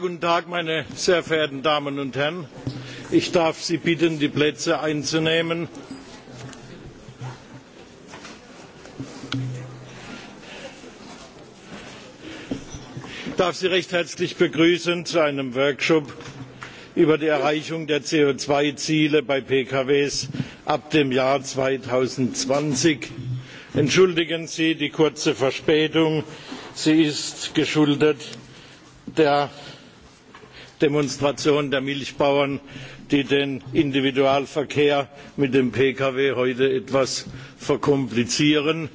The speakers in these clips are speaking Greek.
guten Tag, meine sehr verehrten Damen und Herren. Ich darf Sie bitten, die Plätze einzunehmen. Ich darf Sie recht herzlich begrüßen zu einem Workshop über die Erreichung der CO2-Ziele bei PKWs ab dem Jahr 2020. Entschuldigen Sie die kurze Verspätung. Sie ist geschuldet der Demonstration der Milchbauern, die den Individualverkehr mit dem Pkw heute etwas verkomplizieren.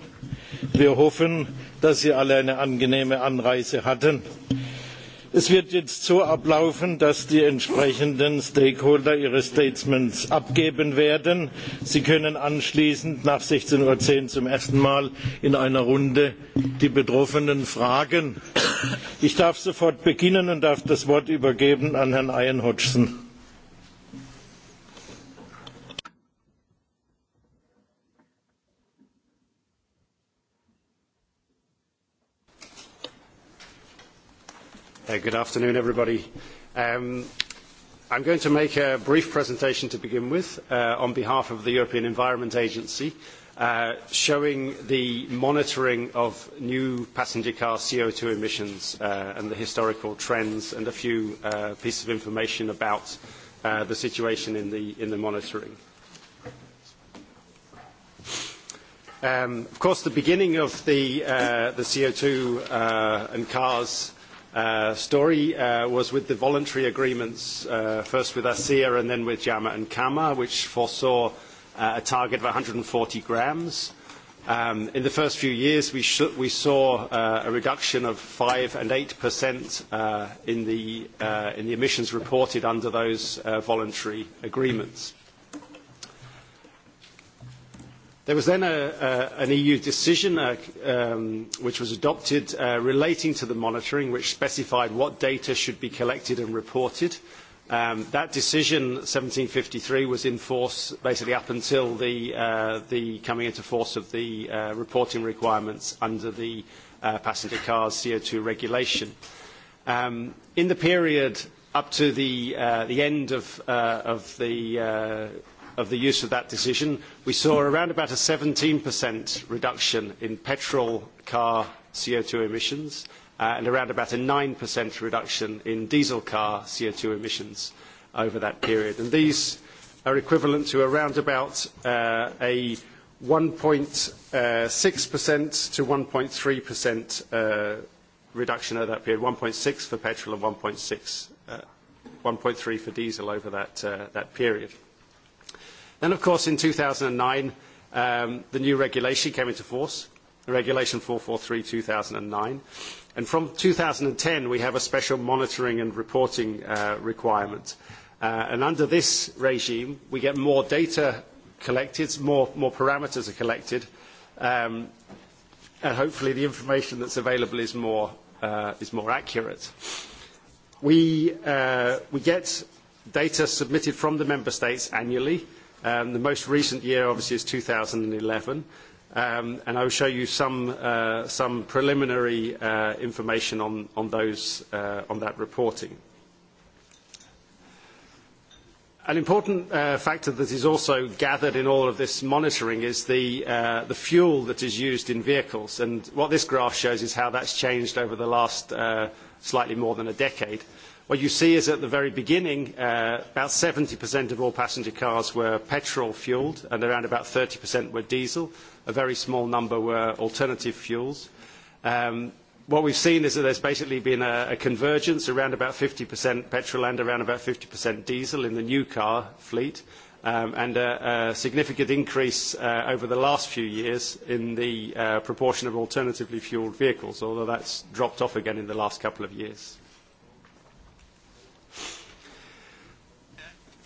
Wir hoffen, dass Sie alle eine angenehme Anreise hatten es wird jetzt so ablaufen dass die entsprechenden stakeholder ihre statements abgeben werden. sie können anschließend nach. sechzehn uhr zum ersten mal in einer runde die betroffenen fragen. ich darf sofort beginnen und darf das wort übergeben an herrn ian hodgson. Good afternoon, everybody. I'm going to make a brief presentation to begin with on behalf of the European Environment Agency, showing the monitoring of new passenger car CO2 emissions and the historical trends, and a few pieces of information about the situation in the monitoring. Of course, the beginning of the CO2 and cars story was with the voluntary agreements, first with ASEA and then with JAMA and Kama, which foresaw a target of 140 grams. In the first few years, we saw a reduction of 5 and 8% in the emissions reported under those voluntary agreements. There was then an EU decision which was adopted relating to the monitoring, which specified what data should be collected and reported. That decision, 1753, was in force basically up until the coming into force of the reporting requirements under the passenger cars CO2 regulation. In the period up to the end of the of the use of that decision, we saw around about a 17% reduction in petrol car CO2 emissions and around about a 9% reduction in diesel car CO2 emissions over that period. And these are equivalent to around about a 1.6% to 1.3% reduction over that period, 1.6 for petrol and 1.3 for diesel over that period. Then, of course, in 2009, the new regulation came into force, Regulation 443/2009, and from 2010 we have a special monitoring and reporting requirement. And under this regime, we get more data collected, more parameters are collected, and hopefully the information that's available is more accurate. We get data submitted from the member states annually The most recent year, obviously, is 2011, and I will show you some preliminary information on that reporting. An important factor that is also gathered in all of this monitoring is the fuel that is used in vehicles, and what this graph shows is how that's changed over the last slightly more than a decade. What you see is at the very beginning, about 70% of all passenger cars were petrol-fueled and around about 30% were diesel. A very small number were alternative fuels. What we've seen is that there's basically been a convergence, around about 50% petrol and around about 50% diesel in the new car fleet and a significant increase over the last few years in the proportion of alternatively fuelled vehicles, although that's dropped off again in the last couple of years.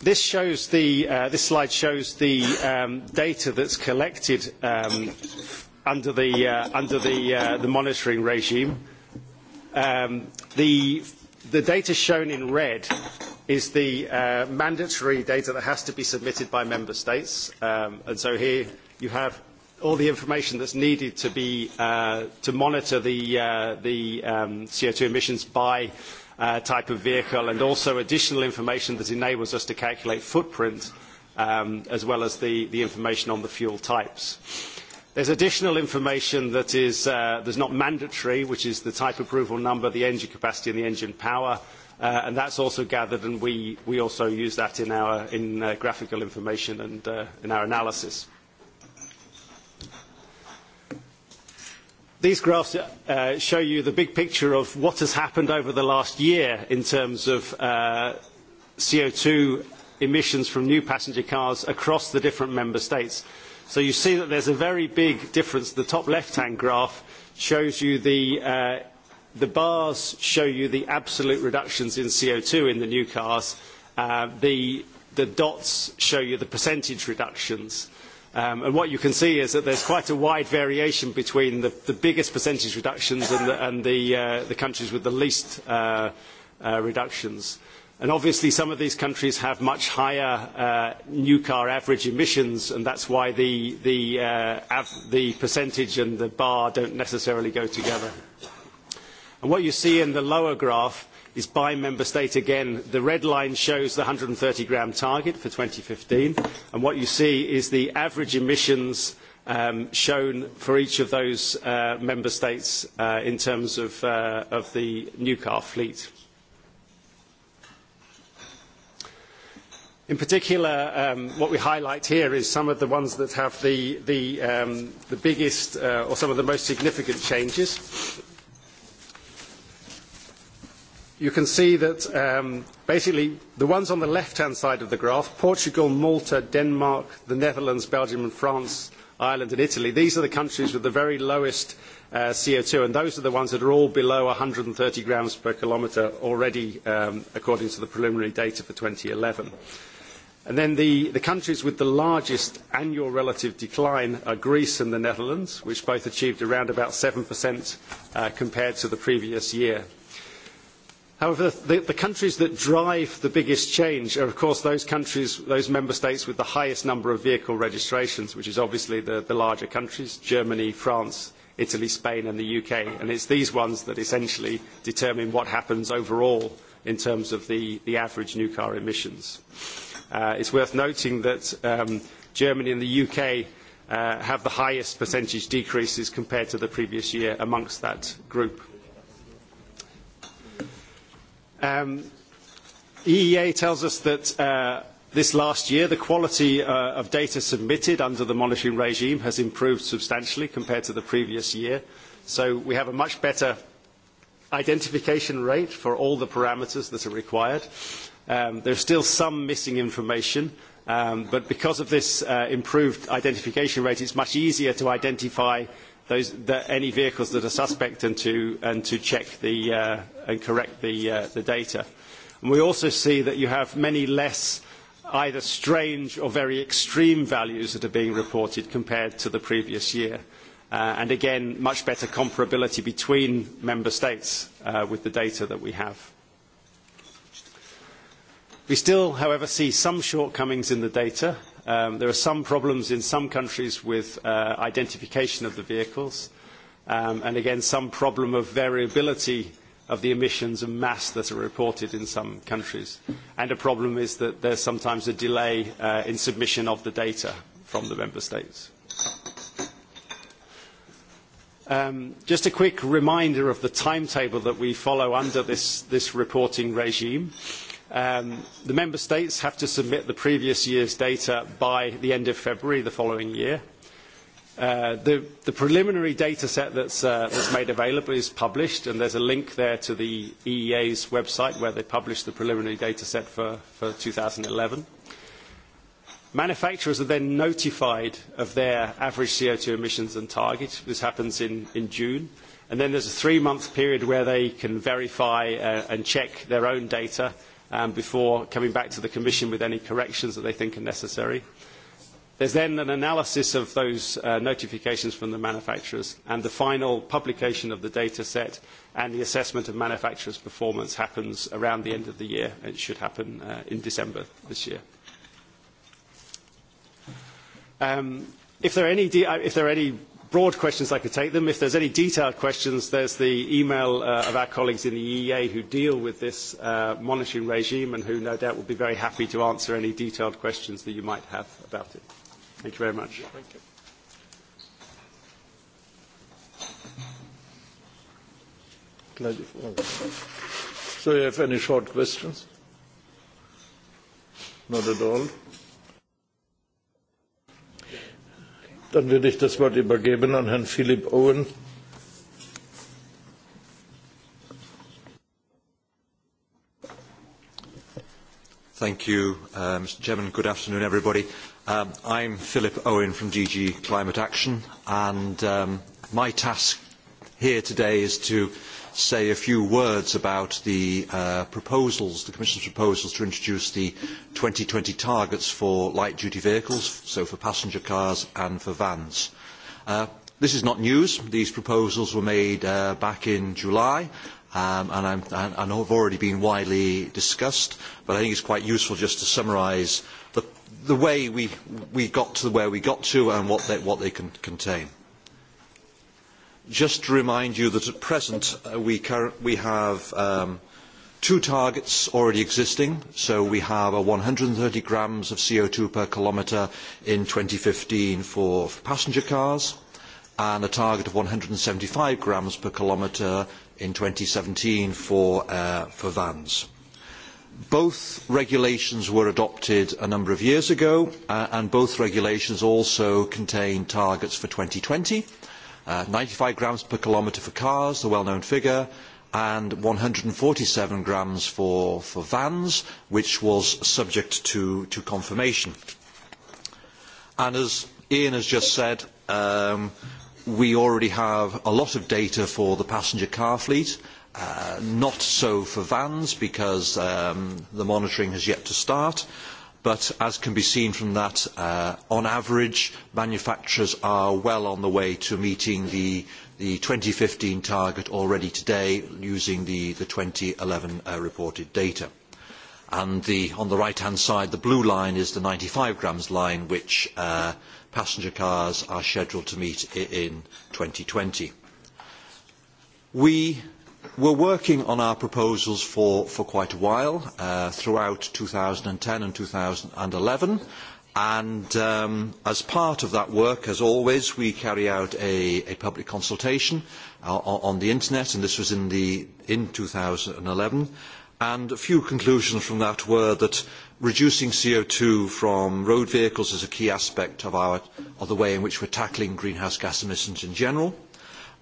This slide shows the data that's collected under the monitoring regime. The data shown in red is the mandatory data that has to be submitted by member states. And so here you have all the information that's needed to monitor the CO2 emissions by type of vehicle and also additional information that enables us to calculate footprint as well as the information on the fuel types. There's additional information that is not mandatory, which is the type approval number, the engine capacity and the engine power, and that's also gathered and we also use that in graphical information and in our analysis. These graphs show you the big picture of what has happened over the last year in terms of CO2 emissions from new passenger cars across the different member states. So you see that there's a very big difference. The top left-hand graph shows you the bars show you the absolute reductions in CO2 in the new cars. The dots show you the percentage reductions. And what you can see is that there's quite a wide variation between the biggest percentage reductions and the countries with the least reductions. And obviously some of these countries have much higher new car average emissions, and that's why the percentage and the bar don't necessarily go together. And what you see in the lower graph is by member state again. The red line shows the 130 gram target for 2015, and what you see is the average emissions shown for each of those member states in terms of the new car fleet. In particular, what we highlight here is some of the ones that have the biggest or some of the most significant changes you can see that basically the ones on the left-hand side of the graph, Portugal, Malta, Denmark, the Netherlands, Belgium and France, Ireland and Italy, these are the countries with the very lowest CO2 and those are the ones that are all below 130 grams per kilometre already according to the preliminary data for 2011. And then the countries with the largest annual relative decline are Greece and the Netherlands, which both achieved around about 7% compared to the previous year. However, the countries that drive the biggest change are, of course, those countries, those member states with the highest number of vehicle registrations, which is obviously the larger countries, Germany, France, Italy, Spain and the UK. And it's these ones that essentially determine what happens overall in terms of the average new car emissions. It's worth noting that Germany and the UK have the highest percentage decreases compared to the previous year amongst that group eea tells us that this last year the quality of data submitted under the monitoring regime has improved substantially compared to the previous year so we have a much better identification rate for all the parameters that are required. There is still some missing information, but because of this improved identification rate, it's much easier to identify those any vehicles that are suspect and to check the and correct the data. And We also see that you have many less either strange or very extreme values that are being reported compared to the previous year. And again, much better comparability between member states with the data that we have. We still, however, see some shortcomings in the data. There are some problems in some countries with identification of the vehicles, and again some problem of variability of the emissions and mass that are reported in some countries. And a problem is that there's sometimes a delay in submission of the data from the member states. Just a quick reminder of the timetable that we follow under this reporting regime. The Member States have to submit the previous year's data by the end of February the following year. The preliminary data set that's made available is published, and there's a link there to the EEA's website where they publish the preliminary data set for 2011. Manufacturers are then notified of their average CO2 emissions and target. This happens in June. And then there's a three-month period where they can verify and check their own data before coming back to the Commission with any corrections that they think are necessary. There's then an analysis of those notifications from the manufacturers and the final publication of the data set and the assessment of manufacturers' performance happens around the end of the year. It should happen in December this year. If there are any broad questions I could take them. If there's any detailed questions, there's the email of our colleagues in the EEA who deal with this monitoring regime and who no doubt will be very happy to answer any detailed questions that you might have about it. Thank you very much. So you have any short questions? Not at all. Dann würde ich das Wort übergeben an Herrn Philipp Owen. Thank you, Mr. Chairman. Good afternoon, everybody. I'm Philip Owen from DG Climate Action, and my task here today is to say a few words about the proposals, the Commission's proposals to introduce the 2020 targets for light-duty vehicles, so for passenger cars and for vans. This is not news. These proposals were made back in July and have already been widely discussed, but I think it's quite useful just to summarise the way we got to where we got to and what they can contain just to remind you that at present we have two targets already existing. So we have a thirty grams of CO2 per kilometre in fifteen for passenger cars and a target of one hundred and 175 grams per kilometre in seventeen for vans. Both regulations were adopted a number of years ago and both regulations also contain targets for twenty. 95 grams per kilometre for cars, the well-known figure, and 147 grams for vans, which was subject to confirmation. And as Ian has just said, we already have a lot of data for the passenger car fleet, not so for vans because the monitoring has yet to start but as can be seen from that, on average, manufacturers are well on the way to meeting the 2015 target already today using the 2011 reported data. And on the right-hand side, the blue line is the 95 grams line, which passenger cars are scheduled to meet in 2020. We We're working on our proposals for quite a while, throughout 2010 and 2011, and as part of that work, as always, we carry out a public consultation on the internet, and this was in 2011. And a few conclusions from that were that reducing CO2 from road vehicles is a key aspect of the way in which we're tackling greenhouse gas emissions in general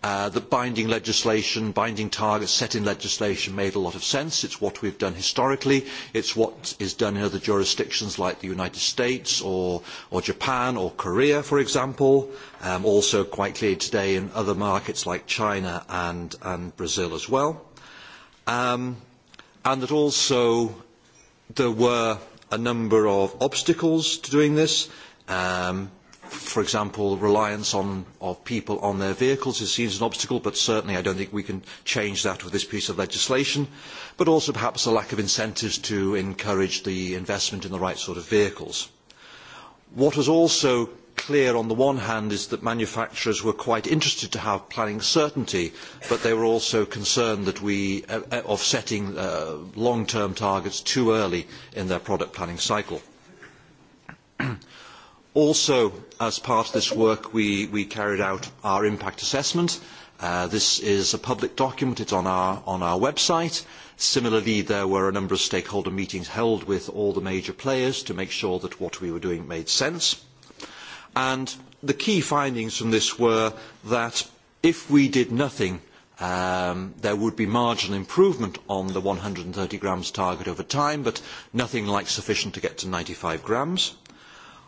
The binding legislation, binding targets set in legislation made a lot of sense. It's what we've done historically. It's what is done in other jurisdictions like the United States or Japan or Korea, for example. Also quite clear today in other markets like China and Brazil as well. And that also there were a number of obstacles to doing this for example, reliance of people on their vehicles is seen as an obstacle, but certainly I don't think we can change that with this piece of legislation, but also perhaps a lack of incentives to encourage the investment in the right sort of vehicles. What was also clear on the one hand is that manufacturers were quite interested to have planning certainty, but they were also concerned that we of setting long-term targets too early in their product planning cycle. Also, as part of this work, we carried out our impact assessment. This is a public document. It's on our website. Similarly, there were a number of stakeholder meetings held with all the major players to make sure that what we were doing made sense. And the key findings from this were that if we did nothing, there would be marginal improvement on the 130 grams target over time, but nothing like sufficient to get to 95 grams.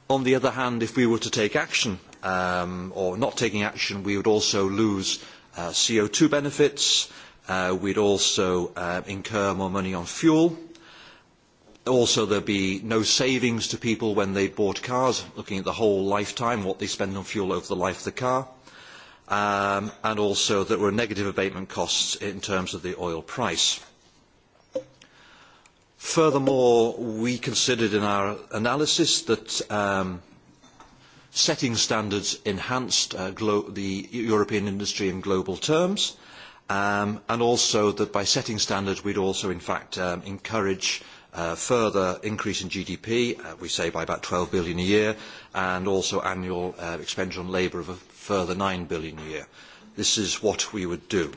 On the other hand, if we were to take action or not taking action, we would also lose CO2 benefits. We'd also incur more money on fuel. Also, there'd be no savings to people when they bought cars, looking at the whole lifetime, what they spend on fuel over the life of the car. And also, there were negative abatement costs in terms of the oil price. Furthermore, we considered in our analysis that setting standards enhanced the European industry in global terms, and also that by setting standards we'd also in fact encourage further increase in GDP, we say by about 12 billion a year, and also annual expenditure on labour of a further 9 billion a year. This is what we would do.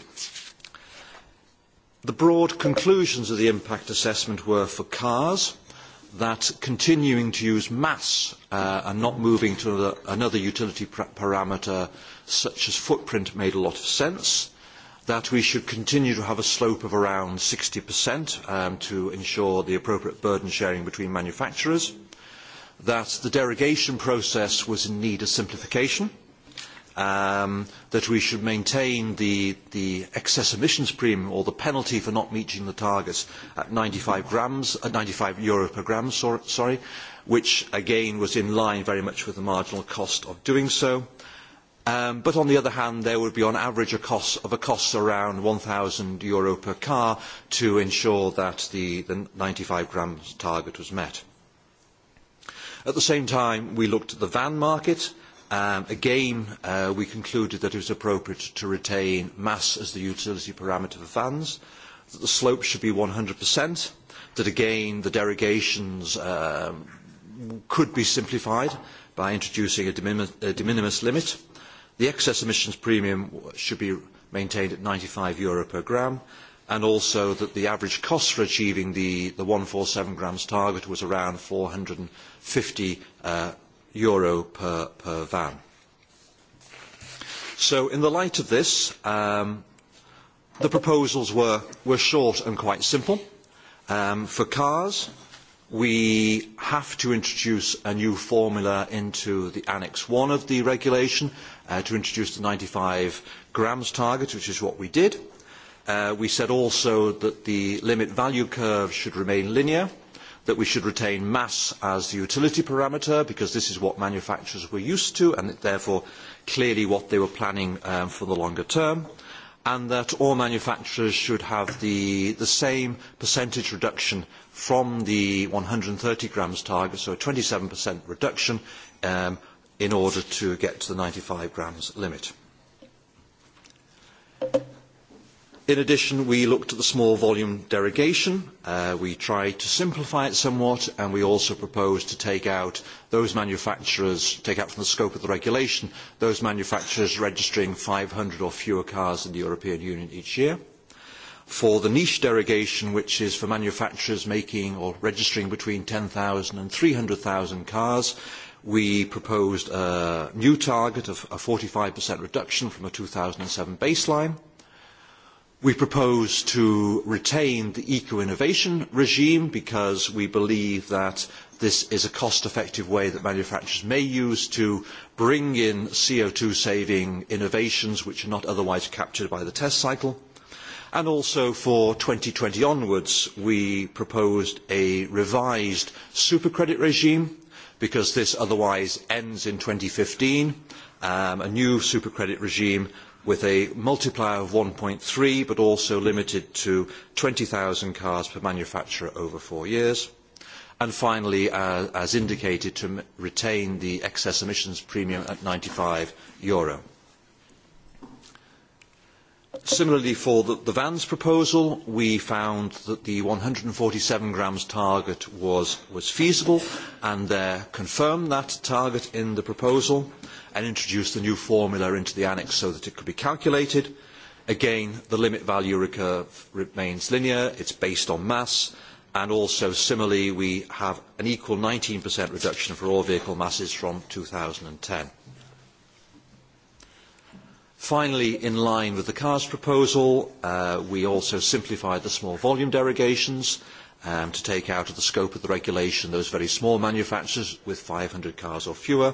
The broad conclusions of the impact assessment were for cars that continuing to use mass and not moving to another utility parameter such as footprint made a lot of sense, that we should continue to have a slope of around 60% to ensure the appropriate burden sharing between manufacturers, that the derogation process was in need of simplification that we should maintain the excess emissions premium or the penalty for not meeting the targets at 95 grams, at 95 euro per gram, sorry, which again was in line very much with the marginal cost of doing so. But on the other hand, there would be on average a cost of a cost around 1,000 euro per car to ensure that the 95 grams target was met. At the same time, we looked at the van market Again, we concluded that it was appropriate to retain mass as the utility parameter for vans, that the slope should be 100%, that again the derogations could be simplified by introducing a de minimis limit. The excess emissions premium should be maintained at 95 euro per gram, and also that the average cost for achieving the 147 grams target was around 450 euro per van. So in the light of this, the proposals were short and quite simple. For cars, we have to introduce a new formula into the Annex 1 of the regulation to introduce the 95 grams target, which is what we did. We said also that the limit value curve should remain linear that we should retain mass as the utility parameter because this is what manufacturers were used to and therefore clearly what they were planning for the longer term and that all manufacturers should have the same percentage reduction from the 130 grams target, so a 27% reduction in order to get to the 95 grams limit. In addition, we looked at the small volume derogation. We tried to simplify it somewhat, and we also proposed to take out those manufacturers, take out from the scope of the regulation, those manufacturers registering 500 or fewer cars in the European Union each year. For the niche derogation, which is for manufacturers making or registering between 10,000 and 300,000 cars, we proposed a new target of a 45% reduction from a 2007 baseline We propose to retain the eco-innovation regime because we believe that this is a cost-effective way that manufacturers may use to bring in CO2 saving innovations which are not otherwise captured by the test cycle. And also for 2020 onwards, we proposed a revised supercredit regime because this otherwise ends in 2015. A new supercredit regime with a multiplier of 1.3 but also limited to 20,000 cars per manufacturer over four years. And finally, as indicated, to retain the excess emissions premium at 95 euro. Similarly, for the vans proposal, we found that the 147 grams target was feasible and confirmed that target in the proposal and introduce the new formula into the annex so that it could be calculated. Again, the limit value recurve remains linear, it's based on mass, and also similarly we have an equal 19% reduction for all vehicle masses from 2010. Finally, in line with the CARS proposal, we also simplified the small volume derogations to take out of the scope of the regulation those very small manufacturers with 500 cars or fewer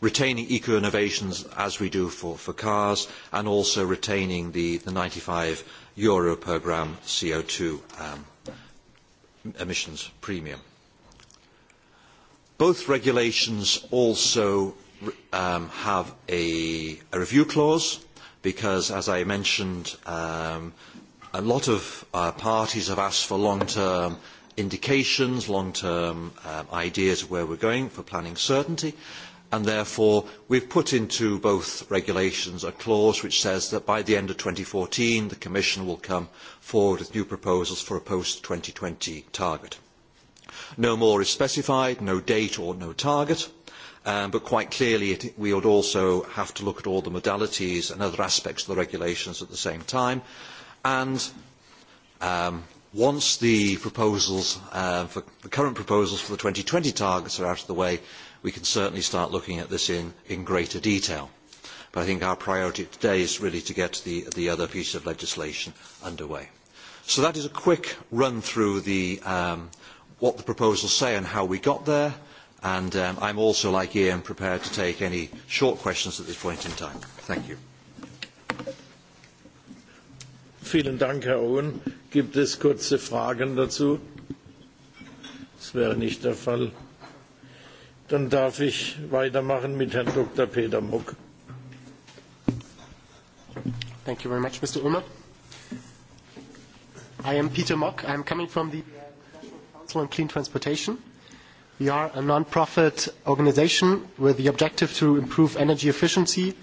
retaining eco innovations as we do for cars and also retaining the 95 euro per gram CO2 emissions premium. Both regulations also have a review clause because, as I mentioned, a lot of parties have asked for long-term indications, long-term ideas of where we're going for planning certainty, and therefore we have put into both regulations a clause which says that by the end of 2014 the commission will come forward with new proposals for a post 2020 target. no more is specified no date or no target but quite clearly we would also have to look at all the modalities and other aspects of the regulations at the same time and once the current proposals for the two twenty targets are out of the way we can certainly start looking at this in greater detail. But I think our priority today is really to get the other piece of legislation underway. So that is a quick run through what the proposals say and how we got there. And I'm also, like Ian, prepared to take any short questions at this point in time. Thank you. Vielen Dank, Herr Owen. Gibt es kurze Fragen dazu? Das wäre nicht der Fall. Dann darf ich weitermachen mit Herrn Dr. Peter Mock. Thank you very much, Mr. Ulmer. I am Peter Mock. I am coming from the Council on Clean Transportation. We are a non-profit organization with the objective to improve energy efficiency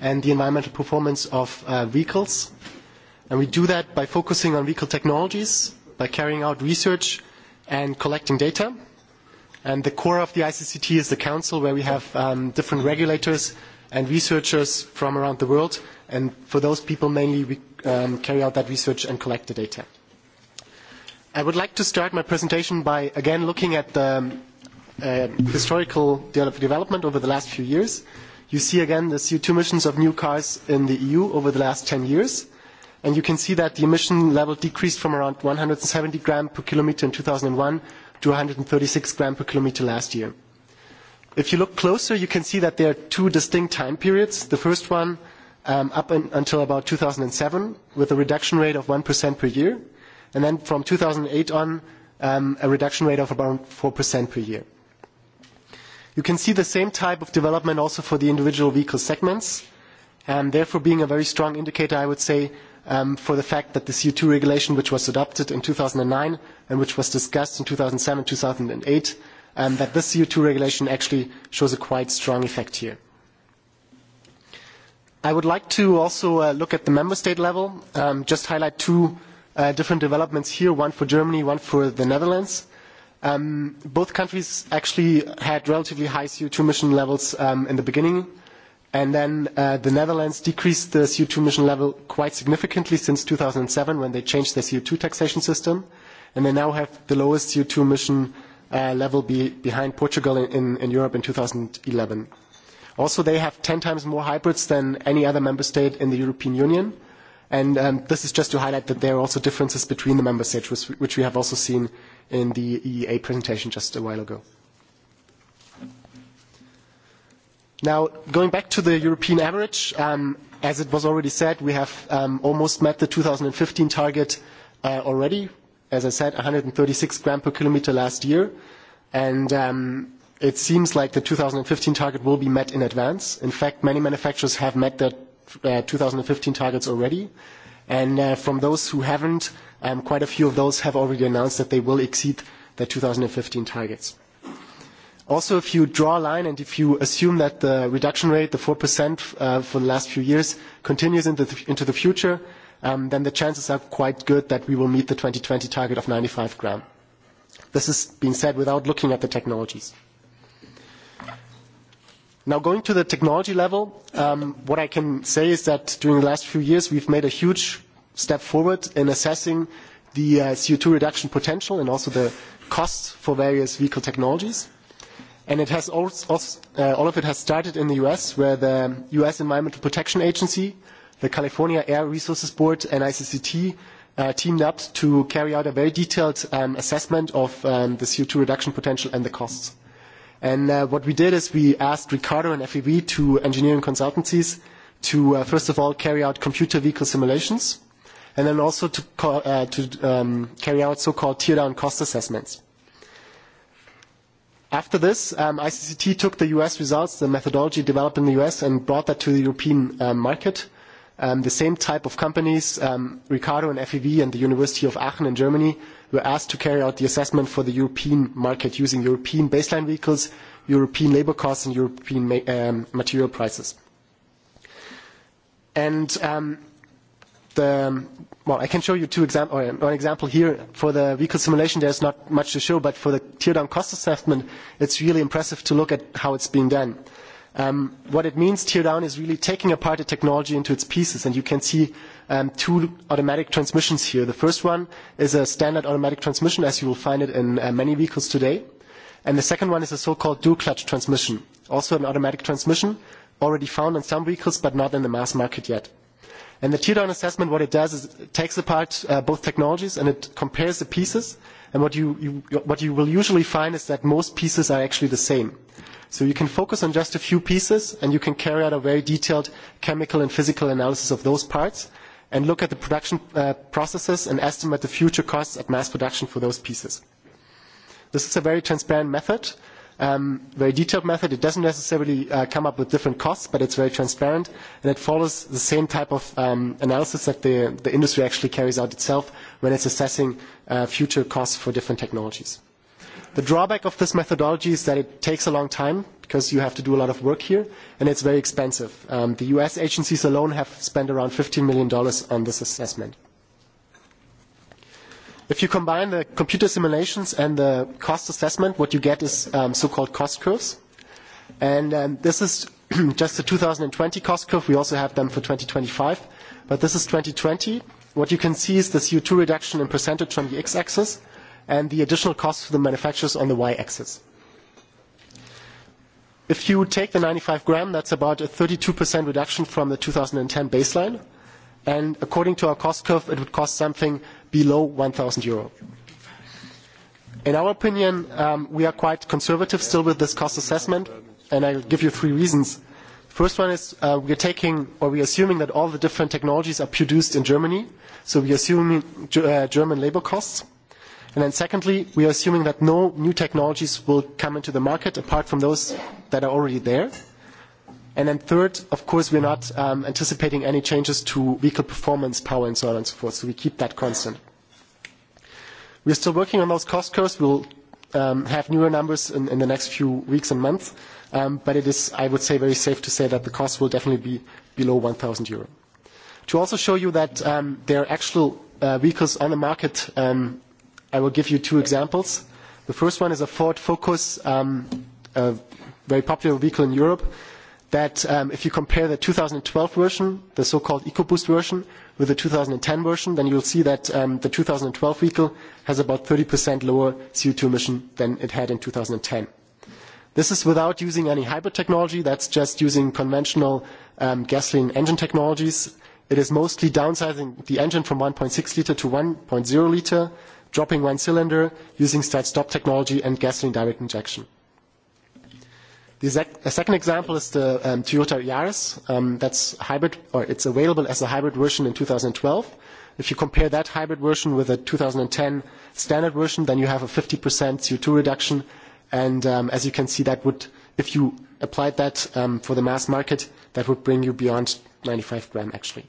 and the environmental performance of vehicles. And we do that by focusing on vehicle technologies, by carrying out research and collecting data And the core of the ICCT is the Council, where we have different regulators and researchers from around the world. And for those people, mainly, we carry out that research and collect the data. I would like to start my presentation by, again, looking at the historical development over the last few years. You see, again, the CO2 emissions of new cars in the EU over the last 10 years. And you can see that the emission level decreased from around 170 grams per kilometer in 2001 to 136 grams per kilometer last year. If you look closer, you can see that there are two distinct time periods. The first one up until about 2007 with a reduction rate of 1% per year, and then from 2008 on a reduction rate of about 4% per year. You can see the same type of development also for the individual vehicle segments, and therefore being a very strong indicator, I would say, for the fact that the CO2 regulation, which was adopted in 2009 and which was discussed in 2007, 2008, that this CO2 regulation actually shows a quite strong effect here. I would like to also look at the member state level, just highlight two different developments here, one for Germany, one for the Netherlands. Both countries actually had relatively high CO2 emission levels in the beginning And then the Netherlands decreased the CO2 emission level quite significantly since 2007 when they changed their CO2 taxation system. And they now have the lowest CO2 emission level behind Portugal in Europe in 2011. Also, they have 10 times more hybrids than any other member state in the European Union. And this is just to highlight that there are also differences between the member states, which we have also seen in the EEA presentation just a while ago. Now, going back to the European average, as it was already said, we have almost met the 2015 target already. As I said, 136 gram per kilometer last year. And it seems like the 2015 target will be met in advance. In fact, many manufacturers have met their 2015 targets already. And from those who haven't, quite a few of those have already announced that they will exceed their 2015 targets. Also, if you draw a line and if you assume that the reduction rate, the 4% for the last few years, continues into the future, then the chances are quite good that we will meet the 2020 target of 95 gram. This is being said without looking at the technologies. Now, going to the technology level, what I can say is that during the last few years, we've made a huge step forward in assessing the CO2 reduction potential and also the costs for various vehicle technologies. And it has all of it has started in the U.S., where the U.S. Environmental Protection Agency, the California Air Resources Board, and ICCT teamed up to carry out a very detailed assessment of the CO2 reduction potential and the costs. And what we did is we asked Ricardo and FEV, two engineering consultancies, to first of all carry out computer vehicle simulations, and then also to carry out so-called tear-down cost assessments. After this, ICCT took the US results, the methodology developed in the US, and brought that to the European market. The same type of companies, Ricardo and FEV and the University of Aachen in Germany, were asked to carry out the assessment for the European market using European baseline vehicles, European labor costs, and European material prices. And Well, I can show you two One example here for the vehicle simulation, there is not much to show, but for the teardown cost assessment, it's really impressive to look at how it's being done. What it means, teardown, is really taking apart the technology into its pieces, and you can see two automatic transmissions here. The first one is a standard automatic transmission, as you will find it in many vehicles today, and the second one is a so-called dual-clutch transmission, also an automatic transmission, already found in some vehicles, but not in the mass market yet. And the teardown assessment, what it does is it takes apart both technologies and it compares the pieces. And what you will usually find is that most pieces are actually the same. So you can focus on just a few pieces and you can carry out a very detailed chemical and physical analysis of those parts and look at the production processes and estimate the future costs at mass production for those pieces. This is a very transparent method very detailed method. It doesn't necessarily come up with different costs, but it's very transparent, and it follows the same type of analysis that the industry actually carries out itself when it's assessing future costs for different technologies. The drawback of this methodology is that it takes a long time because you have to do a lot of work here, and it's very expensive. The U.S. agencies alone have spent around $15 million on this assessment. If you combine the computer simulations and the cost assessment, what you get is so-called cost curves. And this is just the 2020 cost curve. We also have them for 2025. But this is 2020. What you can see is the CO2 reduction in percentage on the x-axis and the additional cost for the manufacturers on the y-axis. If you take the 95 gram, that's about a 32% reduction from the 2010 baseline. And according to our cost curve, it would cost something below 1,000 euro. In our opinion, we are quite conservative still with this cost assessment, and I'll give you three reasons. First one is we are taking or we are assuming that all the different technologies are produced in Germany, so we are assuming German labor costs. And then secondly, we are assuming that no new technologies will come into the market apart from those that are already there. And then third, of course, we are not anticipating any changes to vehicle performance, power, and so on and so forth, so we keep that constant. We are still working on those cost curves. We'll have newer numbers in the next few weeks and months, but it is, I would say, very safe to say that the cost will definitely be below 1,000 euro. To also show you that there are actual vehicles on the market, I will give you two examples. The first one is a Ford Focus, a very popular vehicle in Europe that if you compare the 2012 version, the so-called EcoBoost version, with the 2010 version, then you will see that the 2012 vehicle has about 30% lower CO2 emission than it had in 2010. This is without using any hybrid technology. That's just using conventional gasoline engine technologies. It is mostly downsizing the engine from 1.6 liter to 1.0 liter, dropping one cylinder, using start-stop technology and gasoline direct injection. The second example is the Toyota Yaris. That's hybrid, or it's available as a hybrid version in 2012. If you compare that hybrid version with a 2010 standard version, then you have a 50% CO2 reduction. And as you can see, that would, if you applied that for the mass market, that would bring you beyond 95 gram actually.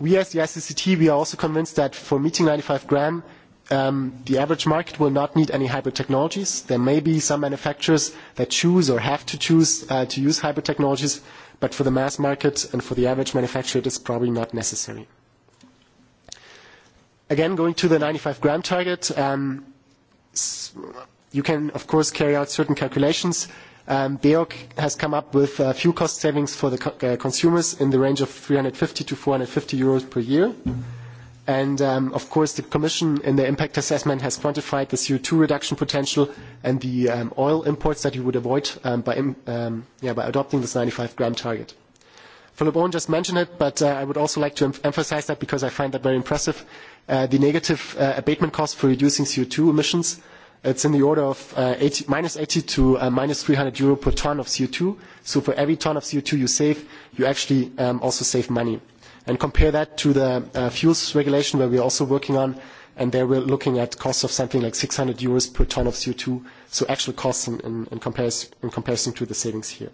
We as the ICCT, we are also convinced that for meeting 95 gram, the average market will not need any hybrid technologies. There may be some manufacturers that choose or have to choose to use hybrid technologies, but for the mass market and for the average manufacturer, it is probably not necessary. Again, going to the 95-gram target, you can, of course, carry out certain calculations. BEOC has come up with few cost savings for the consumers in the range of 350 to 450 euros per year. And of course, the Commission in the impact assessment has quantified the CO2 reduction potential and the oil imports that you would avoid by adopting this 95-gram target. Philip Owen just mentioned it, but I would also like to emphasize that because I find that very impressive, the negative abatement cost for reducing CO2 emissions. It's in the order of minus 80 to minus 300 euro per ton of CO2. So for every ton of CO2 you save, you actually also save money and compare that to the fuels regulation where we are also working on, and there we're looking at costs of something like 600 euros per ton of CO2, so actual costs in comparison to the savings here.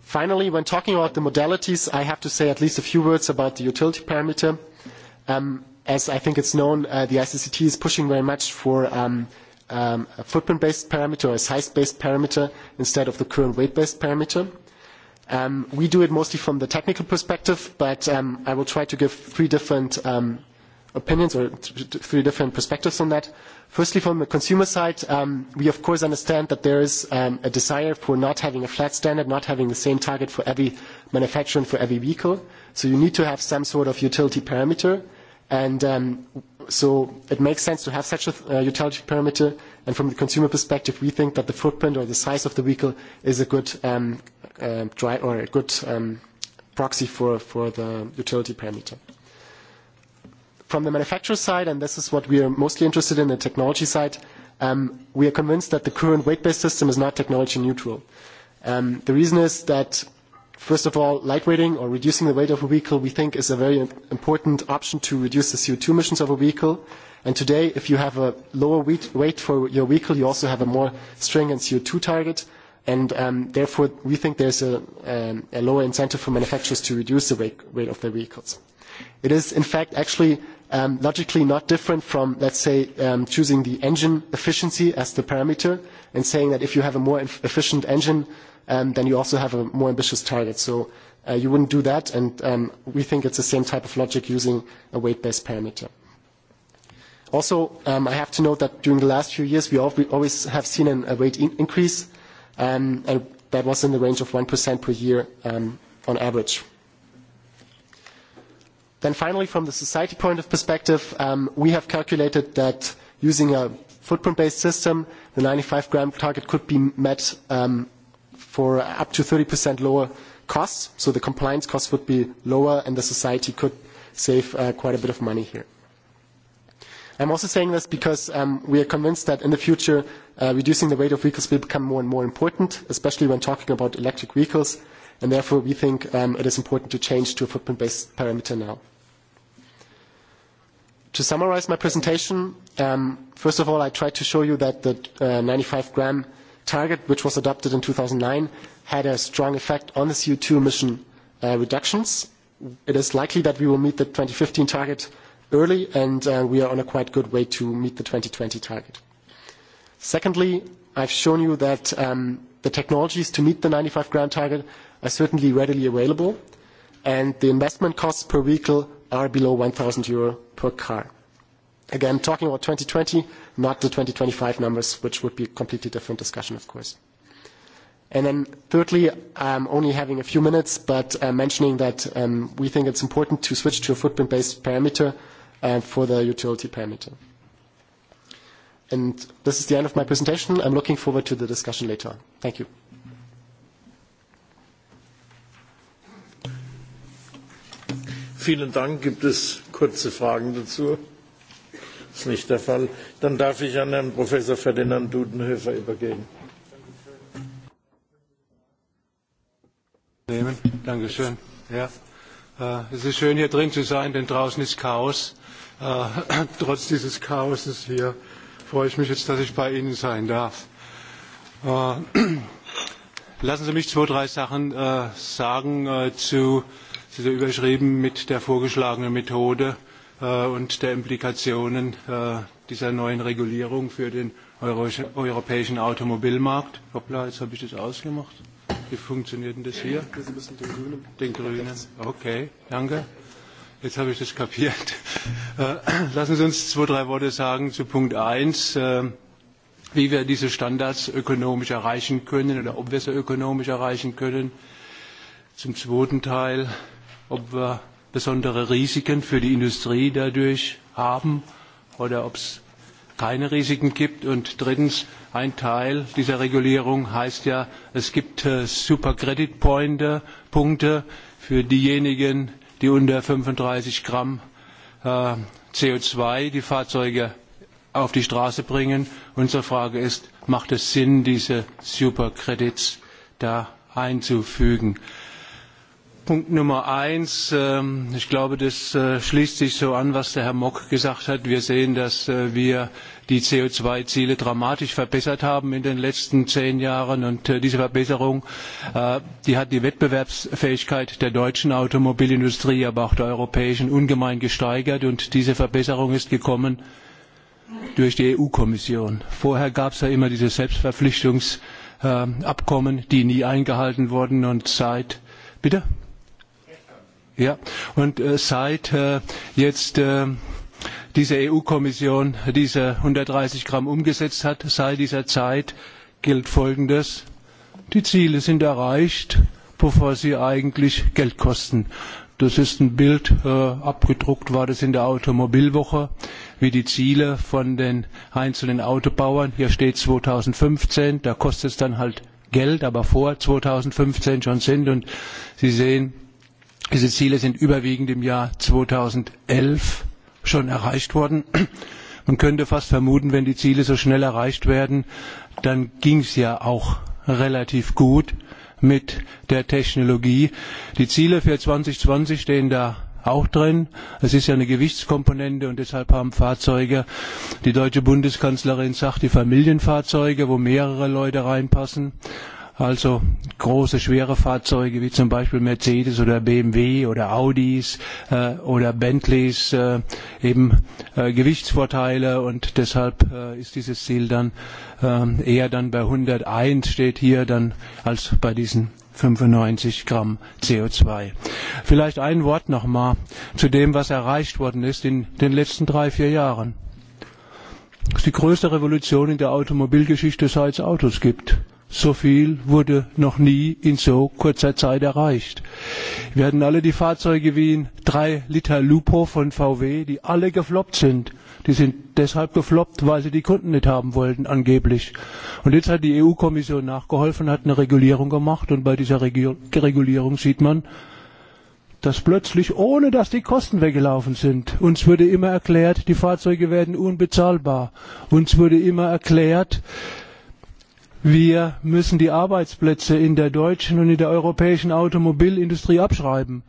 Finally, when talking about the modalities, I have to say at least a few words about the utility parameter. As I think it's known, the ICCT is pushing very much for a footprint-based parameter or a size-based parameter instead of the current weight-based parameter. We do it mostly from the technical perspective, but I will try to give three different opinions or three different perspectives on that. Firstly, from the consumer side, we of course understand that there is a desire for not having a flat standard, not having the same target for every manufacturer and for every vehicle. So you need to have some sort of utility parameter. And so it makes sense to have such a utility parameter. And from the consumer perspective, we think that the footprint or the size of the vehicle is a good dry or a good proxy for for the utility parameter. From the manufacturer side, and this is what we are mostly interested in, the technology side, we are convinced that the current weight-based system is not technology neutral. The reason is that, first of all, lightweighting or reducing the weight of a vehicle, we think, is a very important option to reduce the CO2 emissions of a vehicle. And today, if you have a lower weight for your vehicle, you also have a more stringent CO2 target and therefore we think there's a lower incentive for manufacturers to reduce the weight of their vehicles. It is in fact actually logically not different from, let's say, choosing the engine efficiency as the parameter and saying that if you have a more efficient engine, then you also have a more ambitious target. So you wouldn't do that, and we think it's the same type of logic using a weight-based parameter. Also, I have to note that during the last few years, we always have seen a weight increase and that was in the range of 1% per year on average. Then finally, from the society point of perspective, we have calculated that using a footprint-based system, the 95-gram target could be met for up to 30% lower costs, so the compliance costs would be lower and the society could save quite a bit of money here. I'm also saying this because we are convinced that in the future reducing the weight of vehicles will become more and more important, especially when talking about electric vehicles, and therefore we think it is important to change to a footprint-based parameter now. To summarize my presentation, first of all, I tried to show you that the 95-gram target, which was adopted in 2009, had a strong effect on the CO2 emission reductions. It is likely that we will meet the 2015 target early, and we are on a quite good way to meet the 2020 target. Secondly, I've shown you that the technologies to meet the 95 gram target are certainly readily available, and the investment costs per vehicle are below 1,000 euro per car. Again, talking about 2020, not the 2025 numbers, which would be a completely different discussion, of course. And then thirdly, I'm only having a few minutes, but mentioning that we think it's important to switch to a footprint-based parameter for the utility parameter. And this is the end of my presentation. I'm looking forward to the discussion later Thank you. Vielen Dank. Gibt es kurze Fragen dazu? Das ist nicht der Fall. Dann darf ich an Herrn Professor Ferdinand Dudenhöfer übergeben. Dankeschön. Ja. Es ist schön, hier drin zu sein, denn draußen ist Chaos. Trotz dieses Chaoses hier freue ich mich jetzt, dass ich bei Ihnen sein darf. Lassen Sie mich zwei, drei Sachen sagen zu, Sie sind überschrieben mit der vorgeschlagenen Methode und der Implikationen dieser neuen Regulierung für den europäischen Automobilmarkt. Hoppla, jetzt habe ich das ausgemacht. Wie funktioniert denn das hier? Den grünen. Okay, danke. Jetzt habe ich das kapiert. Lassen Sie uns zwei, drei Worte sagen zu Punkt 1, wie wir diese Standards ökonomisch erreichen können oder ob wir sie ökonomisch erreichen können. Zum zweiten Teil, ob wir besondere Risiken für die Industrie dadurch haben oder ob es keine Risiken gibt. Und drittens, ein Teil dieser Regulierung heißt ja, es gibt Supercredit-Punkte für diejenigen, die unter 35 Gramm CO2 die Fahrzeuge auf die Straße bringen. Unsere Frage ist, macht es Sinn, diese Supercredits da einzufügen? Punkt Nummer eins. Ich glaube, das schließt sich so an, was der Herr Mock gesagt hat. Wir sehen, dass wir die CO2-Ziele dramatisch verbessert haben in den letzten zehn Jahren. Und diese Verbesserung, die hat die Wettbewerbsfähigkeit der deutschen Automobilindustrie, aber auch der europäischen ungemein gesteigert. Und diese Verbesserung ist gekommen durch die EU-Kommission. Vorher gab es ja immer diese Selbstverpflichtungsabkommen, die nie eingehalten wurden. Und seit. Bitte? Und seit jetzt diese EU-Kommission diese 130 Gramm umgesetzt hat. Seit dieser Zeit gilt Folgendes. Die Ziele sind erreicht, bevor sie eigentlich Geld kosten. Das ist ein Bild, abgedruckt war das in der Automobilwoche, wie die Ziele von den einzelnen Autobauern. Hier steht 2015, da kostet es dann halt Geld, aber vor 2015 schon sind. Und Sie sehen, diese Ziele sind überwiegend im Jahr 2011 schon erreicht worden. Man könnte fast vermuten, wenn die Ziele so schnell erreicht werden, dann ging es ja auch relativ gut mit der Technologie. Die Ziele für 2020 stehen da auch drin. Es ist ja eine Gewichtskomponente und deshalb haben Fahrzeuge, die deutsche Bundeskanzlerin sagt, die Familienfahrzeuge, wo mehrere Leute reinpassen. Also große, schwere Fahrzeuge wie zum Beispiel Mercedes oder BMW oder Audis oder Bentleys eben Gewichtsvorteile und deshalb ist dieses Ziel dann eher dann bei 101 steht hier dann als bei diesen 95 Gramm CO2. Vielleicht ein Wort nochmal zu dem, was erreicht worden ist in den letzten drei, vier Jahren. Das ist die größte Revolution in der Automobilgeschichte, seit es Autos gibt. So viel wurde noch nie in so kurzer Zeit erreicht. Wir hatten alle die Fahrzeuge wie ein 3 Liter Lupo von VW, die alle gefloppt sind. Die sind deshalb gefloppt, weil sie die Kunden nicht haben wollten, angeblich. Und jetzt hat die EU-Kommission nachgeholfen, hat eine Regulierung gemacht. Und bei dieser Regulierung sieht man, dass plötzlich, ohne dass die Kosten weggelaufen sind, uns wurde immer erklärt, die Fahrzeuge werden unbezahlbar. Uns wurde immer erklärt, Wir müssen die Arbeitsplätze in der deutschen und in der europäischen Automobilindustrie abschreiben.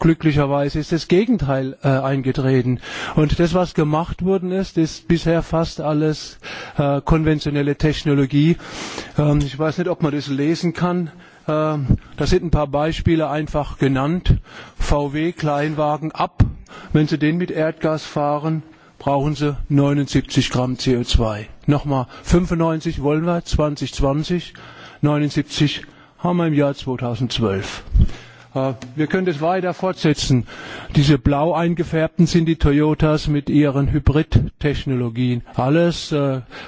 Glücklicherweise ist das Gegenteil eingetreten. Und das, was gemacht worden ist, ist bisher fast alles konventionelle Technologie. Ich weiß nicht, ob man das lesen kann. Da sind ein paar Beispiele einfach genannt. VW Kleinwagen ab, wenn Sie den mit Erdgas fahren brauchen sie 79 Gramm CO2. Nochmal, 95 wollen wir 2020, 79 haben wir im Jahr 2012. Wir können das weiter fortsetzen. Diese blau eingefärbten sind die Toyotas mit ihren Hybridtechnologien, Alles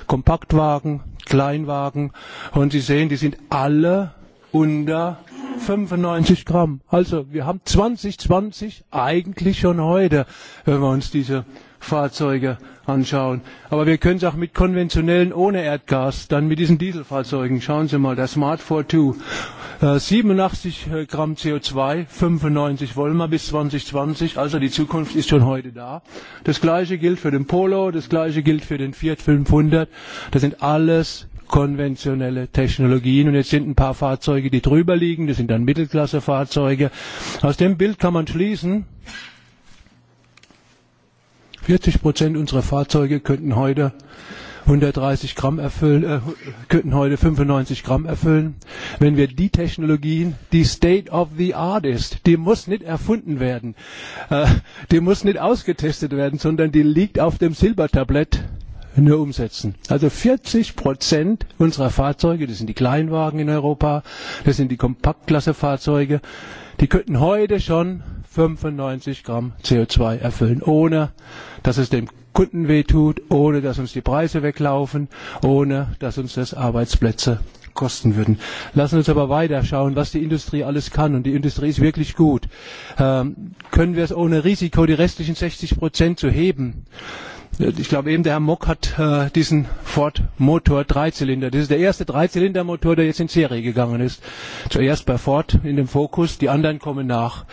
Kompaktwagen, Kleinwagen. Und Sie sehen, die sind alle unter 95 Gramm. Also wir haben 2020 eigentlich schon heute, wenn wir uns diese Fahrzeuge anschauen. Aber wir können es auch mit konventionellen ohne Erdgas, dann mit diesen Dieselfahrzeugen. Schauen Sie mal, der Smart 42, 87 Gramm CO2, 95 wollen wir bis 2020. Also die Zukunft ist schon heute da. Das Gleiche gilt für den Polo, das Gleiche gilt für den Fiat 500. Das sind alles konventionelle Technologien. Und jetzt sind ein paar Fahrzeuge, die drüber liegen. Das sind dann Mittelklassefahrzeuge. Aus dem Bild kann man schließen, 40 Prozent unserer Fahrzeuge könnten heute 130 Gramm erfüllen, äh könnten heute 95 Gramm erfüllen. Wenn wir die Technologien, die State of the Art ist, die muss nicht erfunden werden, äh, die muss nicht ausgetestet werden, sondern die liegt auf dem Silbertablett nur umsetzen. Also 40 Prozent unserer Fahrzeuge, das sind die Kleinwagen in Europa, das sind die Kompaktklassefahrzeuge, die könnten heute schon 95 Gramm CO2 erfüllen, ohne dass es dem Kunden wehtut, ohne dass uns die Preise weglaufen, ohne dass uns das Arbeitsplätze kosten würden. Lassen uns aber weiter schauen, was die Industrie alles kann. Und die Industrie ist wirklich gut. Können wir es ohne Risiko, die restlichen 60 Prozent zu heben? Ich glaube eben, der Herr Mock hat diesen Ford Motor Dreizylinder. Das ist der erste Dreizylindermotor, der jetzt in Serie gegangen ist. Zuerst bei Ford in dem Fokus, die anderen kommen nach.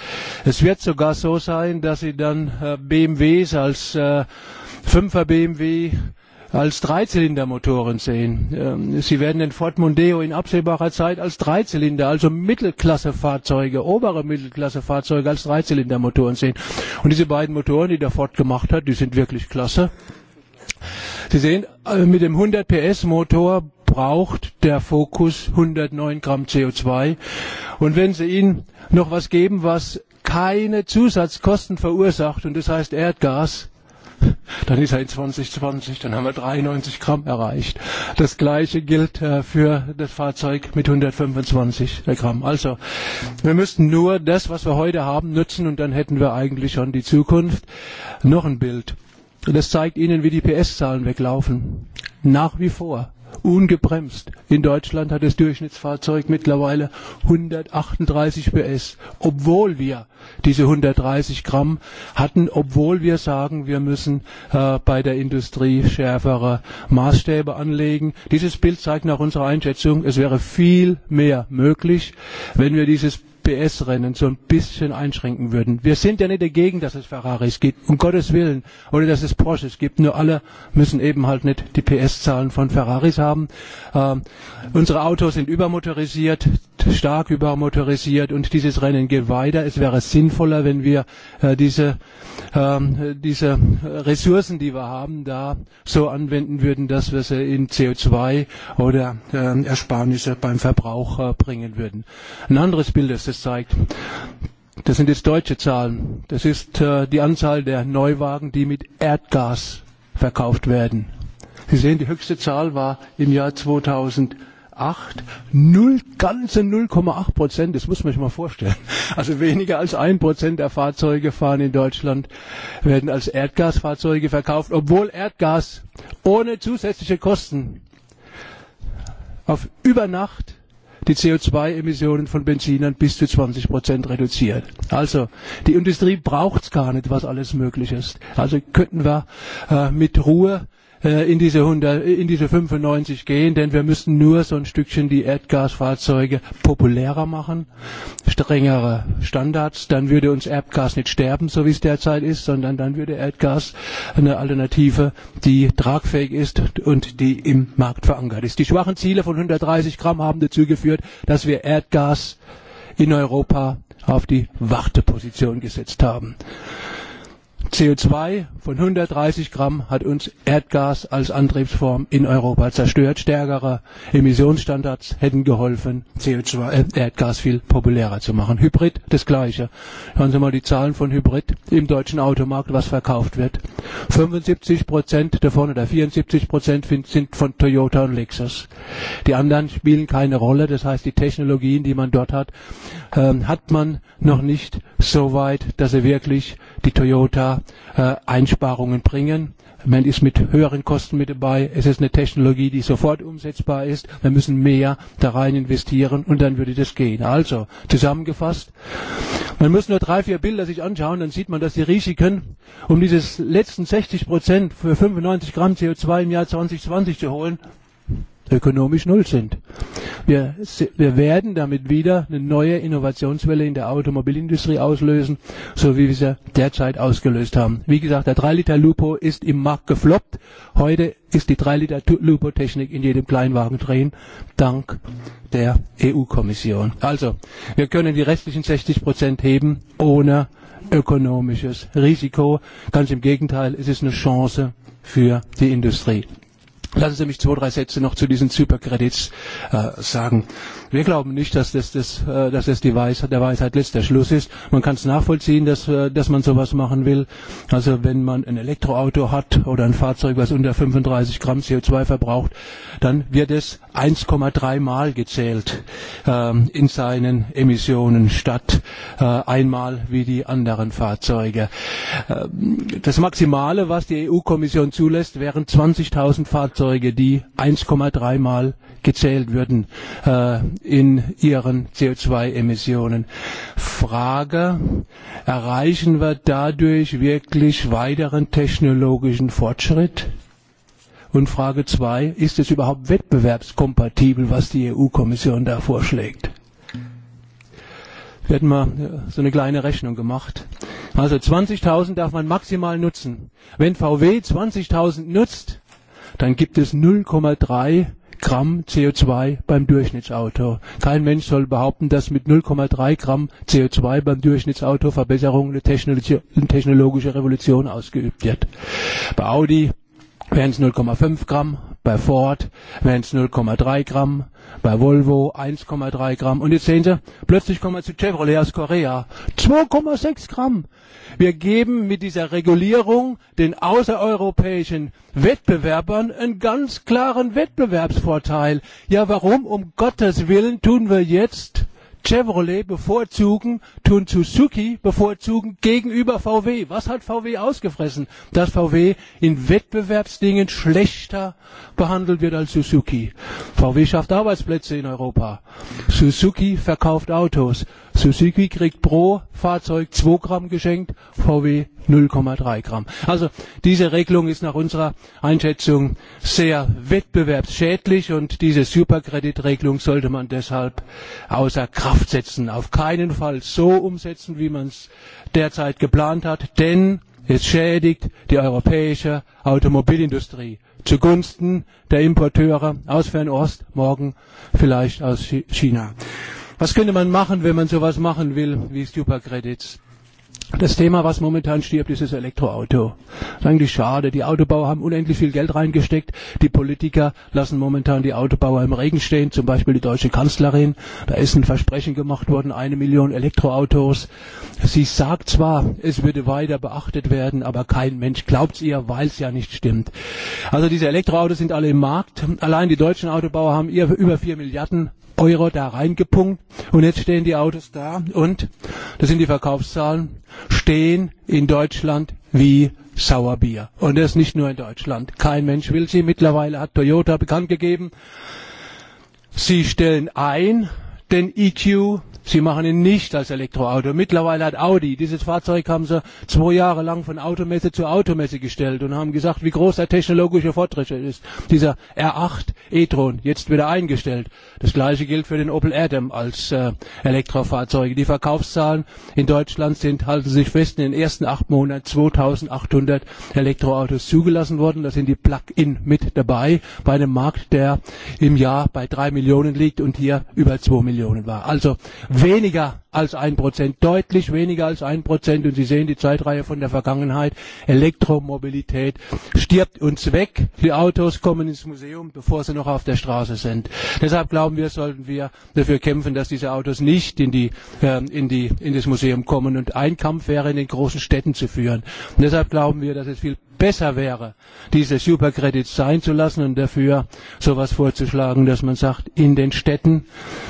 Es wird sogar so sein, dass sie dann BMWs als Fünfer BMW als Dreizylindermotoren sehen. Sie werden den Ford Mondeo in absehbarer Zeit als Dreizylinder, also Mittelklassefahrzeuge, obere Mittelklassefahrzeuge als Dreizylindermotoren sehen. Und diese beiden Motoren, die der Ford gemacht hat, die sind wirklich klasse. Sie sehen, mit dem 100 PS Motor braucht der Focus 109 Gramm CO2. Und wenn Sie ihm noch was geben, was keine Zusatzkosten verursacht, und das heißt Erdgas, dann ist er in 2020, dann haben wir 93 Gramm erreicht. Das gleiche gilt für das Fahrzeug mit 125 Gramm. Also wir müssten nur das, was wir heute haben, nutzen und dann hätten wir eigentlich schon die Zukunft. Noch ein Bild. Das zeigt Ihnen, wie die PS-Zahlen weglaufen. Nach wie vor ungebremst. In Deutschland hat das Durchschnittsfahrzeug mittlerweile 138 PS, obwohl wir diese 130 Gramm hatten, obwohl wir sagen, wir müssen bei der Industrie schärfere Maßstäbe anlegen. Dieses Bild zeigt nach unserer Einschätzung, es wäre viel mehr möglich, wenn wir dieses PS-Rennen so ein bisschen einschränken würden. Wir sind ja nicht dagegen, dass es Ferraris gibt, um Gottes Willen, oder dass es Porsches gibt. Nur alle müssen eben halt nicht die PS-Zahlen von Ferraris haben. Unsere Autos sind übermotorisiert, stark übermotorisiert und dieses Rennen geht weiter. Es wäre sinnvoller, wenn wir diese Ressourcen, die wir haben, da so anwenden würden, dass wir sie in CO2 oder Ersparnisse beim Verbrauch bringen würden. Ein anderes Bild, zeigt. Das sind jetzt deutsche Zahlen. Das ist die Anzahl der Neuwagen, die mit Erdgas verkauft werden. Sie sehen, die höchste Zahl war im Jahr 2008 0, ganze 0,8 Prozent. Das muss man sich mal vorstellen. Also weniger als ein Prozent der Fahrzeuge fahren in Deutschland, werden als Erdgasfahrzeuge verkauft, obwohl Erdgas ohne zusätzliche Kosten auf über Nacht die CO2-Emissionen von Benzinern bis zu 20 reduzieren. Also die Industrie braucht gar nicht, was alles möglich ist. Also könnten wir mit Ruhe in diese in diese 95 gehen, denn wir müssen nur so ein Stückchen die Erdgasfahrzeuge populärer machen, strengere Standards, dann würde uns Erdgas nicht sterben, so wie es derzeit ist, sondern dann würde Erdgas eine Alternative, die tragfähig ist und die im Markt verankert ist. Die schwachen Ziele von 130 Gramm haben dazu geführt, dass wir Erdgas in Europa auf die Warteposition gesetzt haben. CO2 von 130 Gramm hat uns Erdgas als Antriebsform in Europa zerstört. Stärkere Emissionsstandards hätten geholfen, CO2, Erdgas viel populärer zu machen. Hybrid das Gleiche. Schauen Sie mal die Zahlen von Hybrid im deutschen Automarkt, was verkauft wird. 75 Prozent davon oder 74 Prozent sind von Toyota und Lexus. Die anderen spielen keine Rolle. Das heißt, die Technologien, die man dort hat, hat man noch nicht so weit, dass er wirklich die Toyota da Einsparungen bringen. Man ist mit höheren Kosten mit dabei. Es ist eine Technologie, die sofort umsetzbar ist. Wir müssen mehr da rein investieren und dann würde das gehen. Also, zusammengefasst, man muss nur drei, vier Bilder sich anschauen, dann sieht man, dass die Risiken, um dieses letzten 60 für 95 Gramm CO2 im Jahr 2020 zu holen, ökonomisch null sind. Wir werden damit wieder eine neue Innovationswelle in der Automobilindustrie auslösen, so wie wir sie derzeit ausgelöst haben. Wie gesagt, der 3-Liter-Lupo ist im Markt gefloppt. Heute ist die 3-Liter-Lupo-Technik in jedem Kleinwagen drin, dank der EU-Kommission. Also, wir können die restlichen 60 heben ohne ökonomisches Risiko. Ganz im Gegenteil, es ist eine Chance für die Industrie. Lassen Sie mich zwei, drei Sätze noch zu diesen Zyperkredits sagen. Wir glauben nicht, dass das, das, dass das die Weisheit, der Weisheit letzter Schluss ist. Man kann es nachvollziehen, dass, dass man sowas machen will. Also wenn man ein Elektroauto hat oder ein Fahrzeug, was unter 35 Gramm CO2 verbraucht, dann wird es 1,3 Mal gezählt in seinen Emissionen statt einmal wie die anderen Fahrzeuge. Das Maximale, was die EU-Kommission zulässt, wären 20.000 Fahrzeuge Flugzeuge, die 1,3 Mal gezählt würden in ihren CO2-Emissionen. Frage, erreichen wir dadurch wirklich weiteren technologischen Fortschritt? Und Frage 2, ist es überhaupt wettbewerbskompatibel, was die EU-Kommission da vorschlägt? Wir hatten mal so eine kleine Rechnung gemacht. Also 20.000 darf man maximal nutzen. Wenn VW 20.000 nutzt, dann gibt es 0,3 Gramm CO2 beim Durchschnittsauto. Kein Mensch soll behaupten, dass mit 0,3 Gramm CO2 beim Durchschnittsauto Verbesserungen eine technologische Revolution ausgeübt wird. Bei Audi wären es 0,5 Gramm, bei Ford wären es 0,3 Gramm, bei Volvo 1,3 Gramm. Und jetzt sehen Sie, plötzlich kommen wir zu Chevrolet aus Korea, 2,6 Gramm. Wir geben mit dieser Regulierung den außereuropäischen Wettbewerbern einen ganz klaren Wettbewerbsvorteil. Ja, warum um Gottes Willen tun wir jetzt Chevrolet bevorzugen, tun Suzuki bevorzugen gegenüber VW. Was hat VW ausgefressen? Dass VW in Wettbewerbsdingen schlechter behandelt wird als Suzuki. VW schafft Arbeitsplätze in Europa. Suzuki verkauft Autos. Suzuki kriegt pro Fahrzeug 2 Gramm geschenkt, VW 0,3 Gramm. Also diese Regelung ist nach unserer Einschätzung sehr wettbewerbsschädlich und diese Superkreditregelung sollte man deshalb außer Kraft setzen. Auf keinen Fall so umsetzen, wie man es derzeit geplant hat, denn es schädigt die europäische Automobilindustrie zugunsten der Importeure aus Fernost, morgen vielleicht aus China. Was könnte man machen, wenn man sowas machen will wie Supercredits? Das Thema, was momentan stirbt, ist das Elektroauto. Das ist eigentlich schade. Die Autobauer haben unendlich viel Geld reingesteckt. Die Politiker lassen momentan die Autobauer im Regen stehen, zum Beispiel die deutsche Kanzlerin. Da ist ein Versprechen gemacht worden, eine Million Elektroautos. Sie sagt zwar, es würde weiter beachtet werden, aber kein Mensch glaubt es ihr, weil es ja nicht stimmt. Also diese Elektroautos sind alle im Markt. Allein die deutschen Autobauer haben über vier Milliarden Euro da reingepunkt und jetzt stehen die Autos da und, das sind die Verkaufszahlen, stehen in Deutschland wie Sauerbier. Und das nicht nur in Deutschland. Kein Mensch will sie. Mittlerweile hat Toyota bekannt gegeben, sie stellen ein den EQ Sie machen ihn nicht als Elektroauto. Mittlerweile hat Audi, dieses Fahrzeug haben sie zwei Jahre lang von Automesse zu Automesse gestellt und haben gesagt, wie groß der technologische Fortschritt ist. Dieser R8 e-tron, jetzt wieder eingestellt. Das gleiche gilt für den Opel Adam als Elektrofahrzeuge. Die Verkaufszahlen in Deutschland sind, halten sich fest, in den ersten acht Monaten 2800 Elektroautos zugelassen worden. Da sind die Plug-in mit dabei, bei einem Markt, der im Jahr bei drei Millionen liegt und hier über zwei Millionen war. Also weniger als ein Prozent, deutlich weniger als ein Prozent, Und Sie sehen die Zeitreihe von der Vergangenheit. Elektromobilität stirbt uns weg. Die Autos kommen ins Museum, bevor sie noch auf der Straße sind. Deshalb glauben wir, sollten wir dafür kämpfen, dass diese Autos nicht in, die, in, die, in das Museum kommen. Und ein Kampf wäre, in den großen Städten zu führen. deshalb glauben wir, dass es viel besser wäre, diese Supercredits sein zu lassen und dafür so etwas vorzuschlagen, dass man sagt, in den Städten,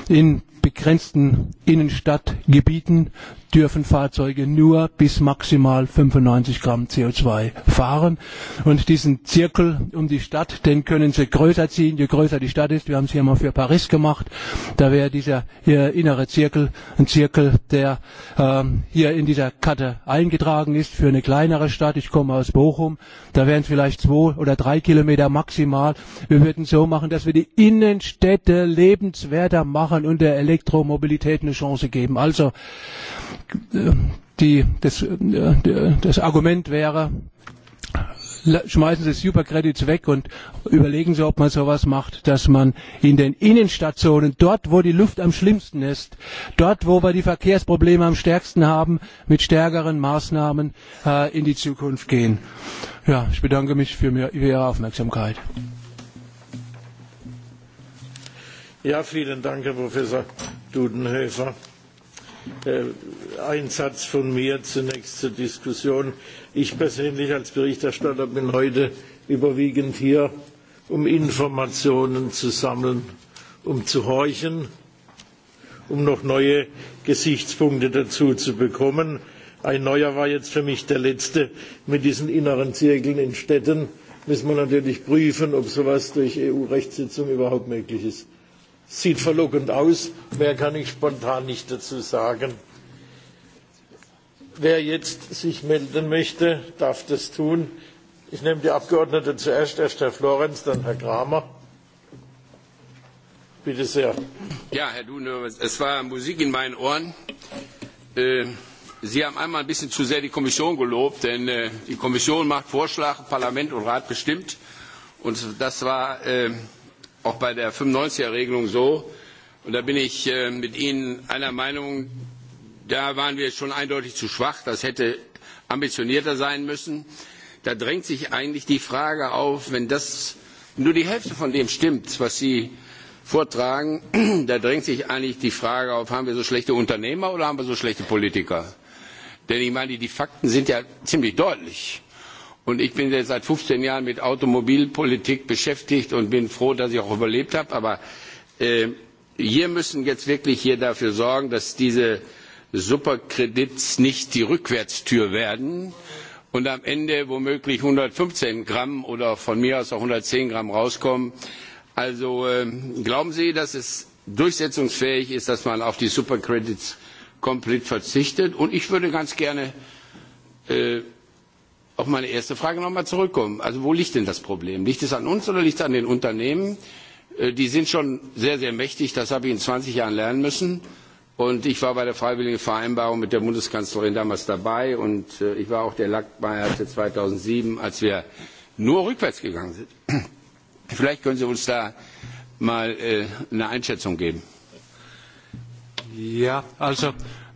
in begrenzten Innenstadt, Gebieten dürfen Fahrzeuge nur bis maximal 95 Gramm CO2 fahren. Und diesen Zirkel um die Stadt, den können Sie größer ziehen, je größer die Stadt ist. Wir haben es hier mal für Paris gemacht. Da wäre dieser innere Zirkel ein Zirkel, der hier in dieser Karte eingetragen ist für eine kleinere Stadt. Ich komme aus Bochum. Da wären es vielleicht zwei oder drei Kilometer maximal. Wir würden so machen, dass wir die Innenstädte lebenswerter machen und der Elektromobilität eine Chance geben. Also das Argument wäre, schmeißen Sie Supercredits weg und überlegen Sie, ob man so etwas macht, dass man in den Innenstationen, dort wo die Luft am schlimmsten ist, dort wo wir die Verkehrsprobleme am stärksten haben, mit stärkeren Maßnahmen in die Zukunft gehen. Ja, ich bedanke mich für Ihre Aufmerksamkeit. Ja, vielen Dank, Herr Professor Dudenhöfer. Ein Satz von mir zunächst zur Diskussion. Ich persönlich als Berichterstatter bin heute überwiegend hier, um Informationen zu sammeln, um zu horchen, um noch neue Gesichtspunkte dazu zu bekommen. Ein neuer war jetzt für mich der letzte mit diesen inneren Zirkeln in Städten. Müssen wir natürlich prüfen, ob so etwas durch EU-Rechtssitzung überhaupt möglich ist. Sieht verlockend aus, mehr kann ich spontan nicht dazu sagen. Wer jetzt sich melden möchte, darf das tun. Ich nehme die Abgeordneten zuerst, erst Herr Florenz, dann Herr Kramer. Bitte sehr. Ja, Herr Dune, es war Musik in meinen Ohren. Sie haben einmal ein bisschen zu sehr die Kommission gelobt, denn die Kommission macht Vorschläge, Parlament und Rat bestimmt. Und das war auch bei der 95er-Regelung so, und da bin ich mit Ihnen einer Meinung, da waren wir schon eindeutig zu schwach, das hätte ambitionierter sein müssen. Da drängt sich eigentlich die Frage auf, wenn das nur die Hälfte von dem stimmt, was Sie vortragen, da drängt sich eigentlich die Frage auf, haben wir so schlechte Unternehmer oder haben wir so schlechte Politiker? Denn ich meine, die Fakten sind ja ziemlich deutlich. Und ich bin jetzt seit 15 Jahren mit Automobilpolitik beschäftigt und bin froh, dass ich auch überlebt habe. Aber wir müssen jetzt wirklich hier dafür sorgen, dass diese Superkredits nicht die Rückwärtstür werden und am Ende womöglich 115 Gramm oder von mir aus auch 110 Gramm rauskommen. Also glauben Sie, dass es durchsetzungsfähig ist, dass man auf die Superkredits komplett verzichtet? Und ich würde ganz gerne auf meine erste Frage noch zurückkommen. Also wo liegt denn das Problem? Liegt es an uns oder liegt es an den Unternehmen? Die sind schon sehr, sehr mächtig. Das habe ich in 20 Jahren lernen müssen. Und ich war bei der freiwilligen Vereinbarung mit der Bundeskanzlerin damals dabei. Und ich war auch der Lackmeierte 2007, als wir nur rückwärts gegangen sind. Vielleicht können Sie uns da mal eine Einschätzung geben. Ja, also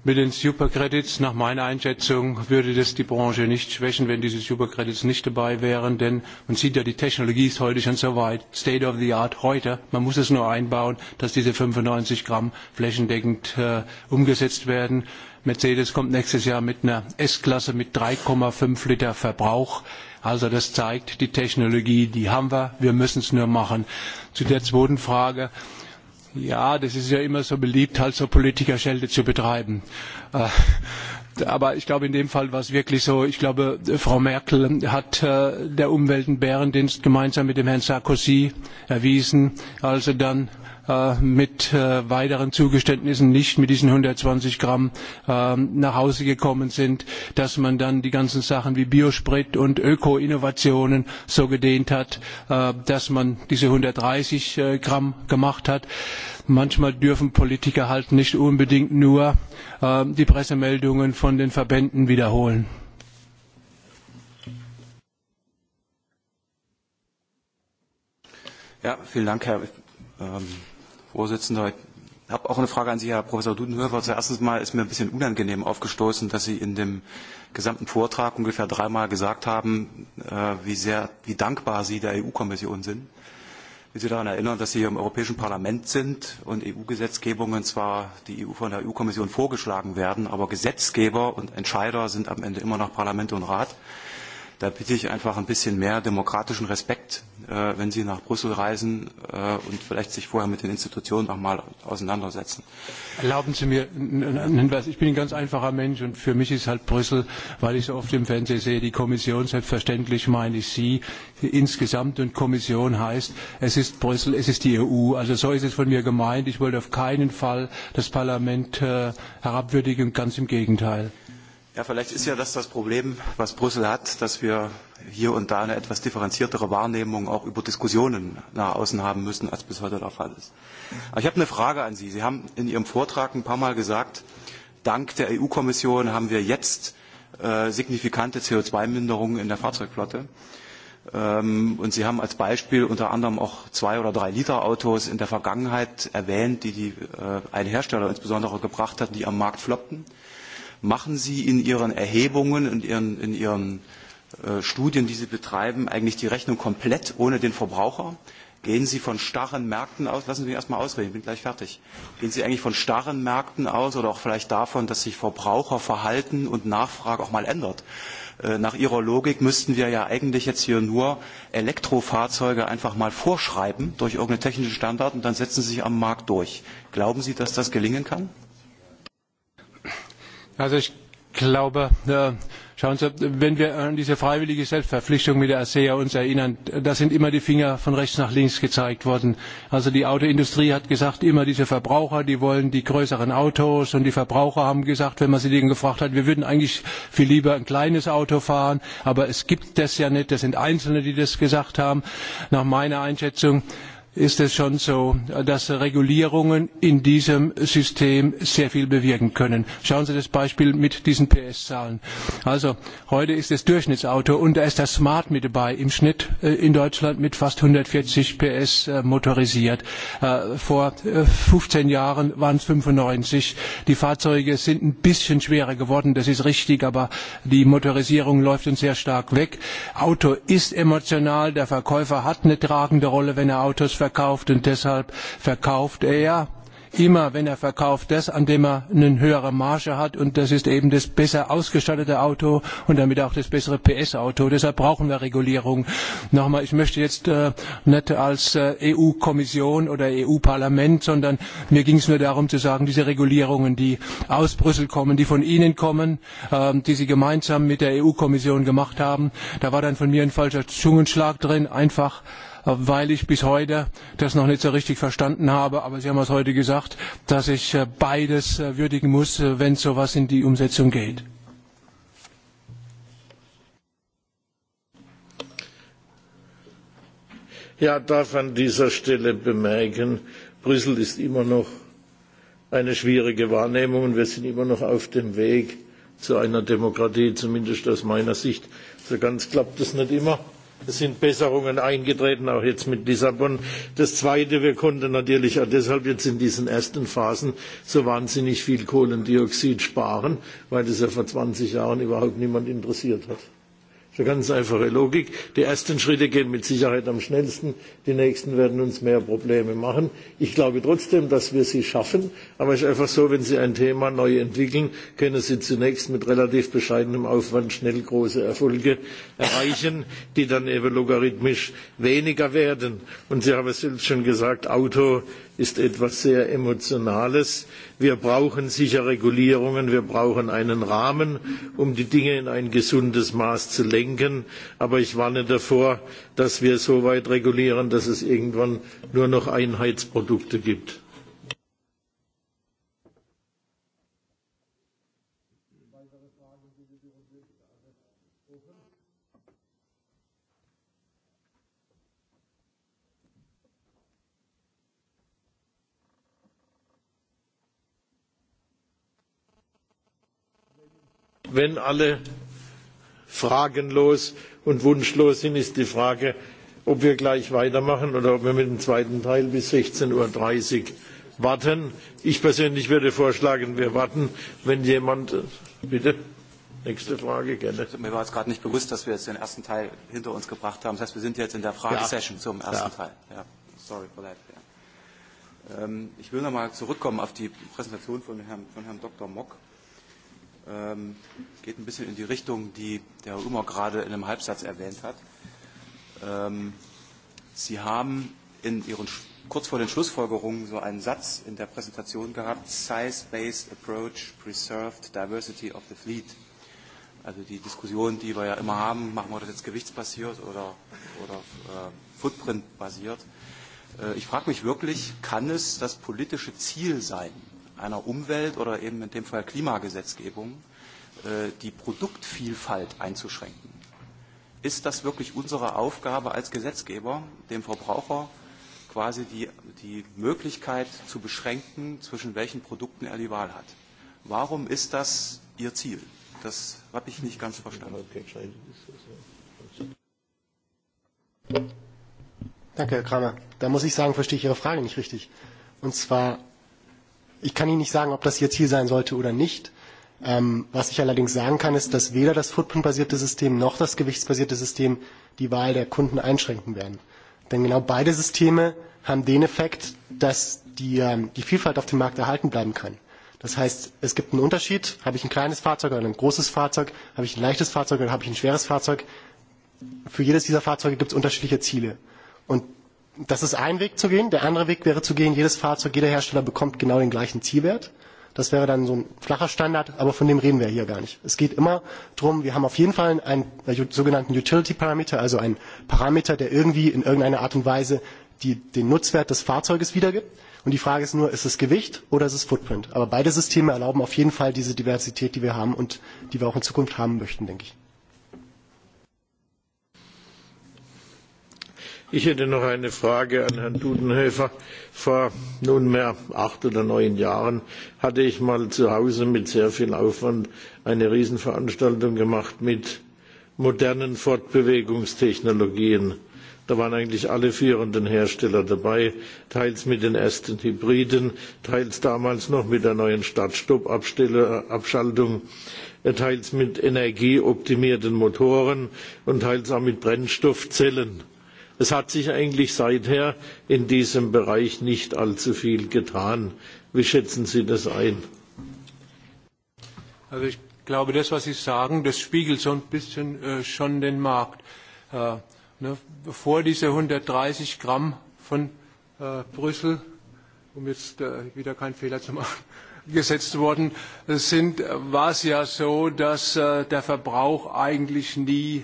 Mit den Supercredits, nach meiner Einschätzung, würde das die Branche nicht schwächen, wenn diese Supercredits nicht dabei wären, denn man sieht ja, die Technologie ist heute schon so weit, state of the art heute, man muss es nur einbauen, dass diese 95 Gramm flächendeckend umgesetzt werden. Mercedes kommt nächstes Jahr mit einer S-Klasse mit 3,5 Liter Verbrauch. Also das zeigt, die Technologie, die haben wir, wir müssen es nur machen. Zu der zweiten Frage Ja, das ist ja immer so beliebt, halt so Politikerschelde zu betreiben. Aber ich glaube, in dem Fall war es wirklich so. Ich glaube, Frau Merkel hat der Umwelt- und Bärendienst gemeinsam mit dem Herrn Sarkozy erwiesen, als dann mit weiteren Zugeständnissen nicht mit diesen 120 Gramm nach Hause gekommen sind, dass man dann die ganzen Sachen wie Biosprit und Öko-Innovationen so gedehnt hat, dass man diese 130 Gramm gemacht hat. Manchmal dürfen Politiker halt nicht unbedingt nur die Pressemeldungen von den Verbänden wiederholen. Ja, vielen Dank, Herr Vorsitzender. Ich habe auch eine Frage an Sie, Herr Professor Dudenhöfer. Zuerst einmal ist mir ein bisschen unangenehm aufgestoßen, dass Sie in dem gesamten Vortrag ungefähr dreimal gesagt haben, wie sehr, wie dankbar Sie der EU-Kommission sind. Ich Sie daran erinnern, dass Sie hier im Europäischen Parlament sind und EU-Gesetzgebungen zwar die EU von der EU-Kommission vorgeschlagen werden, aber Gesetzgeber und Entscheider sind am Ende immer noch Parlament und Rat. Da bitte ich einfach ein bisschen mehr demokratischen Respekt, wenn Sie nach Brüssel reisen und vielleicht sich vorher mit den Institutionen auch mal auseinandersetzen. Erlauben Sie mir einen Hinweis. Ich bin ein ganz einfacher Mensch und für mich ist halt Brüssel, weil ich so oft im Fernsehen sehe, die Kommission, selbstverständlich meine ich Sie, insgesamt und Kommission heißt, es ist Brüssel, es ist die EU. Also so ist es von mir gemeint. Ich wollte auf keinen Fall das Parlament herabwürdigen, ganz im Gegenteil. Ja, vielleicht ist ja das das Problem, was Brüssel hat, dass wir hier und da eine etwas differenziertere Wahrnehmung auch über Diskussionen nach außen haben müssen, als bis heute der Fall ist. Aber ich habe eine Frage an Sie. Sie haben in Ihrem Vortrag ein paar Mal gesagt, dank der EU-Kommission haben wir jetzt signifikante CO2-Minderungen in der Fahrzeugflotte. Und Sie haben als Beispiel unter anderem auch zwei- oder drei-Liter-Autos in der Vergangenheit erwähnt, die ein Hersteller insbesondere gebracht hat, die am Markt floppten machen Sie in Ihren Erhebungen und in Ihren Studien, die Sie betreiben, eigentlich die Rechnung komplett ohne den Verbraucher? Gehen Sie von starren Märkten aus? Lassen Sie mich erst mal ausreden, ich bin gleich fertig. Gehen Sie eigentlich von starren Märkten aus oder auch vielleicht davon, dass sich Verbraucherverhalten und Nachfrage auch mal ändert? Nach Ihrer Logik müssten wir ja eigentlich jetzt hier nur Elektrofahrzeuge einfach mal vorschreiben durch irgendeinen technischen Standard und dann setzen sie sich am Markt durch. Glauben Sie, dass das gelingen kann? Also ich glaube, schauen Sie, wenn wir an diese freiwillige Selbstverpflichtung mit der ASEA uns erinnern, da sind immer die Finger von rechts nach links gezeigt worden. Also die Autoindustrie hat gesagt, immer diese Verbraucher, die wollen die größeren Autos und die Verbraucher haben gesagt, wenn man sie denen gefragt hat, wir würden eigentlich viel lieber ein kleines Auto fahren, aber es gibt das ja nicht, das sind Einzelne, die das gesagt haben, nach meiner Einschätzung ist es schon so, dass Regulierungen in diesem System sehr viel bewirken können. Schauen Sie das Beispiel mit diesen PS-Zahlen. Also heute ist das Durchschnittsauto und da ist das Smart mit dabei, im Schnitt in Deutschland mit fast 140 PS motorisiert. Vor 15 Jahren waren es 95. Die Fahrzeuge sind ein bisschen schwerer geworden, das ist richtig, aber die Motorisierung läuft uns sehr stark weg. Auto ist emotional, der Verkäufer hat eine tragende Rolle, wenn er Autos verkauft und deshalb verkauft er immer, wenn er verkauft, das, an dem er eine höhere Marge hat und das ist eben das besser ausgestattete Auto und damit auch das bessere PS-Auto. Deshalb brauchen wir Regulierung. Nochmal, ich möchte jetzt nicht als EU-Kommission oder EU-Parlament, sondern mir ging es nur darum zu sagen, diese Regulierungen, die aus Brüssel kommen, die von Ihnen kommen, die Sie gemeinsam mit der EU-Kommission gemacht haben, da war dann von mir ein falscher Zungenschlag drin, einfach weil ich bis heute das noch nicht so richtig verstanden habe. Aber Sie haben es heute gesagt, dass ich beides würdigen muss, wenn so etwas in die Umsetzung geht. Ja, darf an dieser Stelle bemerken, Brüssel ist immer noch eine schwierige Wahrnehmung und wir sind immer noch auf dem Weg zu einer Demokratie, zumindest aus meiner Sicht. So ganz klappt es nicht immer. Es sind Besserungen eingetreten, auch jetzt mit Lissabon. Das Zweite, wir konnten natürlich auch deshalb jetzt in diesen ersten Phasen so wahnsinnig viel Kohlendioxid sparen, weil das ja vor 20 Jahren überhaupt niemand interessiert hat. Das ist eine ganz einfache Logik. Die ersten Schritte gehen mit Sicherheit am schnellsten, die nächsten werden uns mehr Probleme machen. Ich glaube trotzdem, dass wir sie schaffen, aber es ist einfach so, wenn Sie ein Thema neu entwickeln, können Sie zunächst mit relativ bescheidenem Aufwand schnell große Erfolge erreichen, die dann eben logarithmisch weniger werden. Und Sie haben es selbst schon gesagt, Auto ist etwas sehr Emotionales. Wir brauchen sicher Regulierungen, wir brauchen einen Rahmen, um die Dinge in ein gesundes Maß zu lenken. Aber ich warne davor, dass wir so weit regulieren, dass es irgendwann nur noch Einheitsprodukte gibt. wenn alle fragenlos und wunschlos sind, ist die Frage, ob wir gleich weitermachen oder ob wir mit dem zweiten Teil bis 16.30 Uhr warten. Ich persönlich würde vorschlagen, wir warten, wenn jemand. Bitte. Nächste Frage, gerne. Mir war jetzt gerade nicht bewusst, dass wir jetzt den ersten Teil hinter uns gebracht haben. Das heißt, wir sind jetzt in der Fragesession zum ersten Teil. Sorry for that. Ich will nochmal zurückkommen auf die Präsentation von Herrn Dr. Mock geht ein bisschen in die Richtung, die der Herr Umer gerade in einem Halbsatz erwähnt hat. Sie haben in Ihren, kurz vor den Schlussfolgerungen so einen Satz in der Präsentation gehabt, Size-Based Approach Preserved Diversity of the Fleet. Also die Diskussion, die wir ja immer haben, machen wir das jetzt gewichtsbasiert oder, oder Footprint-basiert. ich frage mich wirklich, kann es das politische Ziel sein, einer Umwelt- oder eben in dem Fall Klimagesetzgebung die Produktvielfalt einzuschränken. Ist das wirklich unsere Aufgabe als Gesetzgeber, dem Verbraucher quasi die Möglichkeit zu beschränken, zwischen welchen Produkten er die Wahl hat? Warum ist das Ihr Ziel? Das habe ich nicht ganz verstanden. Danke, Herr Kramer. Da muss ich sagen, verstehe ich Ihre Frage nicht richtig. Und zwar Ich kann Ihnen nicht sagen, ob das Ihr Ziel sein sollte oder nicht. Was ich allerdings sagen kann, ist, dass weder das footprint-basierte System noch das gewichtsbasierte System die Wahl der Kunden einschränken werden. Denn genau beide Systeme haben den Effekt, dass die Vielfalt auf dem Markt erhalten bleiben kann. Das heißt, es gibt einen Unterschied. Habe ich ein kleines Fahrzeug oder ein großes Fahrzeug? Habe ich ein leichtes Fahrzeug oder habe ich ein schweres Fahrzeug? Für jedes dieser Fahrzeuge gibt es unterschiedliche Ziele. Das ist ein Weg zu gehen. Der andere Weg wäre zu gehen, jedes Fahrzeug, jeder Hersteller bekommt genau den gleichen Zielwert. Das wäre dann so ein flacher Standard, aber von dem reden wir hier gar nicht. Es geht immer darum, wir haben auf jeden Fall einen sogenannten Utility-Parameter, also einen Parameter, der irgendwie in irgendeiner Art und Weise den Nutzwert des Fahrzeuges wiedergibt. Und die Frage ist nur, ist es Gewicht oder ist es Footprint? Aber beide Systeme erlauben auf jeden Fall diese Diversität, die wir haben und die wir auch in Zukunft haben möchten, denke ich. Ich hätte noch eine Frage an Herrn Dudenhöfer. Vor nunmehr acht oder neun Jahren hatte ich mal zu Hause mit sehr viel Aufwand eine Riesenveranstaltung gemacht mit modernen Fortbewegungstechnologien. Da waren eigentlich alle führenden Hersteller dabei, teils mit den ersten Hybriden, teils damals noch mit der neuen Start-Stopp-Abschaltung, teils mit energieoptimierten Motoren und teils auch mit Brennstoffzellen es hat sich eigentlich seither in diesem bereich nicht allzu viel getan. wie schätzen sie das ein? also ich glaube das was sie sagen das spiegelt so ein bisschen schon den markt. bevor diese 130 gramm von brüssel um jetzt wieder keinen fehler zu machen gesetzt worden sind, war es ja so, dass der Verbrauch eigentlich nie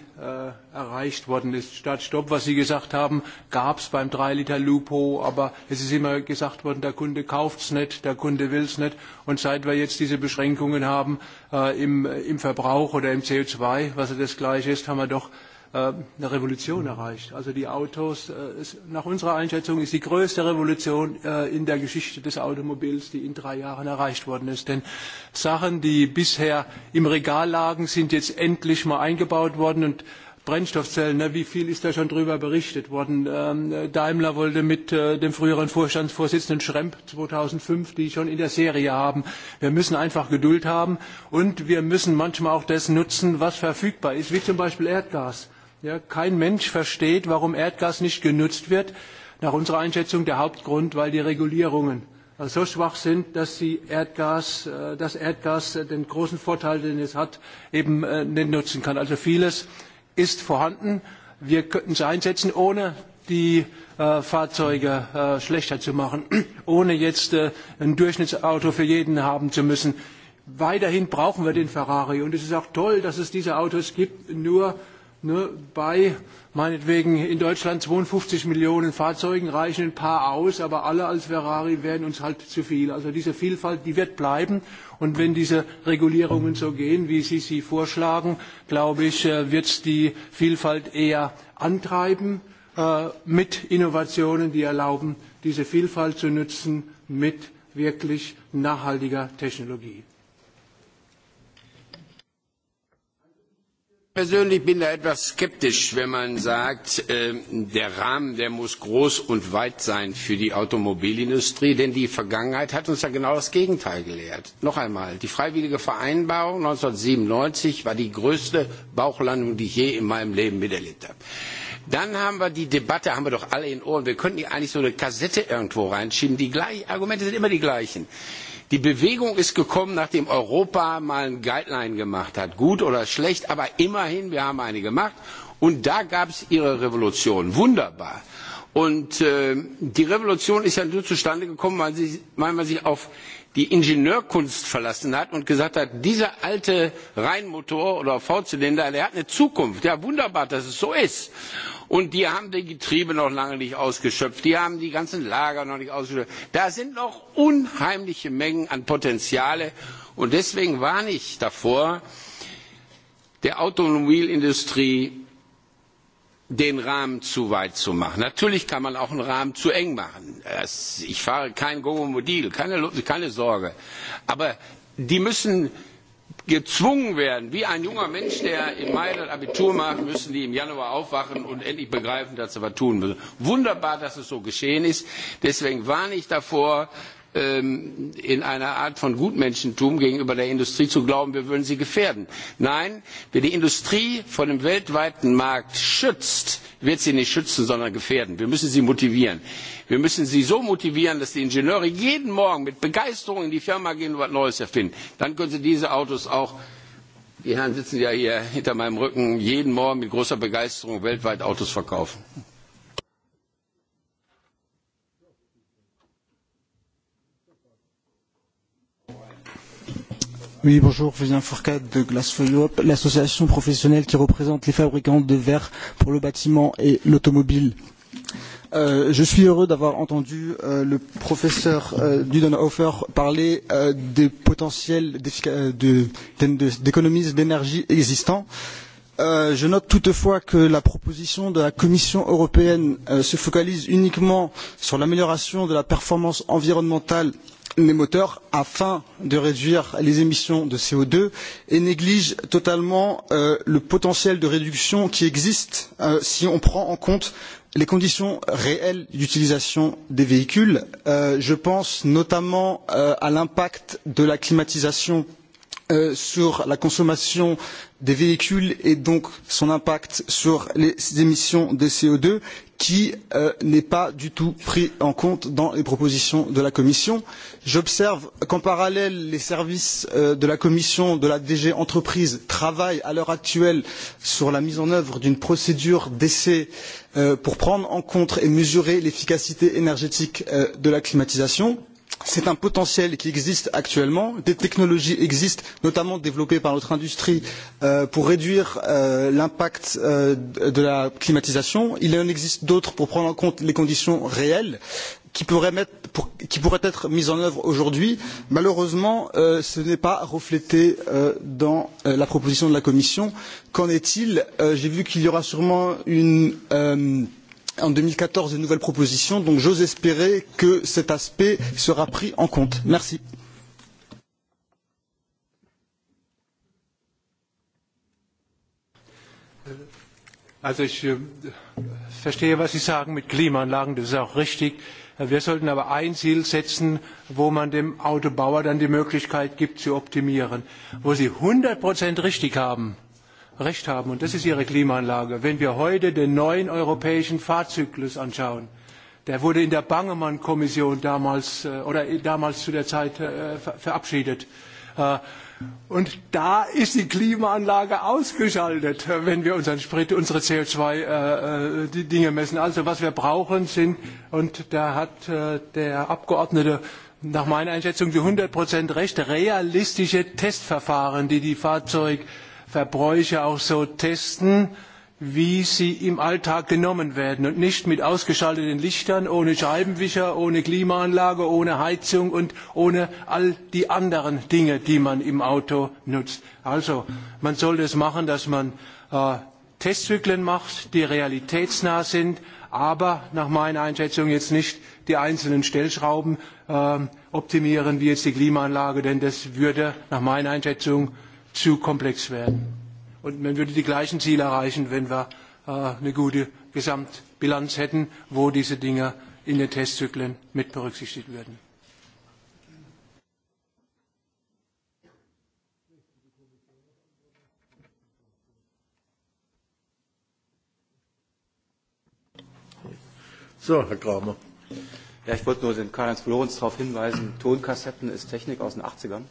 erreicht worden ist. Statt Stopp, was Sie gesagt haben, gab es beim 3-Liter-Lupo, aber es ist immer gesagt worden, der Kunde kauft es nicht, der Kunde will es nicht. Und seit wir jetzt diese Beschränkungen haben im Verbrauch oder im CO2, was ja das Gleiche ist, haben wir doch eine Revolution erreicht. Also die Autos, nach unserer Einschätzung ist die größte Revolution in der Geschichte des Automobils, die in drei Jahren erreicht worden ist. Denn Sachen, die bisher im Regal lagen, sind jetzt endlich mal eingebaut worden und Brennstoffzellen, wie viel ist da schon drüber berichtet worden? Daimler wollte mit dem früheren Vorstandsvorsitzenden Schremp 2005 die schon in der Serie haben. Wir müssen einfach Geduld haben und wir müssen manchmal auch das nutzen, was verfügbar ist, wie zum Beispiel Erdgas. Kein Mensch versteht, warum Erdgas nicht genutzt wird. Nach unserer Einschätzung der Hauptgrund, weil die Regulierungen so schwach sind, dass Erdgas den großen Vorteil, den es hat, eben nicht nutzen kann. Also vieles ist vorhanden. Wir könnten es einsetzen, ohne die Fahrzeuge schlechter zu machen, ohne jetzt ein Durchschnittsauto für jeden haben zu müssen. Weiterhin brauchen wir den Ferrari. Und es ist auch toll, dass es diese Autos gibt, nur ne, bei meinetwegen in Deutschland 52 Millionen Fahrzeugen reichen ein paar aus, aber alle als Ferrari werden uns halt zu viel. Also diese Vielfalt, die wird bleiben. Und wenn diese Regulierungen so gehen, wie Sie sie vorschlagen, glaube ich, wird es die Vielfalt eher antreiben mit Innovationen, die erlauben, diese Vielfalt zu nutzen mit wirklich nachhaltiger Technologie. Ich persönlich bin da etwas skeptisch, wenn man sagt, der Rahmen, der muss groß und weit sein für die Automobilindustrie, denn die Vergangenheit hat uns ja genau das Gegenteil gelehrt. Noch einmal, die freiwillige Vereinbarung 1997 war die größte Bauchlandung, die ich je in meinem Leben miterlebt habe. Dann haben wir die Debatte, haben wir doch alle in Ohren. Wir könnten eigentlich so eine Kassette irgendwo reinschieben. Die Argumente sind immer die gleichen. Die Bewegung ist gekommen, nachdem Europa mal ein Guideline gemacht hat, gut oder schlecht, aber immerhin, wir haben eine gemacht, und da gab es ihre Revolution, wunderbar. Und die Revolution ist ja nur zustande gekommen, weil man sich auf die Ingenieurkunst verlassen hat und gesagt hat, dieser alte Reihenmotor oder V-Zylinder, der hat eine Zukunft. Ja, wunderbar, dass es so ist. Und die haben die Getriebe noch lange nicht ausgeschöpft. Die haben die ganzen Lager noch nicht ausgeschöpft. Da sind noch unheimliche Mengen an Potenziale. Und deswegen warne ich davor, der Automobilindustrie den Rahmen zu weit zu machen. Natürlich kann man auch einen Rahmen zu eng machen. Ich fahre kein keine, keine Sorge. Aber die müssen gezwungen werden, wie ein junger Mensch, der im Mai das Abitur macht, müssen die im Januar aufwachen und endlich begreifen, dass sie was tun müssen. Wunderbar, dass es so geschehen ist. Deswegen warne ich davor, in einer Art von Gutmenschentum gegenüber der Industrie zu glauben, wir würden sie gefährden. Nein, wer die Industrie vor dem weltweiten Markt schützt, wird sie nicht schützen, sondern gefährden. Wir müssen sie motivieren. Wir müssen sie so motivieren, dass die Ingenieure jeden Morgen mit Begeisterung in die Firma gehen und etwas Neues erfinden. Dann können sie diese Autos auch die Herren sitzen ja hier hinter meinem Rücken jeden Morgen mit großer Begeisterung weltweit Autos verkaufen. Oui, bonjour, Fabien Fourcade de Glassfeuille Europe, l'association professionnelle qui représente les fabricants de verre pour le bâtiment et l'automobile. Je suis heureux d'avoir entendu le professeur Dudenhofer parler des potentiels d'économies d'énergie existants. Je note toutefois que la proposition de la Commission européenne se focalise uniquement sur l'amélioration de la performance environnementale les moteurs afin de réduire les émissions de co 2 et néglige totalement le potentiel de réduction qui existe si on prend en compte les conditions réelles d'utilisation des véhicules. je pense notamment à l'impact de la climatisation sur la consommation des véhicules et donc son impact sur les émissions de co deux qui n'est pas du tout pris en compte dans les propositions de la commission. j'observe qu'en parallèle les services de la commission de la dg entreprises travaillent à l'heure actuelle sur la mise en œuvre d'une procédure d'essai pour prendre en compte et mesurer l'efficacité énergétique de la climatisation c'est un potentiel qui existe actuellement des technologies existent notamment développées par notre industrie pour réduire l'impact de la climatisation il en existe d'autres pour prendre en compte les conditions réelles qui pourraient être mises en œuvre aujourd'hui. malheureusement ce n'est pas reflété dans la proposition de la commission. qu'en est il? j'ai vu qu'il y aura sûrement une en 2014 mille quatorze de nouvelles propositions donc j'ose espérer que cet aspect sera pris en compte. merci. also ich verstehe was sie sagen mit klimaanlagen das ist auch richtig. wir sollten aber ein ziel setzen wo man dem autobauer dann die möglichkeit gibt zu optimieren. wo sie 100% richtig haben recht haben, und das ist ihre Klimaanlage. Wenn wir heute den neuen europäischen Fahrzyklus anschauen, der wurde in der Bangemann-Kommission damals, oder damals zu der Zeit verabschiedet. Und da ist die Klimaanlage ausgeschaltet, wenn wir unseren Sprit, unsere CO2-Dinge messen. Also was wir brauchen sind, und da hat der Abgeordnete nach meiner Einschätzung zu 100 recht, realistische Testverfahren, die die Fahrzeug Verbräuche auch so testen, wie sie im Alltag genommen werden und nicht mit ausgeschalteten Lichtern, ohne Scheibenwischer, ohne Klimaanlage, ohne Heizung und ohne all die anderen Dinge, die man im Auto nutzt. Also man sollte es machen, dass man Testzyklen macht, die realitätsnah sind, aber nach meiner Einschätzung jetzt nicht die einzelnen Stellschrauben optimieren, wie jetzt die Klimaanlage, denn das würde nach meiner Einschätzung zu komplex werden. Und man würde die gleichen Ziele erreichen, wenn wir eine gute Gesamtbilanz hätten, wo diese Dinge in den Testzyklen mit berücksichtigt würden. So, Herr Kramer. Ja, ich wollte nur den Karl-Heinz Florenz darauf hinweisen, Tonkassetten ist Technik aus den 80ern.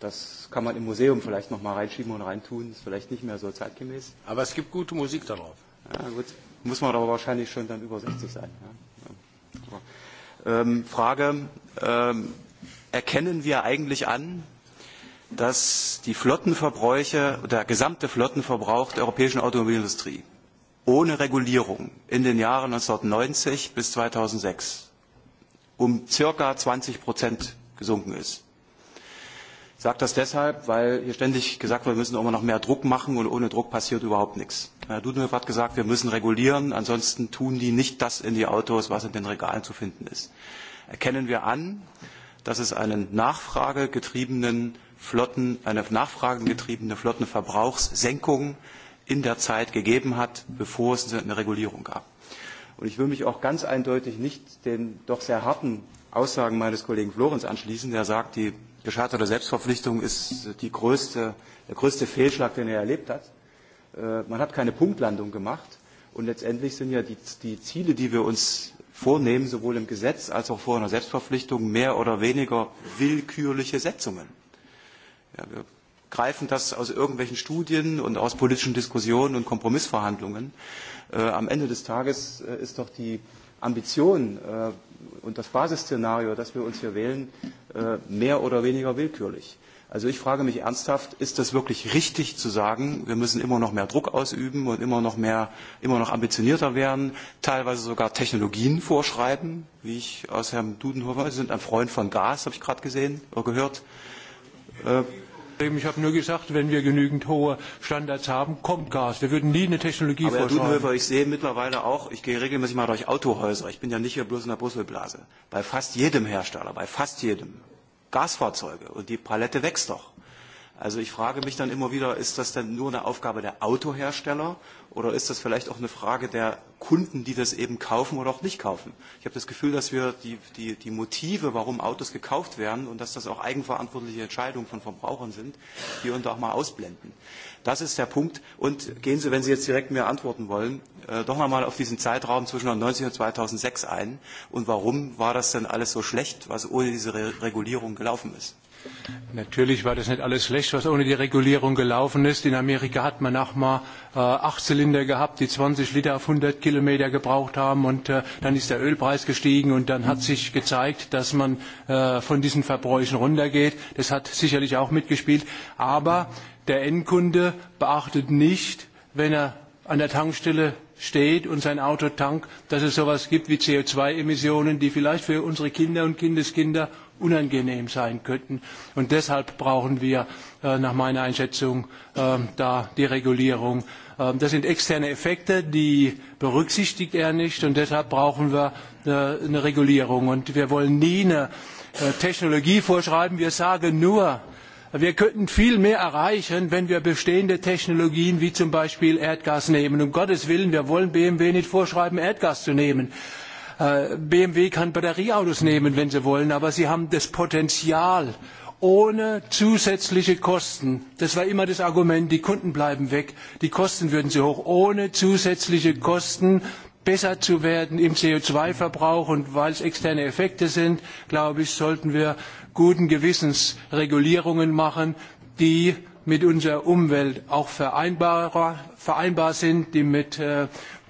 Das kann man im Museum vielleicht noch mal reinschieben und reintun, ist vielleicht nicht mehr so zeitgemäß. Aber es gibt gute Musik darauf. Ja, gut. Muss man aber wahrscheinlich schon dann über 60 sein. Ähm, Frage, erkennen wir eigentlich an, dass die Flottenverbräuche, der gesamte Flottenverbrauch der europäischen Automobilindustrie ohne Regulierung in den Jahren 1990 bis 2006 um ca. 20 gesunken ist? Ich sage das deshalb, weil hier ständig gesagt wird, wir müssen immer noch mehr Druck machen und ohne Druck passiert überhaupt nichts. Herr Dudenhoff hat gesagt, wir müssen regulieren, ansonsten tun die nicht das in die Autos, was in den Regalen zu finden ist. Erkennen wir an, dass es einen nachfragegetriebenen Flotten, eine nachfragengetriebene Flottenverbrauchssenkung in der Zeit gegeben hat, bevor es eine Regulierung gab. Und ich will mich auch ganz eindeutig nicht den doch sehr harten Aussagen meines Kollegen Florenz anschließen, der sagt, die gescheiterte Selbstverpflichtung ist die größte, der größte Fehlschlag, den er erlebt hat. Man hat keine Punktlandung gemacht. Und letztendlich sind ja die, die Ziele, die wir uns vornehmen, sowohl im Gesetz als auch vor einer Selbstverpflichtung, mehr oder weniger willkürliche Setzungen. wir greifen das aus irgendwelchen Studien und aus politischen Diskussionen und Kompromissverhandlungen. Am Ende des Tages ist doch die Ambition und das Basisszenario, das wir uns hier wählen, mehr oder weniger willkürlich. Also ich frage mich ernsthaft, ist das wirklich richtig zu sagen, wir müssen immer noch mehr Druck ausüben und immer noch mehr, immer noch ambitionierter werden, teilweise sogar Technologien vorschreiben, wie ich aus Herrn Dudenhofer, Sie sind ein Freund von Gas, habe ich gerade gesehen, oder gehört. Ich habe nur gesagt, wenn wir genügend hohe Standards haben, kommt Gas. Wir würden nie eine Technologie Aber Herr Dudenhöfer, ich sehe mittlerweile auch, ich gehe regelmäßig mal durch Autohäuser. Ich bin ja nicht hier bloß in der Brüsselblase. Bei fast jedem Hersteller, bei fast jedem. Gasfahrzeuge. Und die Palette wächst doch. Also ich frage mich dann immer wieder, ist das denn nur eine Aufgabe der Autohersteller oder ist das vielleicht auch eine Frage der Kunden, die das eben kaufen oder auch nicht kaufen? Ich habe das Gefühl, dass wir die, die, die Motive, warum Autos gekauft werden und dass das auch eigenverantwortliche Entscheidungen von Verbrauchern sind, die uns auch mal ausblenden. Das ist der Punkt. Und gehen Sie, wenn Sie jetzt direkt mir antworten wollen, doch nochmal auf diesen Zeitraum zwischen 1990 und 2006 ein. Und warum war das denn alles so schlecht, was ohne diese Regulierung gelaufen ist? Natürlich war das nicht alles schlecht, was ohne die Regulierung gelaufen ist. In Amerika hat man auch mal acht Zylinder gehabt, die 20 Liter auf 100 Kilometer gebraucht haben. Und dann ist der Ölpreis gestiegen und dann hat sich gezeigt, dass man von diesen Verbräuchen runtergeht. Das hat sicherlich auch mitgespielt. Aber der Endkunde beachtet nicht, wenn er an der Tankstelle steht und sein Auto tankt, dass es so etwas gibt wie CO2-Emissionen, die vielleicht für unsere Kinder und Kindeskinder unangenehm sein könnten. Und deshalb brauchen wir nach meiner Einschätzung da die Regulierung. Das sind externe Effekte, die berücksichtigt er nicht und deshalb brauchen wir eine Regulierung. Und wir wollen nie eine Technologie vorschreiben. Wir sagen nur, wir könnten viel mehr erreichen, wenn wir bestehende Technologien wie zum Beispiel Erdgas nehmen. Um Gottes Willen, wir wollen BMW nicht vorschreiben, Erdgas zu nehmen. BMW kann Batterieautos nehmen, wenn sie wollen, aber sie haben das Potenzial ohne zusätzliche Kosten. Das war immer das Argument, die Kunden bleiben weg, die Kosten würden sie hoch. Ohne zusätzliche Kosten besser zu werden im CO2-Verbrauch und weil es externe Effekte sind, glaube ich, sollten wir guten Gewissens Regulierungen machen, die mit unserer Umwelt auch vereinbar sind, die mit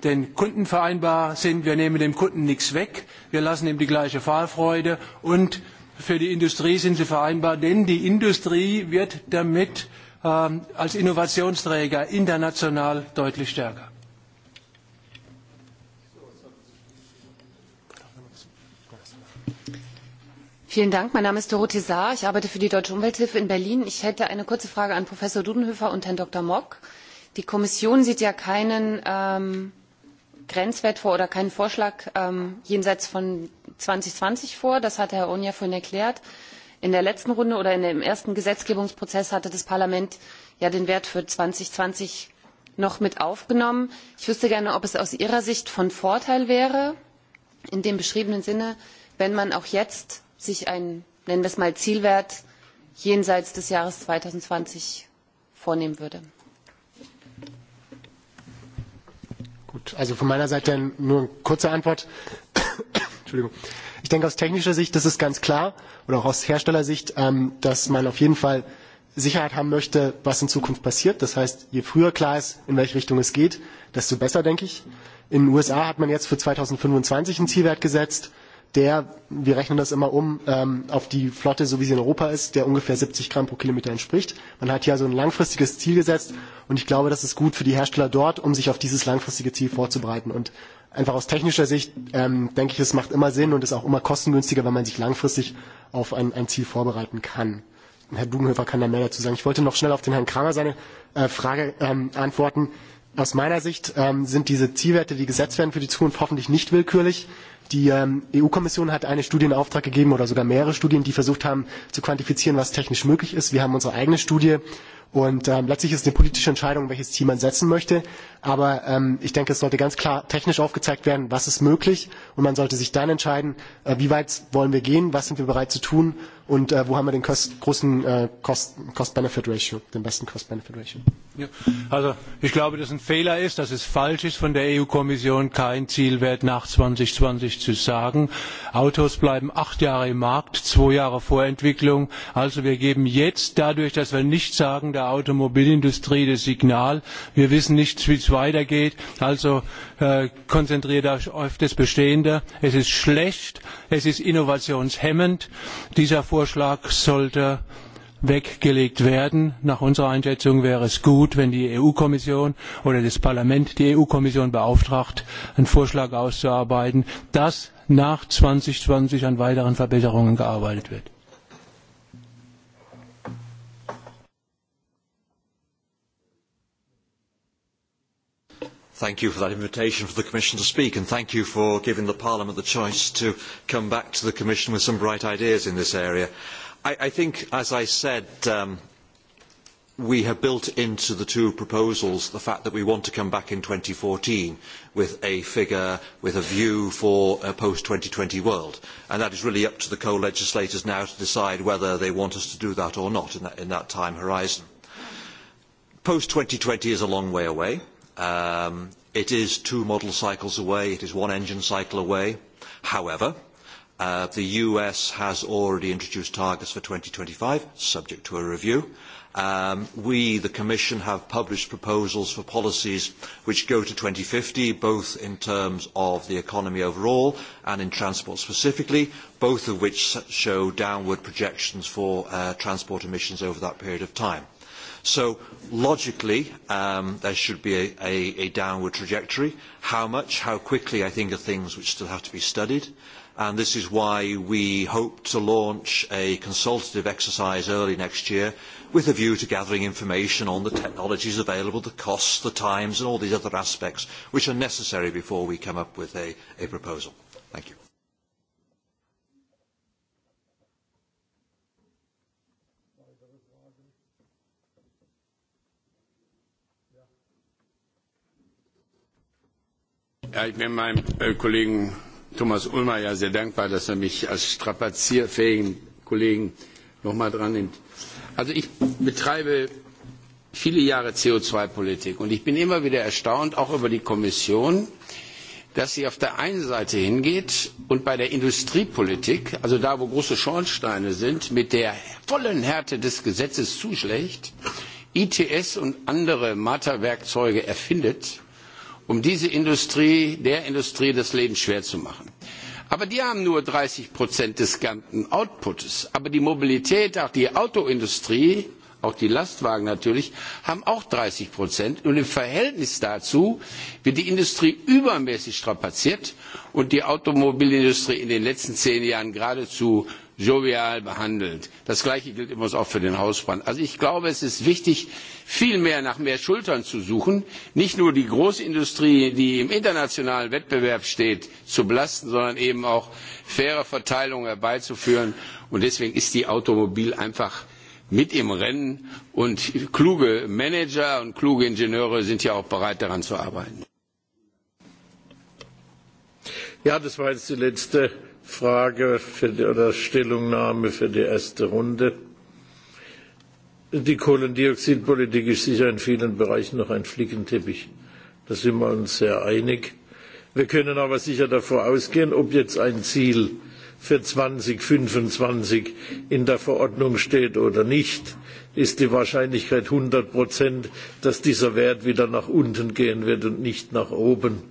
den Kunden vereinbar sind. Wir nehmen dem Kunden nichts weg, wir lassen ihm die gleiche Fahrfreude und für die Industrie sind sie vereinbar, denn die Industrie wird damit als Innovationsträger international deutlich stärker. Vielen Dank. Mein Name ist Dorothee Saar. Ich arbeite für die Deutsche Umwelthilfe in Berlin. Ich hätte eine kurze Frage an Professor Dudenhöfer und Herrn Dr. Mock. Die Kommission sieht ja keinen Grenzwert vor oder keinen Vorschlag jenseits von 2020 vor. Das hat Herr Onja vorhin erklärt. In der letzten Runde oder in dem ersten Gesetzgebungsprozess hatte das Parlament ja den Wert für 2020 noch mit aufgenommen. Ich wüsste gerne, ob es aus Ihrer Sicht von Vorteil wäre, in dem beschriebenen Sinne, wenn man auch jetzt sich einen, nennen wir es mal, Zielwert jenseits des Jahres 2020 vornehmen würde. Gut, also von meiner Seite nur eine kurze Antwort. Entschuldigung. Ich denke, aus technischer Sicht ist ganz klar, oder auch aus Herstellersicht, dass man auf jeden Fall Sicherheit haben möchte, was in Zukunft passiert. Das heißt, je früher klar ist, in welche Richtung es geht, desto besser, denke ich. In den USA hat man jetzt für 2025 einen Zielwert gesetzt der, wir rechnen das immer um, auf die Flotte, so wie sie in Europa ist, der ungefähr 70 Gramm pro Kilometer entspricht. Man hat hier also ein langfristiges Ziel gesetzt und ich glaube, das ist gut für die Hersteller dort, um sich auf dieses langfristige Ziel vorzubereiten. Und einfach aus technischer Sicht denke ich, es macht immer Sinn und ist auch immer kostengünstiger, wenn man sich langfristig auf ein Ziel vorbereiten kann. Herr Dugenhöfer kann da mehr dazu sagen. Ich wollte noch schnell auf den Herrn Kramer seine Frage antworten. Aus meiner Sicht sind diese Zielwerte, die gesetzt werden für die Zukunft, hoffentlich nicht willkürlich. Die EU-Kommission hat eine Studienauftrag gegeben oder sogar mehrere Studien, die versucht haben zu quantifizieren, was technisch möglich ist. Wir haben unsere eigene Studie. Und letztlich ist es eine politische Entscheidung, welches Ziel man setzen möchte. Aber ich denke, es sollte ganz klar technisch aufgezeigt werden, was ist möglich. Und man sollte sich dann entscheiden, wie weit wollen wir gehen, was sind wir bereit zu tun und wo haben wir den großen Cost-Benefit-Ratio, den besten Cost-Benefit-Ratio. Also ich glaube, dass ein Fehler ist, dass es falsch ist, von der EU-Kommission kein Zielwert nach 2020 ehrlich zu sagen autos bleiben acht jahre im markt zwei jahre vorentwicklung also wir geben jetzt dadurch dass wir nichts sagen der automobilindustrie das signal wir wissen nicht wie es weitergeht also konzentriert euch auf das bestehende. es ist schlecht es ist innovationshemmend. dieser vorschlag sollte weggelegt werden. Nach unserer Einschätzung wäre es gut, wenn die EU-Kommission oder das Parlament die EU-Kommission beauftragt, einen Vorschlag auszuarbeiten, dass nach 2020 an weiteren Verbesserungen gearbeitet wird. Thank you for that invitation for the Commission to speak and thank you for giving Parliament the choice to come back to the Commission with some bright ideas in this area. I think, as I said, we have built into the two proposals the fact that we want to come back in 2014 with a figure, with a view for a post-2020 world. And that is really up to the co-legislators now to decide whether they want us to do that or not in that time horizon. Post-2020 is a long way away. It is two model cycles away. It is one engine cycle away. However, The US has already introduced targets for 2025, subject to a review. We, the Commission, have published proposals for policies which go to 2050, both in terms of the economy overall and in transport specifically, both of which show downward projections for transport emissions over that period of time. So logically there should be a downward trajectory. How much, how quickly, I think are things which still have to be studied and this is why we hope to launch a consultative exercise early next year with a view to gathering information on the technologies available, the costs, the times and all these other aspects which are necessary before we come up with a proposal. Thank you. Thomas Ulmer sehr dankbar, dass er mich als strapazierfähigen Kollegen noch mal dran nimmt. Also ich betreibe viele Jahre CO2-Politik und ich bin immer wieder erstaunt, auch über die Kommission, dass sie auf der einen Seite hingeht und bei der Industriepolitik, also da, wo große Schornsteine sind, mit der vollen Härte des Gesetzes zuschlägt, ITS und andere mata erfindet um diese Industrie, der Industrie das Leben schwer zu machen. Aber die haben nur 30 des ganzen Outputs. Aber die Mobilität, auch die Autoindustrie, auch die Lastwagen natürlich, haben auch 30 Und im Verhältnis dazu wird die Industrie übermäßig strapaziert und die Automobilindustrie in den letzten zehn Jahren geradezu jovial behandelt. Das Gleiche gilt immer auch für den Hausbrand. Also ich glaube, es ist wichtig, viel mehr nach mehr Schultern zu suchen, nicht nur die Großindustrie, die im internationalen Wettbewerb steht, zu belasten, sondern eben auch faire Verteilung herbeizuführen. Und deswegen ist die Automobil einfach mit im Rennen. Und kluge Manager und kluge Ingenieure sind ja auch bereit, daran zu arbeiten. Ja, das war jetzt die letzte Frage für oder Stellungnahme für die erste Runde. Die Kohlendioxidpolitik ist sicher in vielen Bereichen noch ein Flickenteppich. Da sind wir uns sehr einig. Wir können aber sicher davor ausgehen, ob jetzt ein Ziel für 2025 in der Verordnung steht oder nicht, ist die Wahrscheinlichkeit 100 dass dieser Wert wieder nach unten gehen wird und nicht nach oben.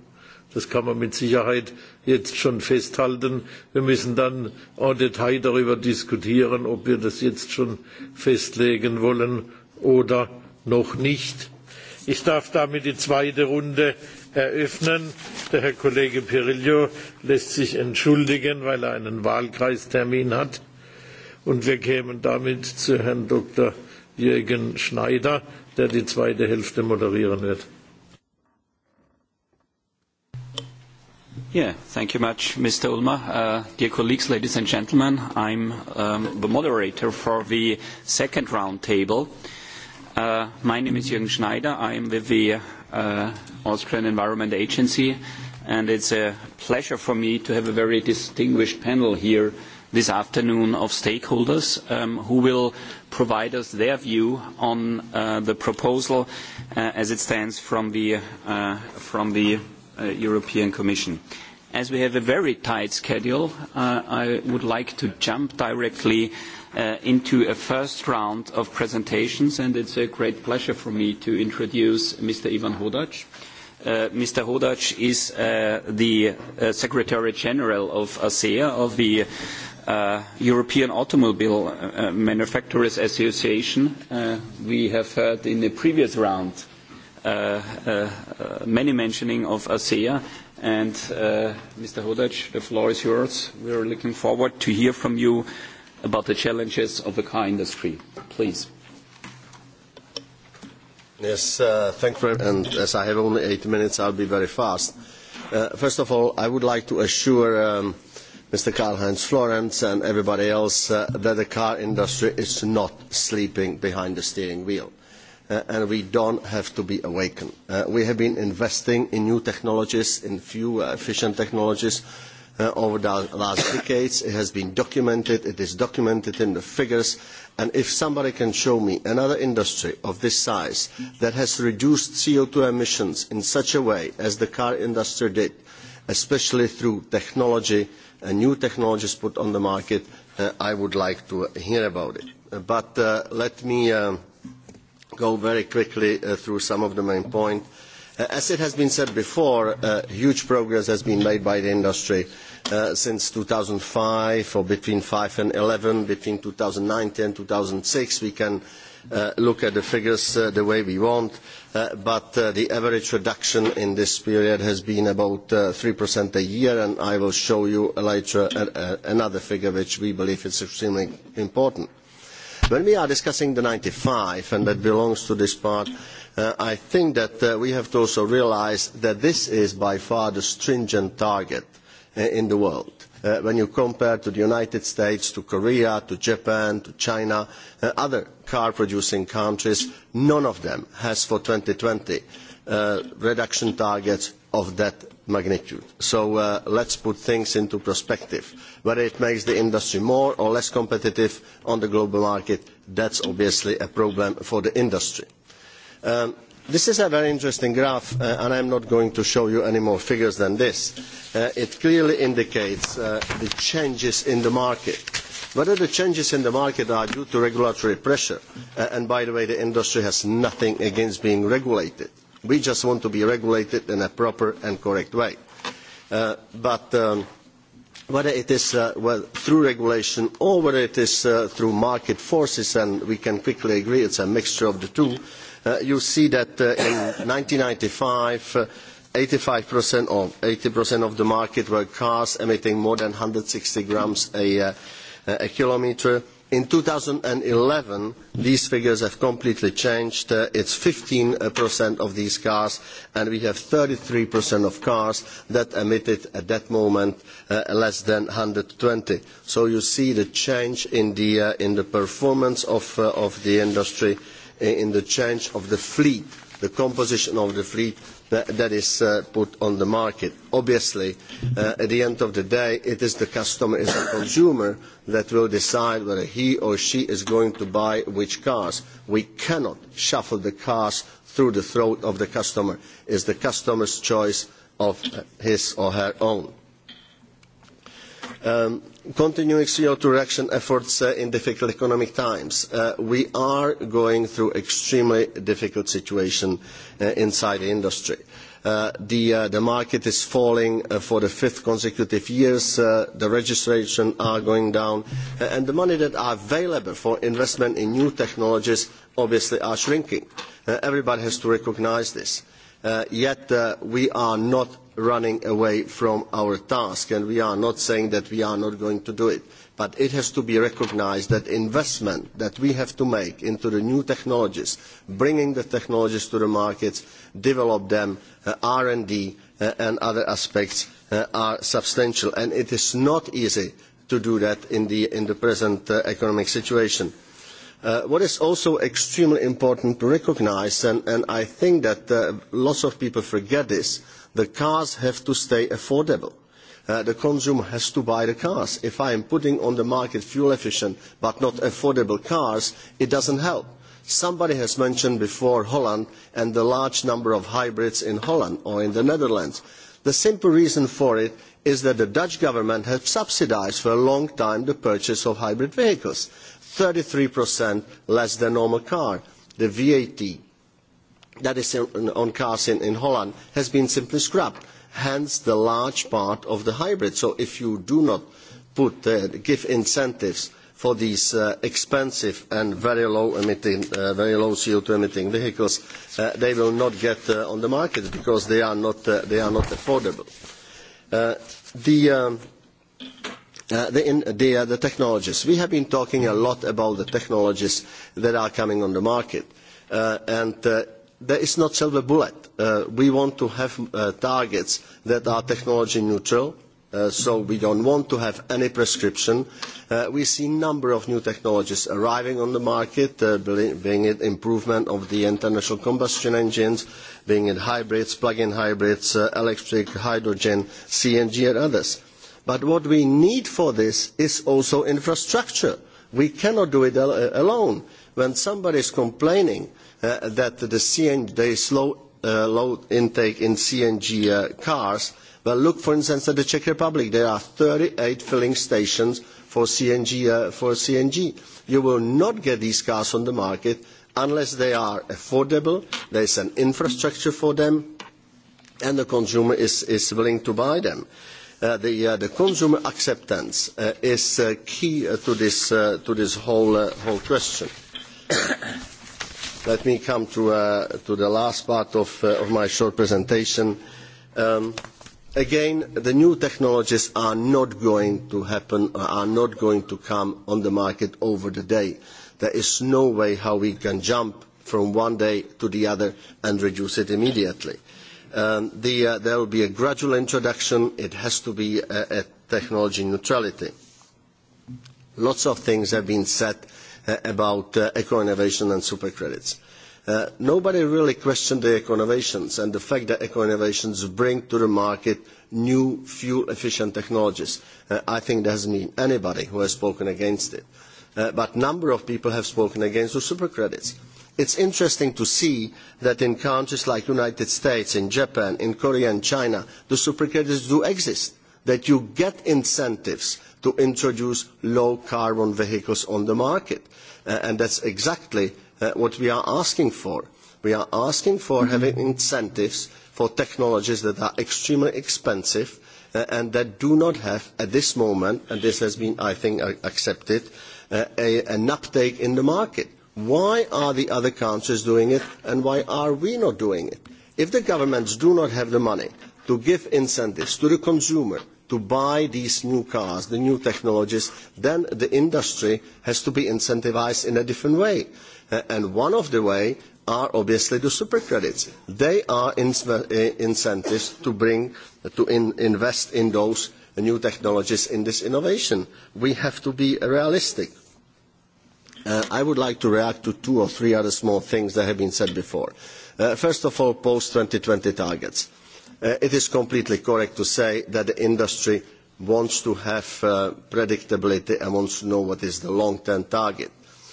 Das kann man mit Sicherheit jetzt schon festhalten. Wir müssen dann en Detail darüber diskutieren, ob wir das jetzt schon festlegen wollen oder noch nicht. Ich darf damit die zweite Runde eröffnen. Der Herr Kollege Pirillo lässt sich entschuldigen, weil er einen Wahlkreistermin hat. Und wir kämen damit zu Herrn Dr. Jürgen Schneider, der die zweite Hälfte moderieren wird. Yeah, thank you much, Mr. Ulmer. Dear colleagues, ladies and gentlemen, I'm the moderator for the second round table. My name is Jürgen Schneider. I'm with the Austrian Environment Agency, and it's a pleasure for me to have a very distinguished panel here this afternoon of stakeholders who will provide us their view on the proposal as it stands from the European Commission. As we have a very tight schedule, I would like to jump directly into a first round of presentations, and it's a great pleasure for me to introduce Mr. Ivan Hodac. Mr. Hodac is the Secretary General of ASEA, of the European Automobile Manufacturers Association. We have heard in the previous round many mentioning of ASEA. And Mr. Hodacz, the floor is yours. We are looking forward to hear from you about the challenges of the car industry. Please. Yes, thank you. And as I have only eight minutes, I'll be very fast. First of all, I would like to assure Mr. Karl-Heinz Florenz and everybody else that the car industry is not sleeping behind the steering wheel and we don't have to be awakened. We have been investing in new technologies, in few efficient technologies over the last decades. It has been documented. It is documented in the figures. And if somebody can show me another industry of this size that has reduced CO2 emissions in such a way as the car industry did, especially through technology and new technologies put on the market, I would like to hear about it. But let me go very quickly through some of the main points. As it has been said before, huge progress has been made by the industry since 2005 or between 5 and 11, between 2009 and 2006. We can look at the figures the way we want, but the average reduction in this period has been about 3% a year, and I will show you later another figure which we believe is extremely important When we are discussing the 95, and that belongs to this part, I think that we have to also realise that this is by far the stringent target in the world. When you compare to the United States, to Korea, to Japan, to China, and other car-producing countries, none of them has for 2020 reduction targets of that magnitude. So let's put things into perspective. Whether it makes the industry more or less competitive on the global market, that's obviously a problem for the industry. This is a very interesting graph, and I am not going to show you any more figures than this. It clearly indicates the changes in the market. Whether the changes in the market are due to regulatory pressure, and by the way, the industry has nothing against being regulated We just want to be regulated in a proper and correct way. But whether it is through regulation or whether it is through market forces, and we can quickly agree it's a mixture of the two, you see that in 1995, 85% or 80% of the market were cars emitting more than 160 grams a kilometre. In eleven these figures have completely changed. It is fifteen of these cars, and we have thirty 33% of cars that emitted at that moment less than one hundred 120. So you see the change in the performance of the industry, in the change of the fleet, the composition of the fleet, that is put on the market. Obviously, at the end of the day, it is the customer, is the consumer that will decide whether he or she is going to buy which cars. We cannot shuffle the cars through the throat of the customer. It is the customer's choice of his or her own continuing CO2 reduction efforts in difficult economic times. We are going through extremely difficult situation inside the industry. The market is falling for the fifth consecutive years. The registrations are going down, and the money that are available for investment in new technologies obviously are shrinking. Everybody has to recognise this yet we are not running away from our task and we are not saying that we are not going to do it. But it has to be recognised that investment that we have to make into the new technologies, bringing the technologies to the markets, develop them, R&D and other aspects are substantial. And it is not easy to do that in the present economic situation. What is also extremely important to recognise, and I think that lots of people forget this, the cars have to stay affordable. The consumer has to buy the cars. If I am putting on the market fuel-efficient but not affordable cars, it doesn't help. Somebody has mentioned before Holland and the large number of hybrids in Holland or in the Netherlands. The simple reason for it is that the Dutch government has subsidised for a long time the purchase of hybrid vehicles 33% less than normal car. The VAT that is on cars in Holland has been simply scrapped, hence the large part of the hybrid. So if you do not give incentives for these expensive and very low CO2 emitting vehicles, they will not get on the market because they are not affordable the technologies. We have been talking a lot about the technologies that are coming on the market, and there is no silver bullet. We want to have targets that are technology neutral, so we don't want to have any prescription. We see a number of new technologies arriving on the market, being it improvement of the international combustion engines, being it hybrids, plug-in hybrids, electric, hydrogen, CNG and others But what we need for this is also infrastructure. We cannot do it alone. When somebody is complaining that there is low intake in CNG cars, well, look, for instance, at the Czech Republic. There are 38 filling stations for CNG. You will not get these cars on the market unless they are affordable, there is an infrastructure for them, and the consumer is willing to buy them the consumer acceptance is key to this whole question. Let me come to the last part of my short presentation. Again, the new technologies are not going to happen, are not going to come on the market over the day. There is no way how we can jump from one day to the other and reduce it immediately there will be a gradual introduction. It has to be a technology neutrality. Lots of things have been said about eco-innovation and supercredits. Nobody really questioned the eco-innovations and the fact that eco-innovations bring to the market new fuel-efficient technologies. I think there hasn't been anybody who has spoken against it. But a number of people have spoken against the supercredits It's interesting to see that in countries like the United States, in Japan, in Korea and China, the supercredits do exist, that you get incentives to introduce low carbon vehicles on the market, and that's exactly what we are asking for. We are asking for having incentives for technologies that are extremely expensive and that do not have at this moment, and this has been, I think, accepted, an uptake in the market. Why are the other countries doing it and why are we not doing it? If the governments do not have the money to give incentives to the consumer to buy these new cars, the new technologies, then the industry has to be incentivised in a different way. And one of the ways are obviously the super credits. They are incentives to bring, to invest in those new technologies, in this innovation. We have to be realistic I would like to react to two or three other small things that have been said before. First of all, post-2020 targets. It is completely correct to say that the industry wants to have predictability and wants to know what is the long-term target.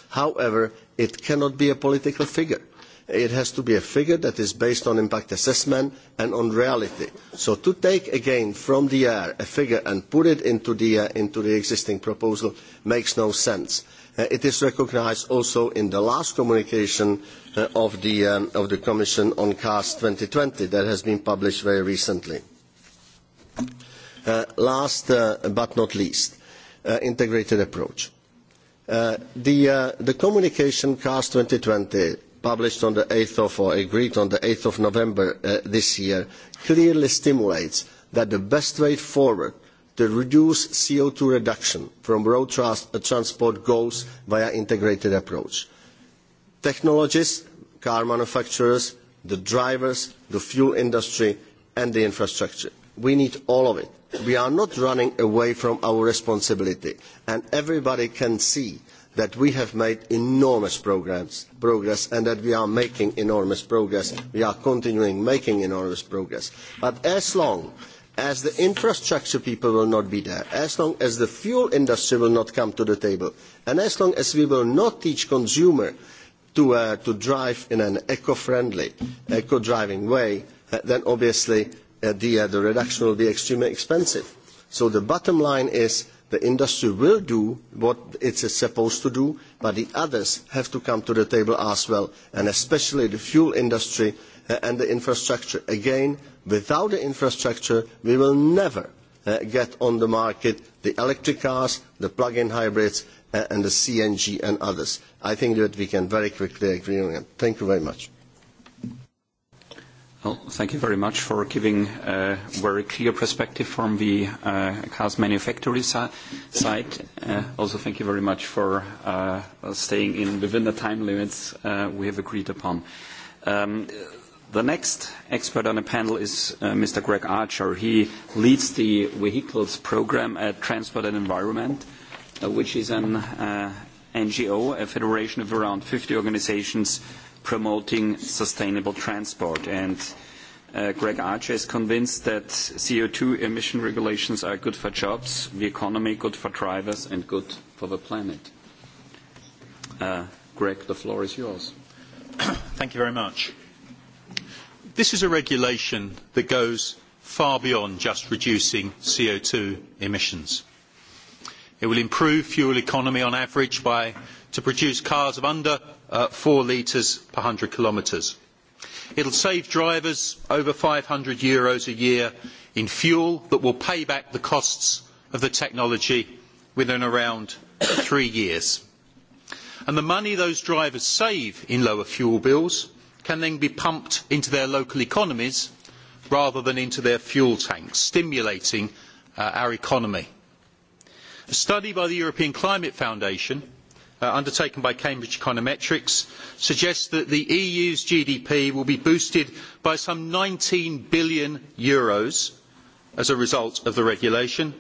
However, it cannot be a political figure. It has to be a figure that is based on impact assessment and on reality. So to take again from the air a figure and put it into the existing proposal makes no sense. It is recognised also in the last communication of the Commission on CAST 2020 that has been published very recently. Last but not least, integrated approach. The communication CAST 2020 published on the 8 or agreed on the 8th of November this year clearly stimulates that the best way forward to reduce co 2 reduction from road transport goals via integrated approach. technologies car manufacturers the drivers the fuel industry and the infrastructure we need all of it. we are not running away from our responsibility and everybody can see that we have made enormous progress and that we are making enormous progress we are continuing making enormous progress but as long as the infrastructure people will not be there, as long as the fuel industry will not come to the table, and as long as we will not teach consumers to drive in an eco-friendly, eco-driving way, then obviously the reduction will be extremely expensive. So the bottom line is the industry will do what it is supposed to do, but the others have to come to the table as well, and especially the fuel industry and the infrastructure. Again, without the infrastructure, we will never get on the market the electric cars, the plug-in hybrids, and the CNG and others. I think that we can very quickly agree on that. Thank you very much. Thank you very much for giving a very clear perspective from the cars manufacturing side. Also, thank you very much for staying within the time limits we have agreed upon. The next expert on the panel is Mr. Greg Archer. He leads the Vehicles Program at Transport and Environment, which is an NGO, a federation of around 50 organizations promoting sustainable transport. And Greg Archer is convinced that CO2 emission regulations are good for jobs, the economy, good for drivers, and good for the planet. Greg, the floor is yours. Thank you very much. This is a regulation that goes far beyond just reducing CO2 emissions. It will improve fuel economy on average by to produce cars of under 4 litres per 100 kilometres. It will save drivers over 500 euros a year in fuel that will pay back the costs of the technology within around three years. And the money those drivers save in lower fuel bills can then be pumped into their local economies rather than into their fuel tanks, stimulating our economy. A study by the European Climate Foundation, undertaken by Cambridge Econometrics, suggests that the EU's GDP will be boosted by some EUR 19 billion as a result of the regulation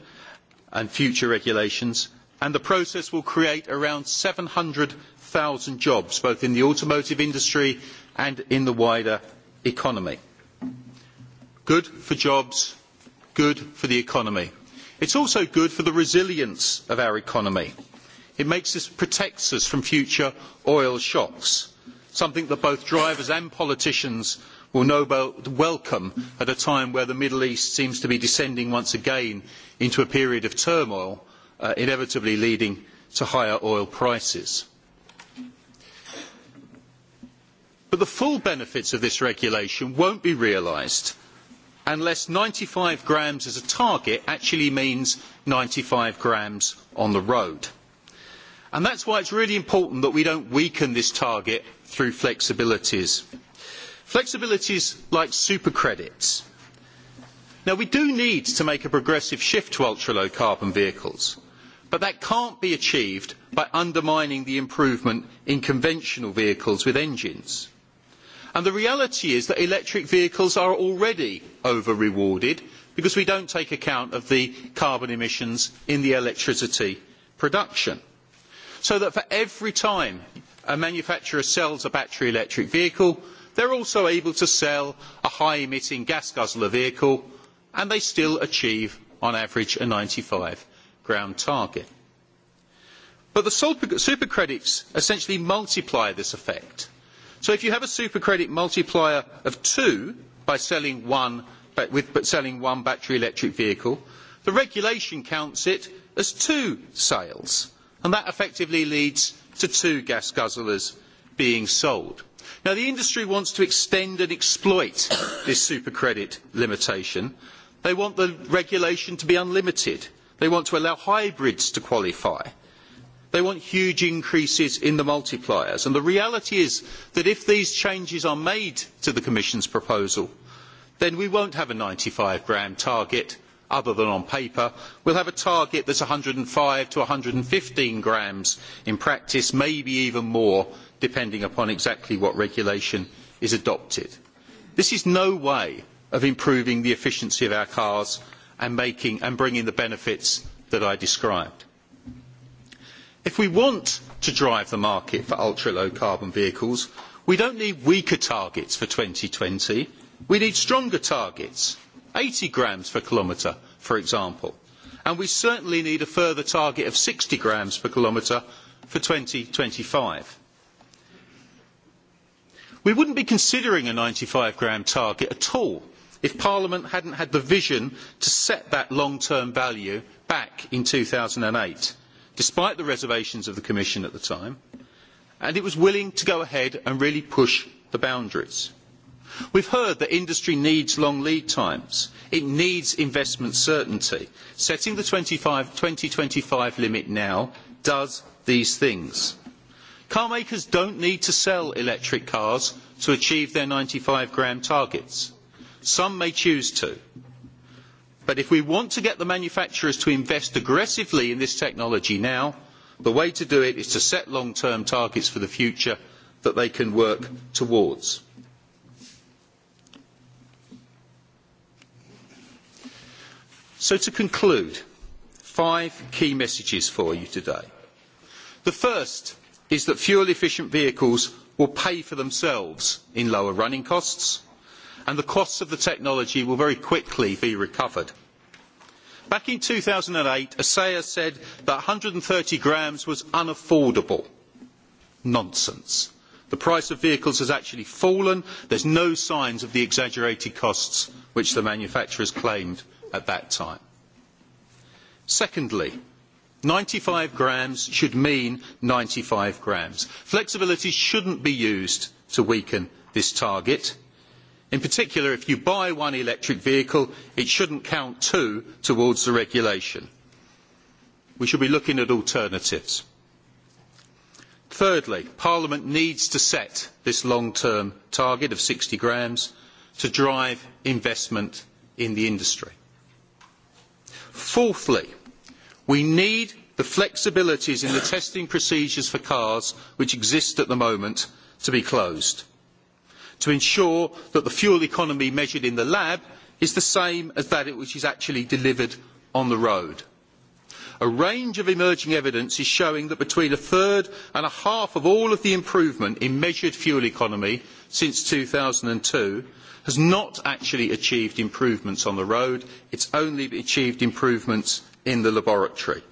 and future regulations, and the process will create around 700,000 jobs, both in the automotive industry and in the wider economy. Good for jobs, good for the economy. It is also good for the resilience of our economy. It makes protects us from future oil shocks, something that both drivers and politicians will no welcome at a time where the Middle East seems to be descending once again into a period of turmoil, inevitably leading to higher oil prices. but the full benefits of this regulation won't be realised unless ninety five grams as a target actually means ninety five grams on the road. That is why it really important that we don't weaken this target through flexibilities. Flexibilities like super credits. Now we do need to make a progressive shift to ultra low carbon vehicles, but that can't be achieved by undermining the improvement in conventional vehicles with engines and the reality is that electric vehicles are already over rewarded because we do not take account of the carbon emissions in the electricity production so that for every time a manufacturer sells a battery electric vehicle they are also able to sell a high emitting gas guzzler vehicle and they still achieve on average a ninety five ground target. but the super credits essentially multiply this effect So if you have a super credit multiplier of two by selling one battery electric vehicle, the regulation counts it as two sales, and that effectively leads to two gas guzzlers being sold. the industry wants to extend and exploit this super credit limitation. They want the regulation to be unlimited. They want to allow hybrids to qualify. They want huge increases in the multipliers. And the reality is that if these changes are made to the Commission's proposal, then we won't have a 95-gram target other than on paper. We'll have a target that's 105 to 115 grams in practice, maybe even more, depending upon exactly what regulation is adopted. This is no way of improving the efficiency of our cars and bringing the benefits that I described. If we want to drive the market for ultra-low carbon vehicles, we don't need weaker targets for 2020. We need stronger targets, 80 grams per kilometre, for example. And we certainly need a further target of 60 grams per kilometre for 2025. We wouldn't be considering a 95-gram target at all if Parliament hadn't had the vision to set that long-term value back in 2008 despite the reservations of the Commission at the time, and it was willing to go ahead and really push the boundaries. We've heard that industry needs long lead times. It needs investment certainty. Setting the 2025 limit now does these things. Car makers don't need to sell electric cars to achieve their 95 gram targets. Some may choose to. But if we want to get the manufacturers to invest aggressively in this technology now, the way to do it is to set long-term targets for the future that they can work towards. So to conclude, five key messages for you today. The first is that fuel-efficient vehicles will pay for themselves in lower running costs, and the costs of the technology will very quickly be recovered Back in two thousand eight, ASEA said that one hundred and thirty grams was unaffordable. Nonsense. The price of vehicles has actually fallen. There's no signs of the exaggerated costs which the manufacturers claimed at that time. Secondly, 95 grams should mean 95 grams. Flexibility shouldn't be used to weaken this target in particular if you buy one electric vehicle it shouldn't count two towards the regulation. we should be looking at alternatives. thirdly parliament needs to set this long term target of sixty grams to drive investment in the industry. fourthly we need the flexibilities in the testing procedures for cars which exist at the moment to be closed to ensure that the fuel economy measured in the lab is the same as that which is actually delivered on the road. A range of emerging evidence is showing that between a third and a half of all of the improvement in measured fuel economy since 2002 has not actually achieved improvements on the road, it has only achieved improvements in the laboratory.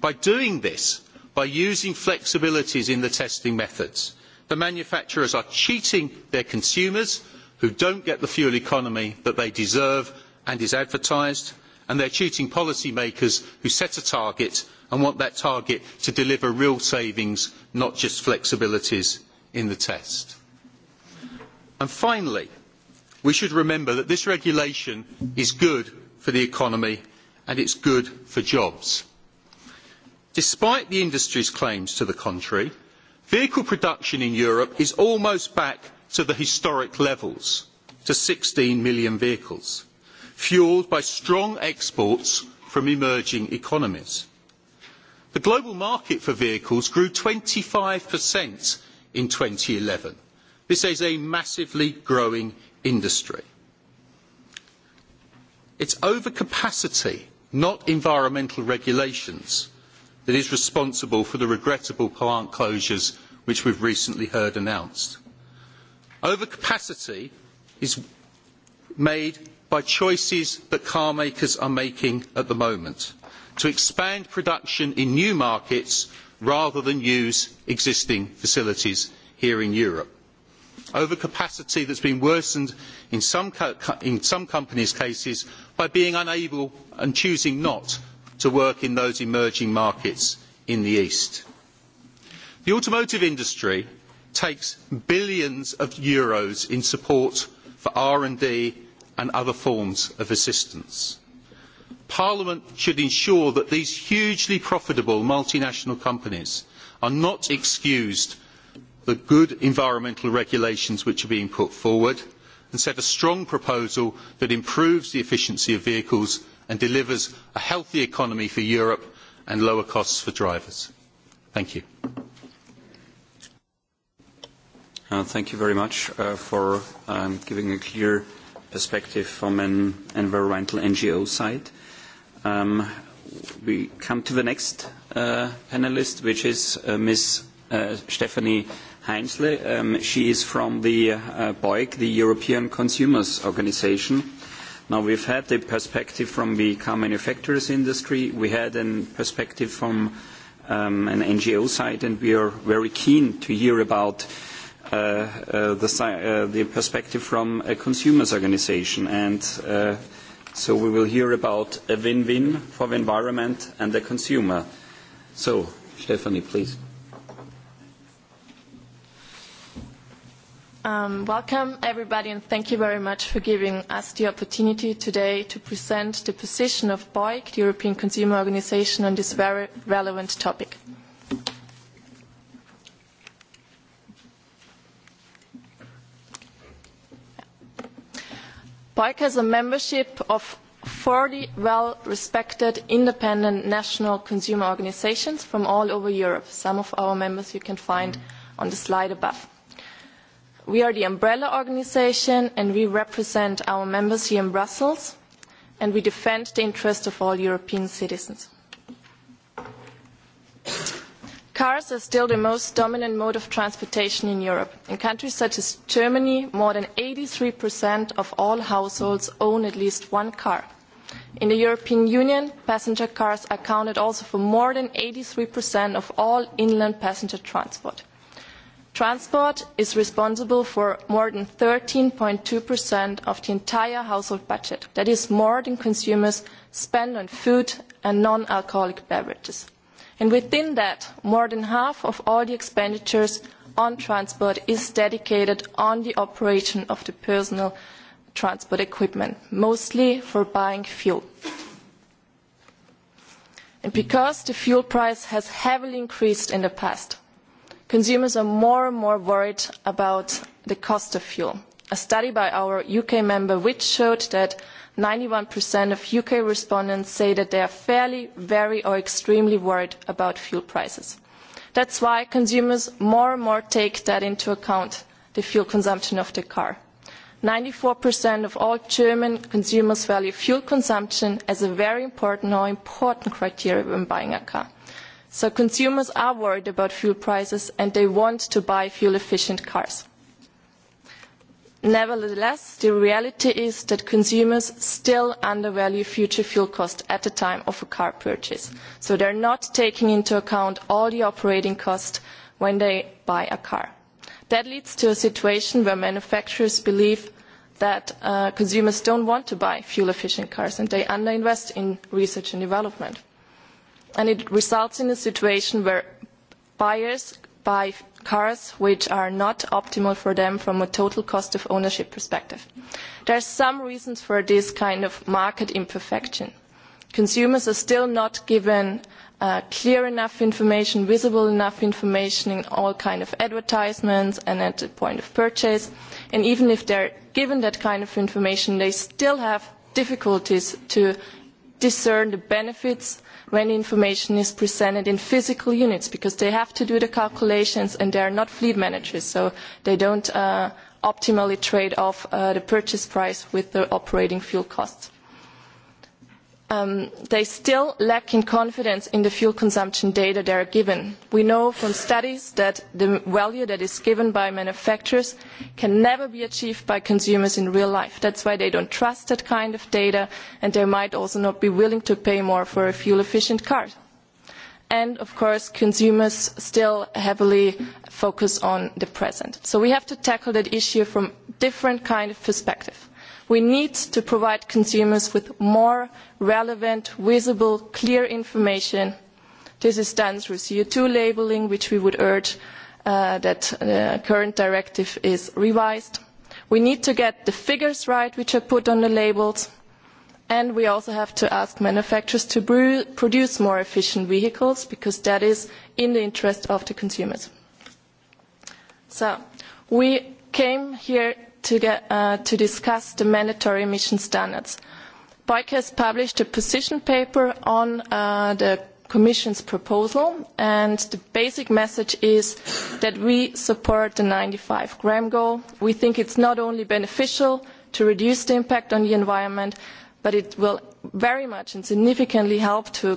By doing this, by using flexibilities in the testing methods, The manufacturers are cheating their consumers who don't get the fuel economy that they deserve and is advertised, and they are cheating policymakers who set a target and want that target to deliver real savings, not just flexibilities in the test. finally, we should remember that this regulation is good for the economy and it is good for jobs. Despite the industry's claims to the contrary, Vehicle production in Europe is almost back to the historic levels, to 16 million vehicles, fuelled by strong exports from emerging economies. The global market for vehicles grew 25% in 2011. This is a massively growing industry. It's overcapacity, not environmental regulations that is responsible for the regrettable plant closures which we have recently heard announced. Overcapacity is made by choices that car makers are making at the moment to expand production in new markets rather than use existing facilities here in Europe. Overcapacity that has been worsened in some companies' cases by being unable and choosing not to work in those emerging markets in the East. The automotive industry takes billions of euros in support for R&D and other forms of assistance. Parliament should ensure that these hugely profitable multinational companies are not excused the good environmental regulations which are being put forward and set a strong proposal that improves the efficiency of vehicles and delivers a healthy economy for Europe and lower costs for drivers. Thank you. Thank you very much for giving a clear perspective from an environmental NGO side. We come to the next panelist, which is Ms. Stephanie Heinzle. She is from the BOIC, the European Consumers Organisation. Now we've had the perspective from the car manufacturers industry, we had a perspective from an NGO side, and we are very keen to hear about the perspective from a consumers organization. And so we will hear about a win-win for the environment and the consumer. So, Stephanie, please. Welcome, everybody, and thank you very much for giving us the opportunity today to present the position of BOIC, the European Consumer Organization, on this very relevant topic. BOIC has a membership of 40 well-respected independent national consumer organizations from all over Europe. Some of our members you can find on the slide above. We are the umbrella organisation and we represent our members here in Brussels and we defend the interests of all European citizens. Cars are still the most dominant mode of transportation in Europe. In countries such as Germany, more than 83% of all households own at least one car. In the European Union, passenger cars accounted also for more than 83% of all inland passenger transport. Transport is responsible for more than 13.2% of the entire household budget. That is more than consumers spend on food and non-alcoholic beverages. And within that, more than half of all the expenditures on transport is dedicated on the operation of the personal transport equipment, mostly for buying fuel. because the fuel price has heavily increased in the past, consumers are more and more worried about the cost of fuel. A study by our UK member which showed that ninety 91% of UK respondents say that they are fairly, very or extremely worried about fuel prices. That is why consumers more and more take that into account, the fuel consumption of the car. Ninety 94% of all German consumers value fuel consumption as a very important or important criteria when buying a car. So consumers are worried about fuel prices and they want to buy fuel-efficient cars. Nevertheless, the reality is that consumers still undervalue future fuel costs at the time of a car purchase. So they're not taking into account all the operating costs when they buy a car. That leads to a situation where manufacturers believe that consumers don't want to buy fuel-efficient cars and they underinvest in research and development and it results in a situation where buyers buy cars which are not optimal for them from a total cost of ownership perspective. There are some reasons for this kind of market imperfection. Consumers are still not given clear enough information, visible enough information in all kinds of advertisements and at the point of purchase. And even if they are given that kind of information, they still have difficulties to discern the benefits when information is presented in physical units because they have to do the calculations and they are not fleet managers so they don't optimally trade off the purchase price with the operating fuel costs they still lack in confidence in the fuel consumption data they are given. We know from studies that the value that is given by manufacturers can never be achieved by consumers in real life. That's why they don't trust that kind of data and they might also not be willing to pay more for a fuel-efficient car. And, of course, consumers still heavily focus on the present. So we have to tackle that issue from different kind of perspective we need to provide consumers with more relevant visible clear information this is done through co2 labelling which we would urge that the current directive is revised we need to get the figures right which are put on the labels and we also have to ask manufacturers to produce more efficient vehicles because that is in the interest of the consumers so we came here to discuss the mandatory emission standards. BOIC has published a position paper on the Commission's proposal, and the basic message is that we support the 95 gram goal. We think it's not only beneficial to reduce the impact on the environment, but it will very much and significantly help to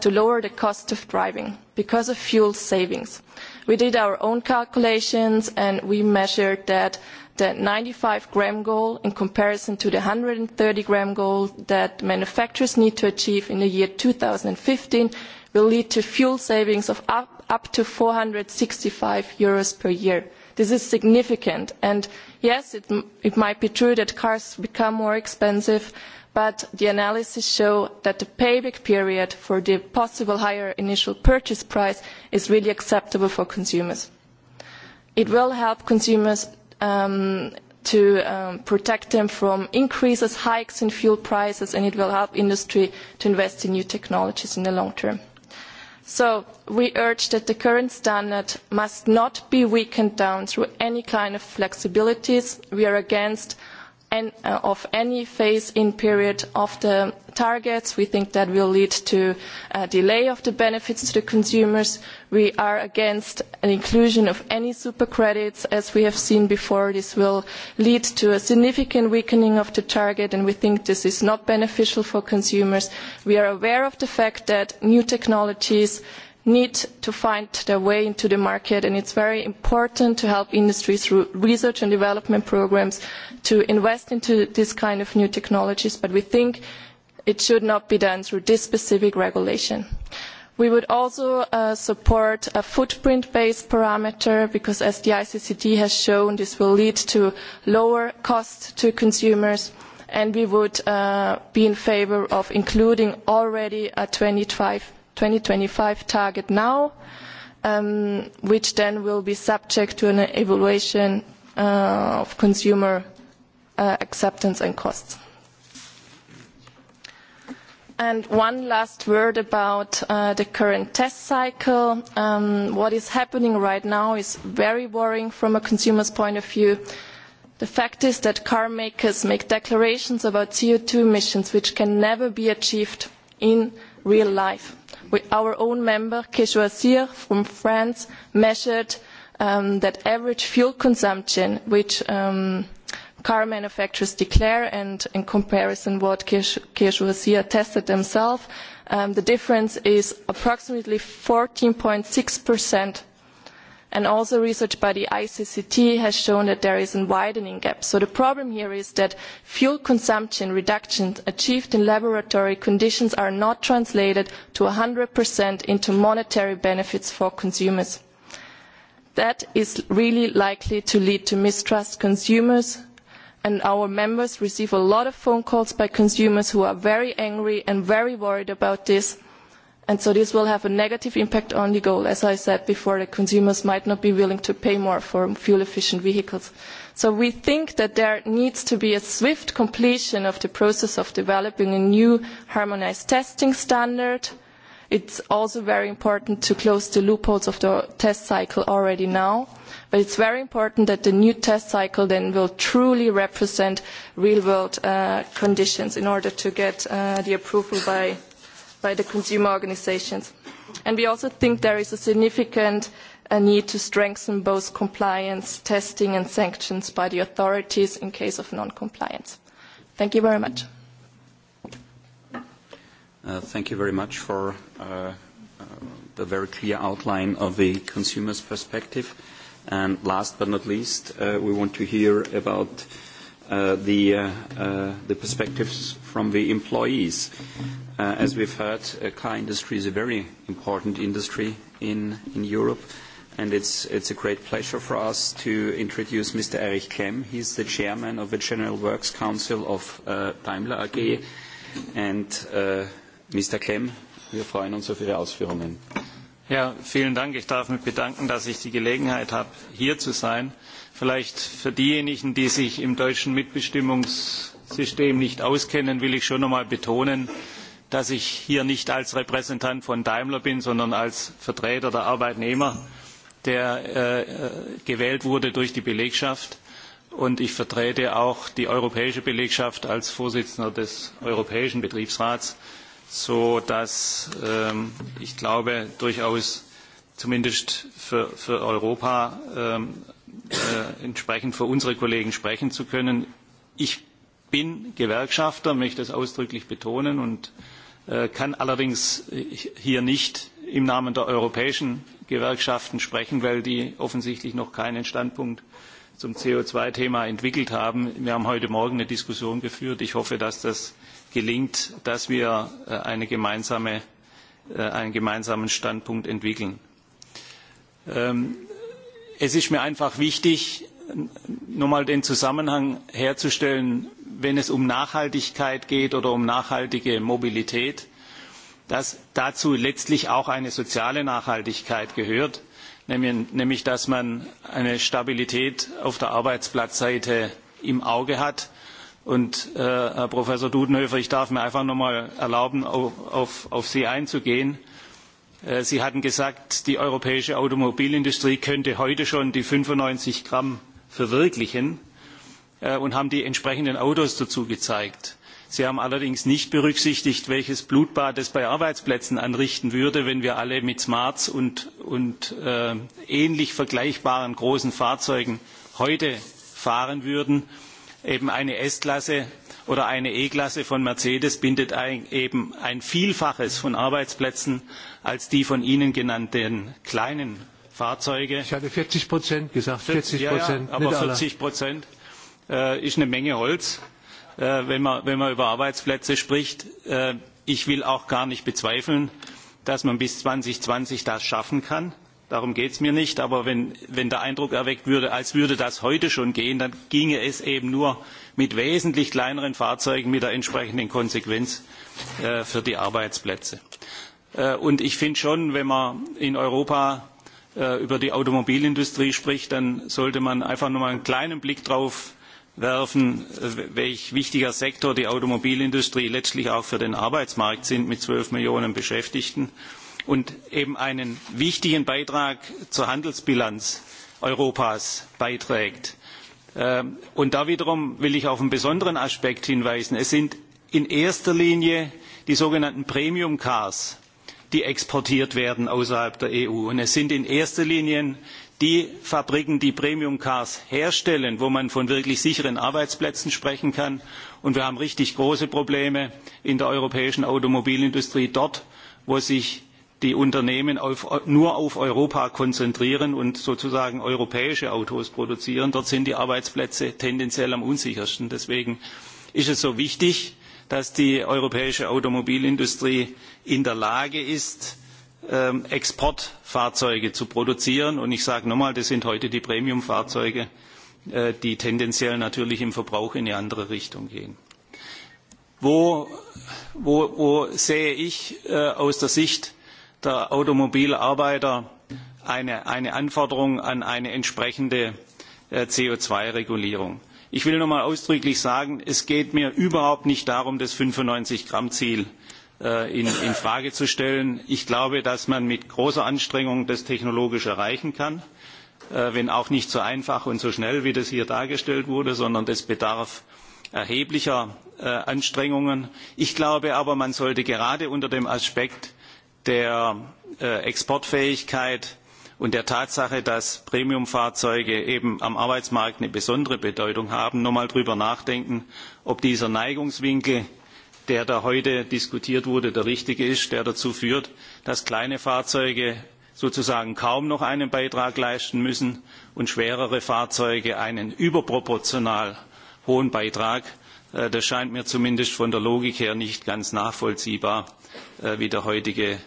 to lower the cost of driving because of fuel savings. We did our own calculations, and we measured that the 95 gram goal in comparison to the 130 gram goal that manufacturers need to achieve in the year 2015 will lead to fuel savings of up to 465 euros per year. This is significant. And yes, it might be true that cars become more expensive, but the analysis show that the payback period for the possible higher initial purchase price is really acceptable for consumers. It will help consumers to protect them from increases, hikes in fuel prices, and it will help industry to invest in new technologies in the long term. So we urge that the current standard must not be weakened down through any kind of flexibilities. We are against of any phase in period of the targets. We think that will lead to a delay of the benefits to the consumers. We are against an inclusion of any super credits. As we have seen before, this will lead to a significant weakening of the target and we think this is not beneficial for consumers. We are aware of the fact that new technologies need to find their way into the market and it's very important to help industries through research and development programmes to invest into this kind of new technologies but we think it should not be done through this specific regulation. We would also support a footprint-based parameter because as the ICCT has shown this will lead to lower costs to consumers and we would be in favour of including already a 25 2025 target now, which then will be subject to an evaluation of consumer acceptance and costs. And one last word about the current test cycle. What is happening right now is very worrying from a consumer's point of view. The fact is that car makers make declarations about CO2 emissions which can never be achieved in real life. Our own member, Keshoasir from France, measured that average fuel consumption, which car manufacturers declare, and in comparison what Keshoasir tested himself, the difference is approximately 14.6% and also research by the icct has shown that there is a widening gap. so the problem here is that fuel consumption reductions achieved in laboratory conditions are not translated to 100% into monetary benefits for consumers. that is really likely to lead to mistrust. consumers and our members receive a lot of phone calls by consumers who are very angry and very worried about this and so this will have a negative impact on the goal. As I said before, the consumers might not be willing to pay more for fuel-efficient vehicles. So we think that there needs to be a swift completion of the process of developing a new harmonized testing standard. It's also very important to close the loopholes of the test cycle already now, but it's very important that the new test cycle then will truly represent real-world conditions in order to get the approval by by the consumer organisations. And we also think there is a significant need to strengthen both compliance, testing and sanctions by the authorities in case of non-compliance. Thank you very much. Thank you very much for the very clear outline of the consumer's perspective. And last but not least, we want to hear about the perspectives from the employees. As we've heard, the car industry is a very important industry in Europe, and it's a great pleasure for us to introduce Mr. Erich Klemm. He's the chairman of the General Works Council of Daimler AG. And Mr. Klemm, wir freuen uns auf Ihre Ausführungen. Ja, vielen Dank. Ich darf mich bedanken, dass ich die Gelegenheit habe, hier zu sein. Vielleicht für diejenigen, die sich im deutschen Mitbestimmungssystem nicht auskennen, will ich schon noch einmal betonen, dass ich hier nicht als Repräsentant von Daimler bin, sondern als Vertreter der Arbeitnehmer, der gewählt wurde durch die Belegschaft. Und ich vertrete auch die europäische Belegschaft als Vorsitzender des Europäischen Betriebsrats, so dass ich glaube, durchaus zumindest für Europa entsprechend für unsere Kollegen sprechen zu können. Ich bin Gewerkschafter, möchte das ausdrücklich betonen und kann allerdings hier nicht im Namen der europäischen Gewerkschaften sprechen, weil die offensichtlich noch keinen Standpunkt zum CO2-Thema entwickelt haben. Wir haben heute Morgen eine Diskussion geführt. Ich hoffe, dass das gelingt, dass wir einen gemeinsamen Standpunkt entwickeln. Es ist mir einfach wichtig, Noch mal den Zusammenhang herzustellen, wenn es um Nachhaltigkeit geht oder um nachhaltige Mobilität, dass dazu letztlich auch eine soziale Nachhaltigkeit gehört, nämlich dass man eine Stabilität auf der Arbeitsplatzseite im Auge hat. Und Herr Professor Dudenhöfer, ich darf mir einfach noch mal erlauben, auf Sie einzugehen. Sie hatten gesagt, die europäische Automobilindustrie könnte heute schon die 95 Gramm verwirklichen und haben die entsprechenden Autos dazu gezeigt. Sie haben allerdings nicht berücksichtigt, welches Blutbad es bei Arbeitsplätzen anrichten würde, wenn wir alle mit Smarts und ähnlich vergleichbaren großen Fahrzeugen heute fahren würden. Eben eine S-Klasse oder eine E-Klasse von Mercedes bindet eben ein Vielfaches von Arbeitsplätzen als die von Ihnen genannten kleinen Fahrzeuge. Ich hatte 40 Prozent gesagt, 40 aber 40 Prozent ist eine Menge Holz, wenn man über Arbeitsplätze spricht. Ich will auch gar nicht bezweifeln, dass man bis 2020 das schaffen kann. Darum geht es mir nicht. Aber wenn der Eindruck erweckt würde, als würde das heute schon gehen, dann ginge es eben nur mit wesentlich kleineren Fahrzeugen mit der entsprechenden Konsequenz für die Arbeitsplätze. Und ich finde schon, wenn man in Europa über die Automobilindustrie spricht, dann sollte man einfach nur einen kleinen Blick darauf werfen, welch wichtiger Sektor die Automobilindustrie letztlich auch für den Arbeitsmarkt sind mit 12 Millionen Beschäftigten und eben einen wichtigen Beitrag zur Handelsbilanz Europas beiträgt. Und da wiederum will ich auf einen besonderen Aspekt hinweisen. Es sind in erster Linie die sogenannten Premium Cars die exportiert werden außerhalb der EU. Und es sind in erster Linie die Fabriken, die Premium Cars herstellen, wo man von wirklich sicheren Arbeitsplätzen sprechen kann. Und wir haben richtig große Probleme in der europäischen Automobilindustrie dort, wo sich die Unternehmen nur auf Europa konzentrieren und sozusagen europäische Autos produzieren. Dort sind die Arbeitsplätze tendenziell am unsichersten. Deswegen ist es so wichtig, dass die europäische Automobilindustrie in der Lage ist, Exportfahrzeuge zu produzieren. Und ich sage nochmal, das sind heute die Premiumfahrzeuge, die tendenziell natürlich im Verbrauch in eine andere Richtung gehen. Wo sehe ich aus der Sicht der Automobilarbeiter eine Anforderung an eine entsprechende CO2-Regulierung? Ich will noch mal ausdrücklich sagen, es geht mir überhaupt nicht darum, das 95-Gramm-Ziel in Frage zu stellen. Ich glaube, dass man das mit großer Anstrengung das technologisch erreichen kann, wenn auch nicht so einfach und so schnell, wie das hier dargestellt wurde, sondern es bedarf erheblicher Anstrengungen. Ich glaube aber, man sollte gerade unter dem Aspekt der Exportfähigkeit und der Tatsache, dass Premiumfahrzeuge eben am Arbeitsmarkt eine besondere Bedeutung haben, noch einmal darüber nachdenken, ob dieser Neigungswinkel, der da heute diskutiert wurde, der richtige ist, der dazu führt, dass kleine Fahrzeuge sozusagen kaum noch einen Beitrag leisten müssen und schwerere Fahrzeuge einen überproportional hohen Beitrag. Das scheint mir zumindest von der Logik her nicht ganz nachvollziehbar, wie der heutige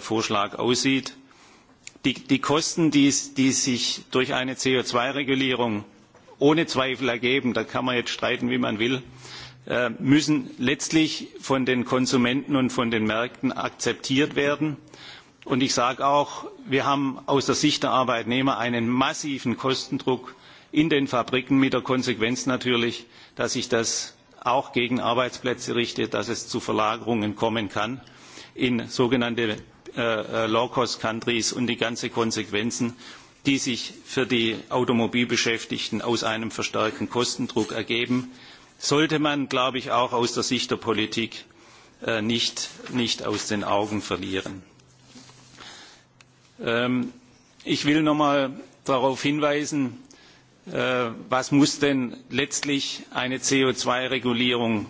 Vorschlag aussieht die kosten die sich durch eine co 2 regulierung ohne zweifel ergeben da kann man jetzt streiten wie man will müssen letztlich von den konsumenten und von den märkten akzeptiert werden. und ich sage auch wir haben aus der sicht der arbeitnehmer einen massiven kostendruck in den fabriken mit der konsequenz natürlich dass sich das auch gegen arbeitsplätze richtet dass es zu verlagerungen kommen kann in sogenannte Low Cost Countries und die ganzen Konsequenzen, die sich für die Automobilbeschäftigten aus einem verstärkten Kostendruck ergeben, sollte man, glaube ich, auch aus der Sicht der Politik nicht aus den Augen verlieren. Ich will noch einmal darauf hinweisen, was muss denn letztlich eine CO2-Regulierung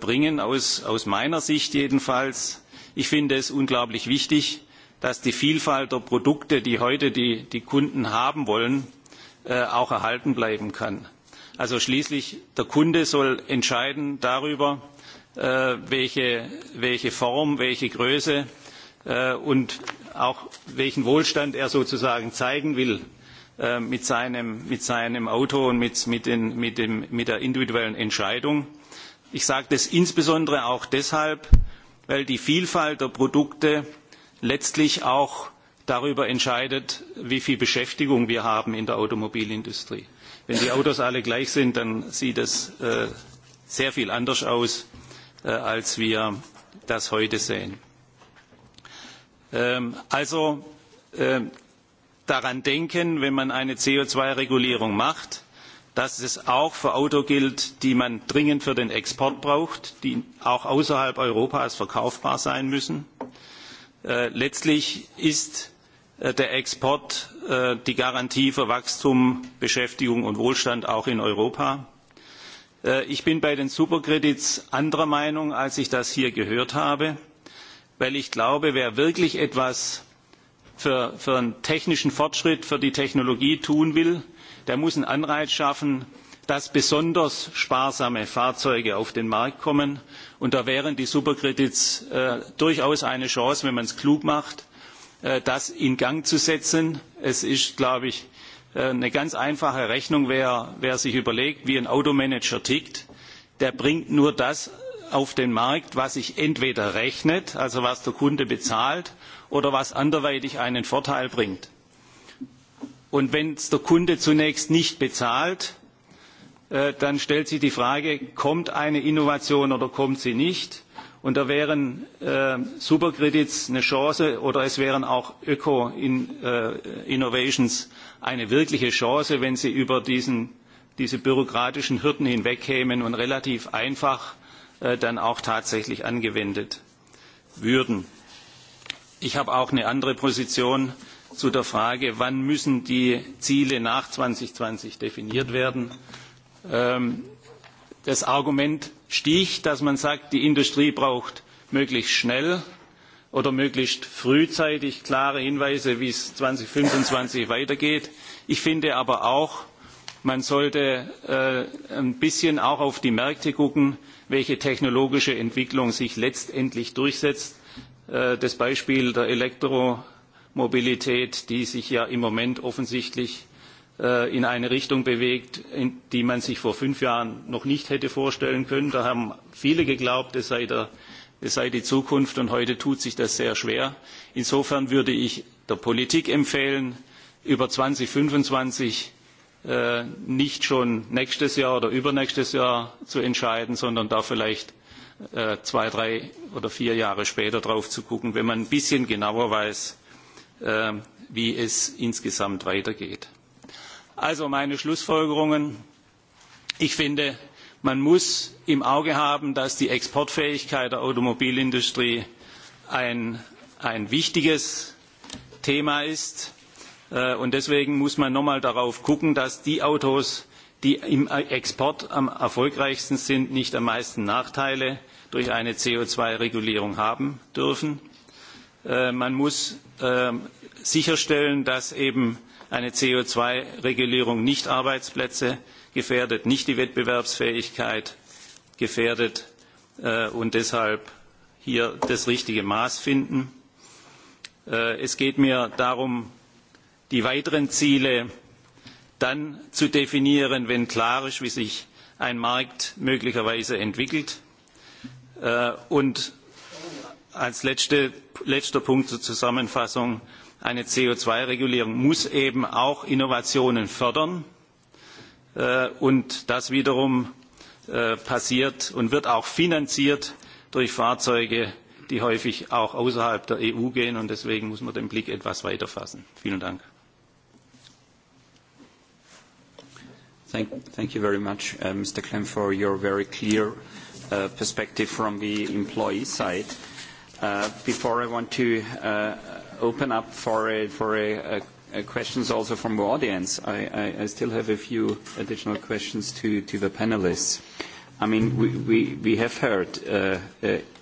bringen, aus meiner Sicht jedenfalls ich finde es unglaublich wichtig dass die vielfalt der produkte die heute die kunden haben wollen auch erhalten bleiben kann. also schließlich der kunde soll entscheiden darüber welche form welche größe und auch welchen wohlstand er sozusagen zeigen will mit seinem auto und mit der individuellen entscheidung. ich sage das insbesondere auch deshalb weil die Vielfalt der Produkte letztlich auch darüber entscheidet, wie viel Beschäftigung wir haben in der Automobilindustrie. Wenn die Autos alle gleich sind, dann sieht es sehr viel anders aus, als wir das heute sehen. Also daran denken, wenn man eine CO2-Regulierung macht, dass es auch für Autos gilt, die man dringend für den Export braucht, die auch außerhalb Europas verkaufbar sein müssen. Letztlich ist der Export die Garantie für Wachstum, Beschäftigung und Wohlstand auch in Europa. Ich bin bei den Superkredits anderer Meinung, als ich das hier gehört habe, weil ich glaube, wer wirklich etwas für den technischen Fortschritt, für die Technologie tun will, der muss einen Anreiz schaffen, dass besonders sparsame Fahrzeuge auf den Markt kommen. Und da wären die Superkredits durchaus eine Chance, wenn man es klug macht, das in Gang zu setzen. Es ist, glaube ich, eine ganz einfache Rechnung, wer sich überlegt, wie ein Automanager tickt, der bringt nur das auf den Markt, was sich entweder rechnet, also was der Kunde bezahlt, oder was anderweitig einen Vorteil bringt. Und wenn es der Kunde zunächst nicht bezahlt, dann stellt sich die Frage, kommt eine Innovation oder kommt sie nicht? Und da wären Superkredits eine Chance oder es wären auch Öko-Innovations eine wirkliche Chance, wenn sie über diese bürokratischen Hürden hinwegkämen und relativ einfach dann auch tatsächlich angewendet würden. Ich habe auch eine andere Position zu der Frage, wann müssen die Ziele nach 2020 definiert werden. Das Argument stich, dass man sagt, die Industrie braucht möglichst schnell oder möglichst frühzeitig klare Hinweise, wie es 2025 weitergeht. Ich finde aber auch, man sollte ein bisschen auch auf die Märkte gucken, welche technologische Entwicklung sich letztendlich durchsetzt. Das Beispiel der Elektro Mobilität, die sich ja im Moment offensichtlich in eine Richtung bewegt, die man sich vor fünf Jahren noch nicht hätte vorstellen können. Da haben viele geglaubt, es sei die Zukunft, und heute tut sich das sehr schwer. Insofern würde ich der Politik empfehlen, über 2025 nicht schon nächstes Jahr oder übernächstes Jahr zu entscheiden, sondern da vielleicht zwei, drei oder vier Jahre später drauf zu gucken, wenn man ein bisschen genauer weiß, wie es insgesamt weitergeht. Also meine Schlussfolgerungen. Ich finde, man muss im Auge haben, dass die Exportfähigkeit der Automobilindustrie ein wichtiges Thema ist. Und deswegen muss man noch einmal darauf schauen, dass die Autos, die im Export am erfolgreichsten sind, nicht am meisten Nachteile durch eine CO2-Regulierung haben dürfen man muss sicherstellen dass eben eine co 2 regulierung nicht arbeitsplätze gefährdet nicht die wettbewerbsfähigkeit gefährdet und deshalb hier das richtige maß finden. es geht mir darum die weiteren ziele dann zu definieren wenn klar ist wie sich ein markt möglicherweise entwickelt und als letzte letzter punkt zur zusammenfassung eine co 2 regulierung muss eben auch innovationen fördern und das wiederum passiert und wird auch finanziert durch fahrzeuge die häufig auch außerhalb der eu gehen und deswegen muss man den blick etwas weiter fassen. vielen dank. clear perspective from the employee Before I want to open up for questions also from the audience, I still have a few additional questions to the panelists. I mean, we have heard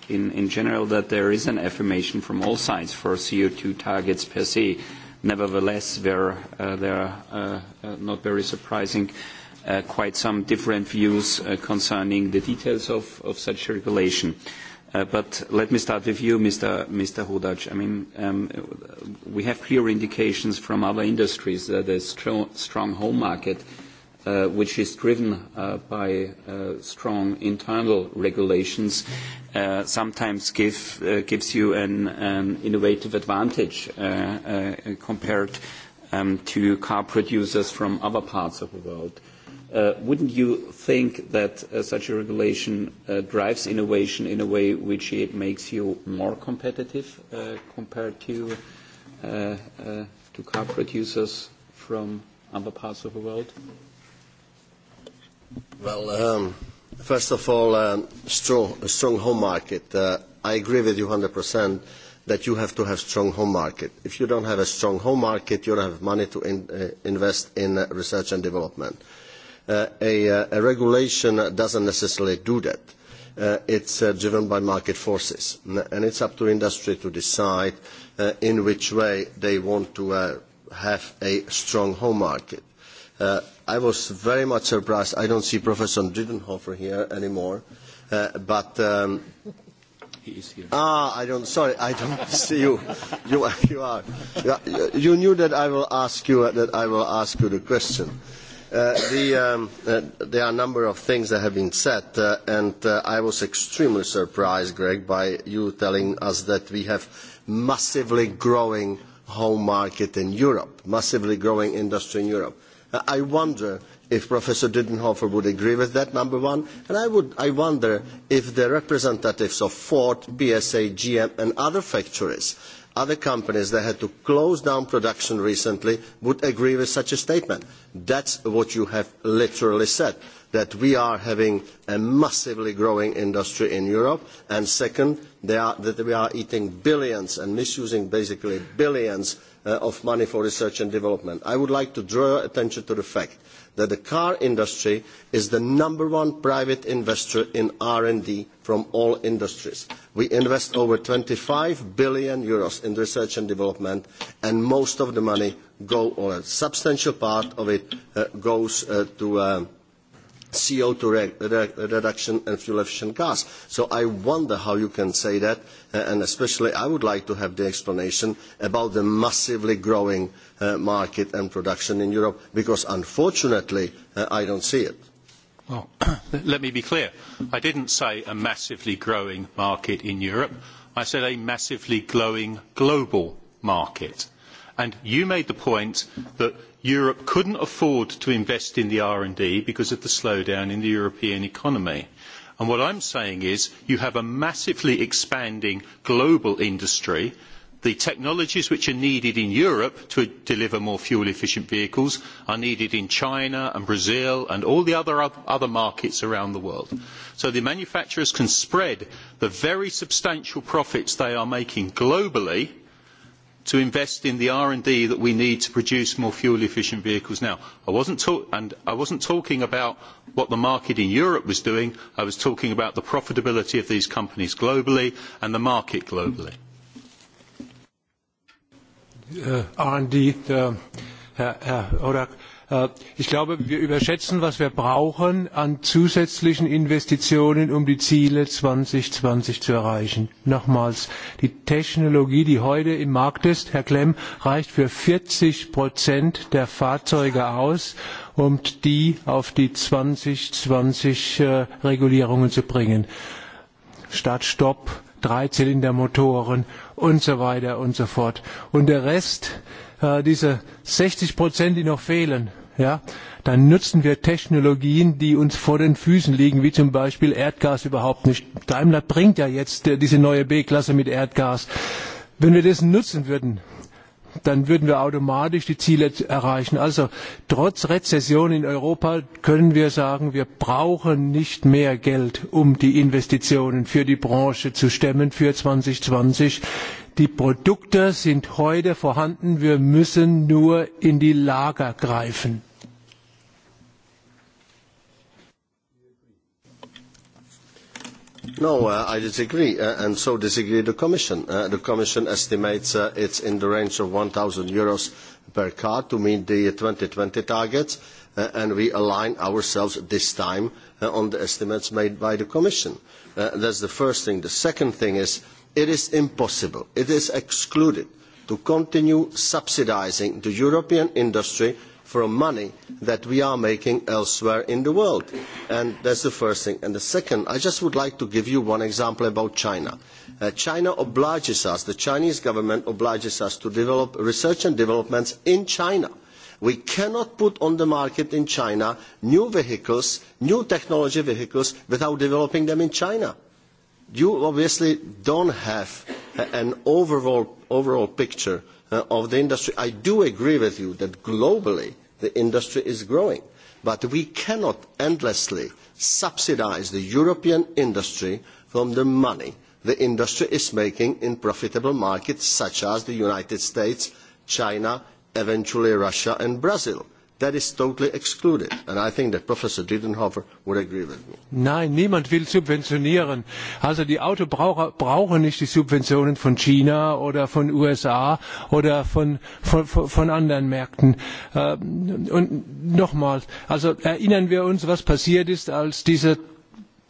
in general that there is an affirmation from all sides for CO2 targets per se. Nevertheless, there are not very surprising quite some different views concerning the details of such regulation. But let me start with you, Mr. Hudac. I mean, we have clear indications from other industries that a strong home market, which is driven by strong internal regulations, sometimes gives you an innovative advantage compared to car producers from other parts of the world. Wouldn't you think that such a regulation drives innovation in a way which it makes you more competitive compared to car producers from other parts of the world? Well, first of all, a strong home market. I agree with you 100% that you have to have a strong home market. If you don't have a strong home market, you don't have money to invest in research and development a regulation doesn't necessarily do that. It's driven by market forces, and it's up to industry to decide in which way they want to have a strong home market. I was very much surprised. I don't see Professor Didenhofer here anymore, but he is here. Ah, I don't. Sorry, I don't see you. You are. You knew that I will ask you that I will ask you the question There are a number of things that have been said, and I was extremely surprised, Greg, by you telling us that we have massively growing home market in Europe, massively growing industry in Europe. I wonder if Professor Didenhofer would agree with that, number one, and I wonder if the representatives of Ford, BSA, GM, and other factories other companies that had to close down production recently would agree with such a statement. that is what you have literally said that we are having a massively growing industry in europe and second that we are eating billions and misusing basically billions of money for research and development. i would like to draw attention to the fact that the car industry is the number one private investor in R&D from all industries. We invest over 25 billion euros in research and development, and most of the money, or a substantial part of it, goes to CO2 reduction and fuel efficient cars. So I wonder how you can say that, and especially I would like to have the explanation about the massively growing market and production in Europe, because unfortunately I don't see it. Well, Let me be clear. I didn't say a massively growing market in Europe. I said a massively glowing global market. And you made the point that Europe couldn't afford to invest in the R&D because of the slowdown in the European economy. And what I'm saying is you have a massively expanding global industry the technologies which are needed in europe to deliver more fuel efficient vehicles are needed in china and brazil and all the other markets around the world so the manufacturers can spread the very substantial profits they are making globally to invest in the r&d that we need to produce more fuel efficient vehicles now i not talking about what the market in europe was doing i was talking about the profitability of these companies globally and the market globally R&D, Herr Odak. Ich glaube, wir überschätzen, was wir brauchen an zusätzlichen Investitionen, um die Ziele 2020 zu erreichen. Nochmals, die Technologie, die heute im Markt ist, Herr Klemm, reicht für 40 der Fahrzeuge aus, um die auf die 2020-Regulierungen zu bringen. Start, Stopp Dreizylindermotoren und so weiter und so fort. Und der Rest, diese 60 Prozent, die noch fehlen, ja, dann nutzen wir Technologien, die uns vor den Füßen liegen, wie zum Beispiel Erdgas überhaupt nicht. Daimler bringt ja jetzt diese neue B-Klasse mit Erdgas. Wenn wir das nutzen würden, dann würden wir automatisch die Ziele erreichen. Also trotz Rezession in Europa können wir sagen, wir brauchen nicht mehr Geld, um die Investitionen für die Branche zu stemmen für 2020. Die Produkte sind heute vorhanden, wir müssen nur in die Lager greifen. No, I disagree, and so disagree the Commission. The Commission estimates it's in the range of 1,000 euros per car to meet the 2020 targets, and we align ourselves this time on the estimates made by the Commission. That's the first thing. The second thing is it is impossible, it is excluded to continue subsidising the European industry from money that we are making elsewhere in the world. And that's the first thing. And the second, I just would like to give you one example about China. China obliges us, the Chinese government obliges us to develop research and developments in China. We cannot put on the market in China new vehicles, new technology vehicles, without developing them in China. You obviously don't have an overall picture of the industry. I do agree with you that globally the industry is growing. But we cannot endlessly subsidise the European industry from the money the industry is making in profitable markets such as the United States, China, eventually Russia and Brazil That is totally excluded, and I think that Professor Didenhofer would agree with me. Nein, niemand will subventionieren. Also die Autobraucher brauchen nicht die Subventionen von China oder von USA oder von anderen Märkten. Und nochmals also erinnern wir uns, was passiert ist, als diese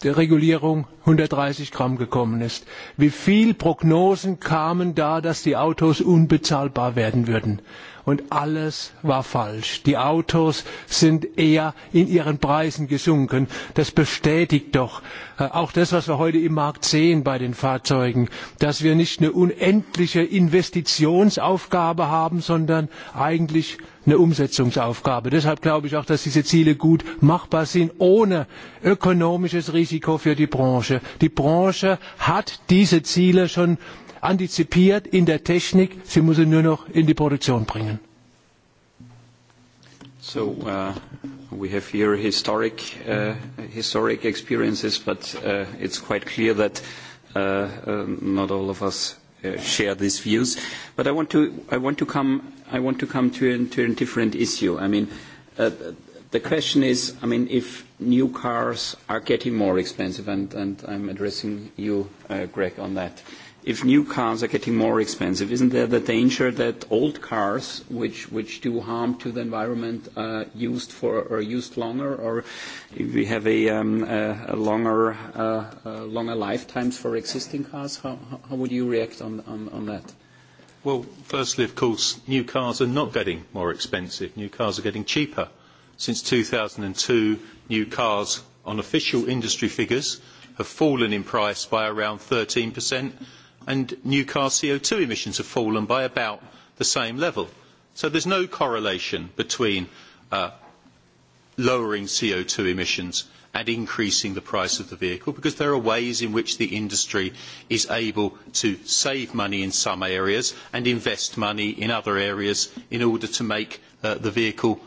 Regulierung 130 Gramm gekommen ist. Wie viele Prognosen kamen da, dass die Autos unbezahlbar werden würden? und alles war falsch. Die Autos sind eher in ihren Preisen gesunken. Das bestätigt doch auch das, was wir heute im Markt sehen bei den Fahrzeugen, dass wir nicht eine unendliche Investitionsaufgabe haben, sondern eigentlich eine Umsetzungsaufgabe. Deshalb glaube ich auch, dass diese Ziele gut machbar sind, ohne ökonomisches Risiko für die Branche. Die Branche hat diese Ziele schon antizipiert in der Technik, sie muss nur noch in die Produktion bringen. So we have here historic historic experiences, but it's quite clear that not all of us share these views. But I want to come to a different issue. I mean, the question is, I mean, if new cars are getting more expensive, and I'm addressing you, Greg, on that if new cars are getting more expensive, isn't there the danger that old cars, which which do harm to the environment, are used used longer, or if we have a longer lifetimes for existing cars? How how would you react on on that? Well, firstly, of course, new cars are not getting more expensive. New cars are getting cheaper. Since 2002, new cars, on official industry figures, have fallen in price by around 13% and new car CO2 emissions have fallen by about the same level. So there's no correlation between lowering CO2 emissions and increasing the price of the vehicle because there are ways in which the industry is able to save money in some areas and invest money in other areas in order to make the vehicle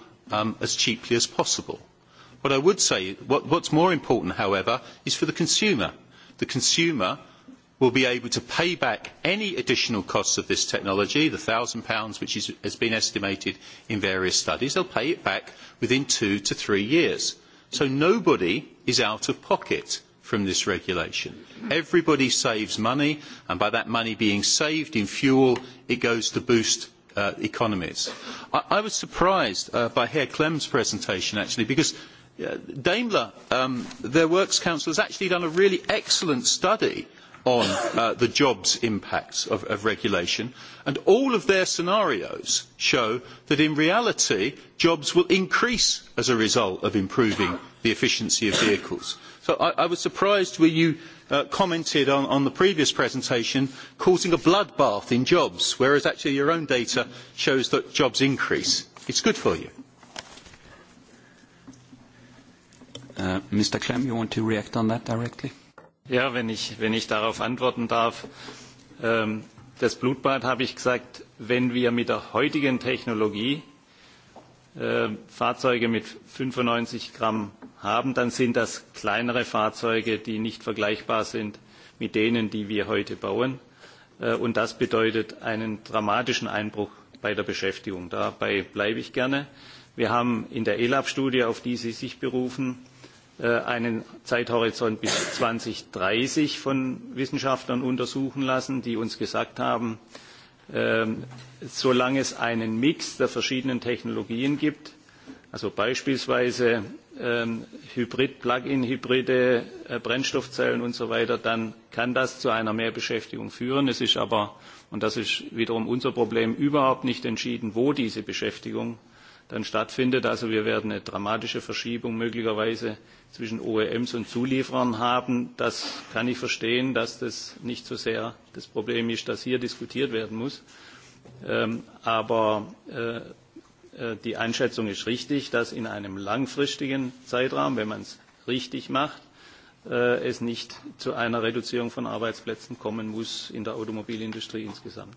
as cheaply as possible. What I would say, what's more important, however, is for the consumer. The consumer will be able to pay back any additional costs of this technology, the pounds which has been estimated in various studies, they'll pay it back within two to three years. So nobody is out of pocket from this regulation. Everybody saves money, and by that money being saved in fuel, it goes to boost economies. I was surprised by Herr Clem's presentation, actually, because Daimler, their Works Council, has actually done a really excellent study on the jobs impacts of regulation, and all of their scenarios show that in reality jobs will increase as a result of improving the efficiency of vehicles. So I was surprised when you commented on the previous presentation causing a bloodbath in jobs, whereas actually your own data shows that jobs increase. It's good for you. Mr. Clem, you want to react on that directly? Ja, wenn ich, darauf antworten darf. das Blutbad habe ich gesagt, wenn wir mit der heutigen Technologie Fahrzeuge mit 95 Gramm haben, dann sind das kleinere Fahrzeuge, die nicht vergleichbar sind mit denen, die wir heute bauen. und das bedeutet einen dramatischen Einbruch bei der Beschäftigung. Dabei bleibe ich gerne. Wir haben in der ELAB-Studie, auf die Sie sich berufen, einen Zeithorizont bis 2030 von Wissenschaftlern untersuchen lassen, die uns gesagt haben, solange es einen Mix der verschiedenen Technologien gibt, also beispielsweise Hybrid, Plug-in-Hybride, Brennstoffzellen und so weiter, dann kann das zu einer Mehrbeschäftigung führen. Es ist aber, und das ist wiederum unser Problem, überhaupt nicht entschieden, wo diese Beschäftigung dann stattfindet. Also wir werden eine dramatische Verschiebung möglicherweise zwischen OEMs und Zulieferern haben. Das kann ich verstehen, dass das nicht so sehr das Problem ist, das hier diskutiert werden muss. Aber die Einschätzung ist richtig, dass in einem langfristigen Zeitraum, wenn man es richtig macht, es nicht zu einer Reduzierung von Arbeitsplätzen kommen muss in der Automobilindustrie insgesamt.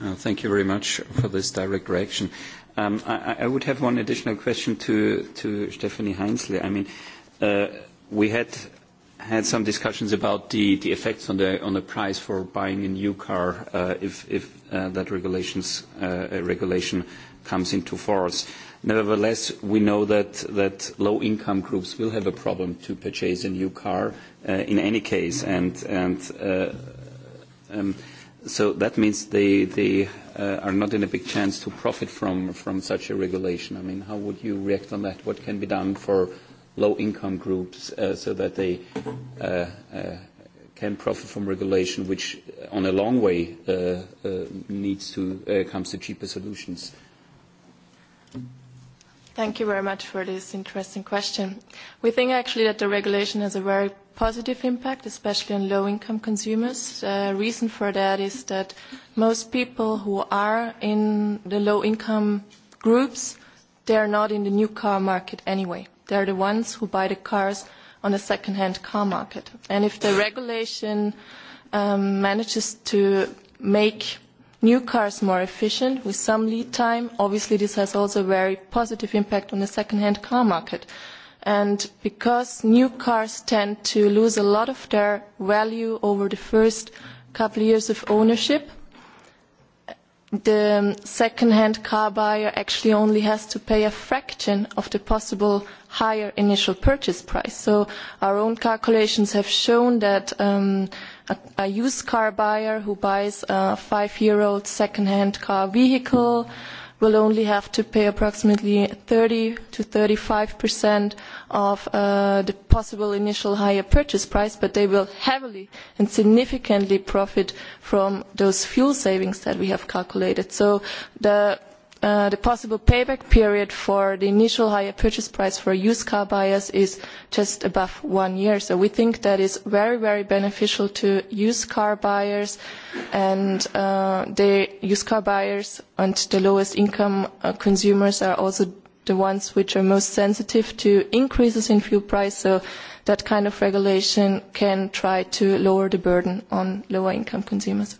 Thank you very much for this direct reaction. I would have one additional question to Stephanie Heinzle. I mean, we had had some discussions about the effects on the price for buying a new car if that regulation comes into force. Nevertheless, we know that low-income groups will have a problem to purchase a new car in any case, and So that means they are not in a big chance to profit from such a regulation. I mean, how would you react on that? What can be done for low-income groups so that they can profit from regulation, which on a long way needs to comes to cheaper solutions? Thank you very much for this interesting question. We think actually that the regulation has a very positive impact, especially on low-income consumers. The reason for that is that most people who are in the low-income groups, they are not in the new car market anyway. They are the ones who buy the cars on the second-hand car market. And if the regulation manages to make new cars more efficient with some lead time, obviously this has also a very positive impact on the second-hand car market and because new cars tend to lose a lot of their value over the first couple of years of ownership, the second-hand car buyer actually only has to pay a fraction of the possible higher initial purchase price. So our own calculations have shown that a used car buyer who buys a five-year-old second-hand car vehicle will only have to pay approximately 30 to 35% of the possible initial higher purchase price, but they will heavily and significantly profit from those fuel savings that we have calculated. So the The possible payback period for the initial higher purchase price for used car buyers is just above one year. So we think that is very, very beneficial to used car buyers, and the used car buyers and the lowest income consumers are also the ones which are most sensitive to increases in fuel price. So that kind of regulation can try to lower the burden on lower income consumers.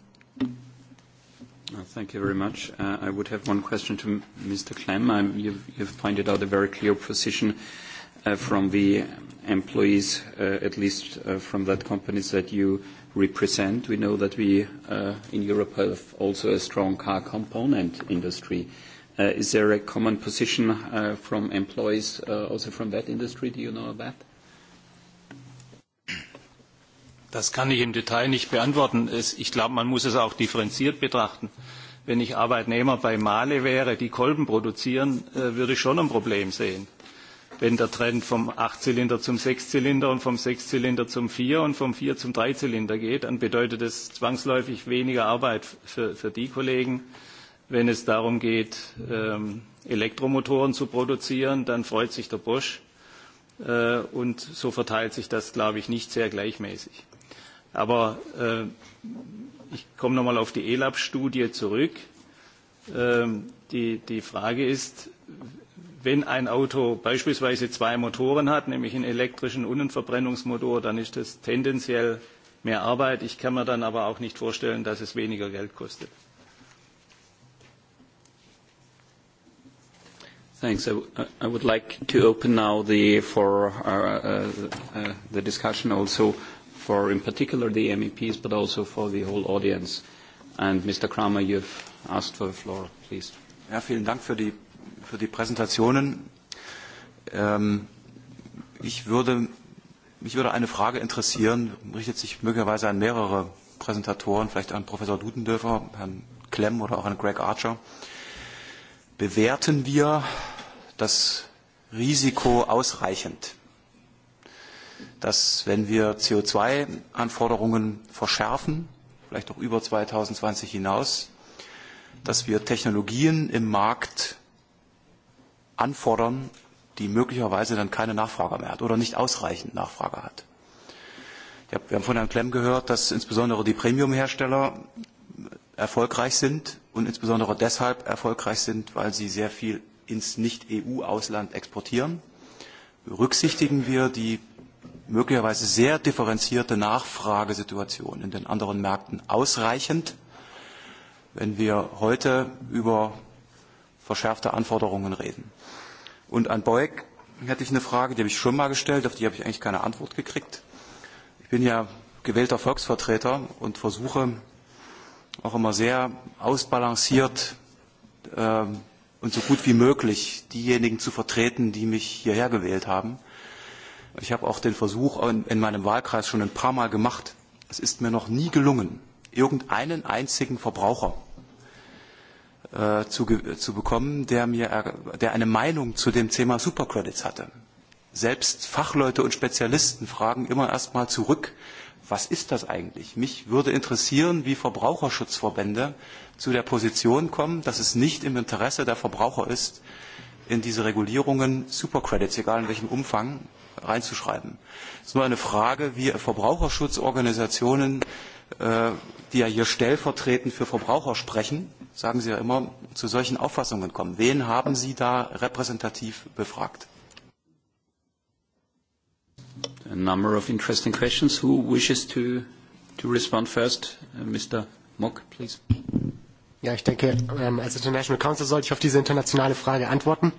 Thank you very much. I would have one question to Mr. Klemm. You've pointed out a very clear position from the employees, at least from that companies that you represent. We know that we in Europe have also a strong car component industry. Is there a common position from employees also from that industry? Do you know about? that? Das kann ich im Detail nicht beantworten. Ich glaube, man muss es auch differenziert betrachten. Wenn ich Arbeitnehmer bei Male wäre, die Kolben produzieren, würde ich schon ein Problem sehen. Wenn der Trend vom Achtzylinder zum Sechszylinder und vom Sechszylinder zum Vier und vom Vier zum Dreizylinder geht, dann bedeutet das zwangsläufig weniger Arbeit für die Kollegen. Wenn es darum geht, Elektromotoren zu produzieren, dann freut sich der Bosch. Und so verteilt sich das, glaube ich, nicht sehr gleichmäßig. Aber ich komme nochmal auf die ELAP-Studie zurück. Die Frage ist, wenn ein Auto beispielsweise zwei Motoren hat, nämlich einen elektrischen und einen Verbrennungsmotor, dann ist das tendenziell mehr Arbeit. Ich kann mir dann aber auch nicht vorstellen, dass es weniger Geld kostet. Thanks. I would like to open now the for the discussion also for, in particular, the MEPs, but also for the whole audience. And Mr. Kramer, you've asked for the floor, please. Ja, vielen Dank für die, für die Präsentationen. Ähm, ich, würde, mich würde eine Frage interessieren, richtet sich möglicherweise an mehrere Präsentatoren, vielleicht an Professor Dudendörfer, Herrn Klemm oder auch an Greg Archer. Bewerten wir das Risiko ausreichend? dass wenn wir CO2-Anforderungen verschärfen, vielleicht auch über 2020 hinaus, dass wir Technologien im Markt anfordern, die möglicherweise dann keine Nachfrage mehr hat oder nicht ausreichend Nachfrage hat. Wir haben von Herrn Klemm gehört, dass insbesondere die Premium-Hersteller erfolgreich sind und insbesondere deshalb erfolgreich sind, weil sie sehr viel ins Nicht-EU-Ausland exportieren. Berücksichtigen wir die möglicherweise sehr differenzierte Nachfragesituation in den anderen Märkten ausreichend. Wenn wir heute über verschärfte Anforderungen reden. Und an Beug hätte ich eine Frage, die habe ich schon mal gestellt, auf die habe ich eigentlich keine Antwort gekriegt. Ich bin ja gewählter Volksvertreter und versuche auch immer sehr ausbalanciert und so gut wie möglich diejenigen zu vertreten, die mich hierher gewählt haben. Ich habe auch den Versuch in meinem Wahlkreis schon ein paar Mal gemacht. Es ist mir noch nie gelungen, irgendeinen einzigen Verbraucher zu bekommen, der eine Meinung zu dem Thema Supercredits hatte. Selbst Fachleute und Spezialisten fragen immer erst einmal zurück, was ist das eigentlich? Mich würde interessieren, wie Verbraucherschutzverbände zu der Position kommen, dass es nicht im Interesse der Verbraucher ist, in diese Regulierungen Supercredits, egal in welchem Umfang, reinzuschreiben. Es ist nur eine Frage, wie Verbraucherschutzorganisationen, die ja hier stellvertretend für Verbraucher sprechen, sagen Sie ja immer, zu solchen Auffassungen kommen. Wen haben Sie da repräsentativ befragt? number of interesting questions. Who wishes to respond first? Mr. Mock, please. Ja, ich denke, als International Council sollte ich auf diese internationale Frage antworten.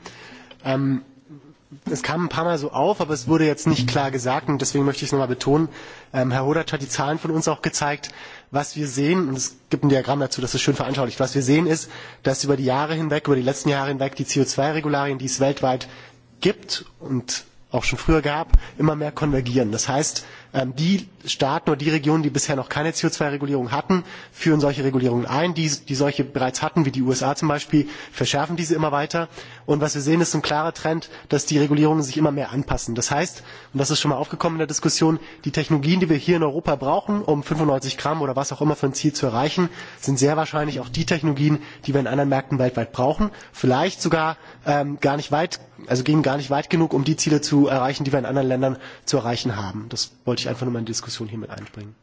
Es kam ein paar Mal so auf, aber es wurde jetzt nicht klar gesagt und deswegen möchte ich es nochmal betonen. Herr Hodatsch hat die Zahlen von uns auch gezeigt. Was wir sehen, und es gibt ein Diagramm dazu, das ist schön veranschaulicht, was wir sehen ist, dass über die Jahre hinweg, über die letzten Jahre hinweg die CO2-Regularien, die es weltweit gibt und auch schon früher gab, immer mehr konvergieren. Das heißt, Die Staaten oder die Regionen, die bisher noch keine CO2-Regulierung hatten, führen solche Regulierungen ein. Die, die solche bereits hatten, wie die USA zum Beispiel, verschärfen diese immer weiter. Und was wir sehen, ist ein klarer Trend, dass die Regulierungen sich immer mehr anpassen. Das heißt, und das ist schon mal aufgekommen in der Diskussion, die Technologien, die wir hier in Europa brauchen, um 95 Gramm oder was auch immer für ein Ziel zu erreichen, sind sehr wahrscheinlich auch die Technologien, die wir in anderen Märkten weltweit brauchen. Vielleicht sogar gar nicht weit, also gehen gar nicht weit genug, um die Ziele zu erreichen, die wir in anderen Ländern zu erreichen haben. Das ich einfach nochmal in Diskussion hier mit einbringen.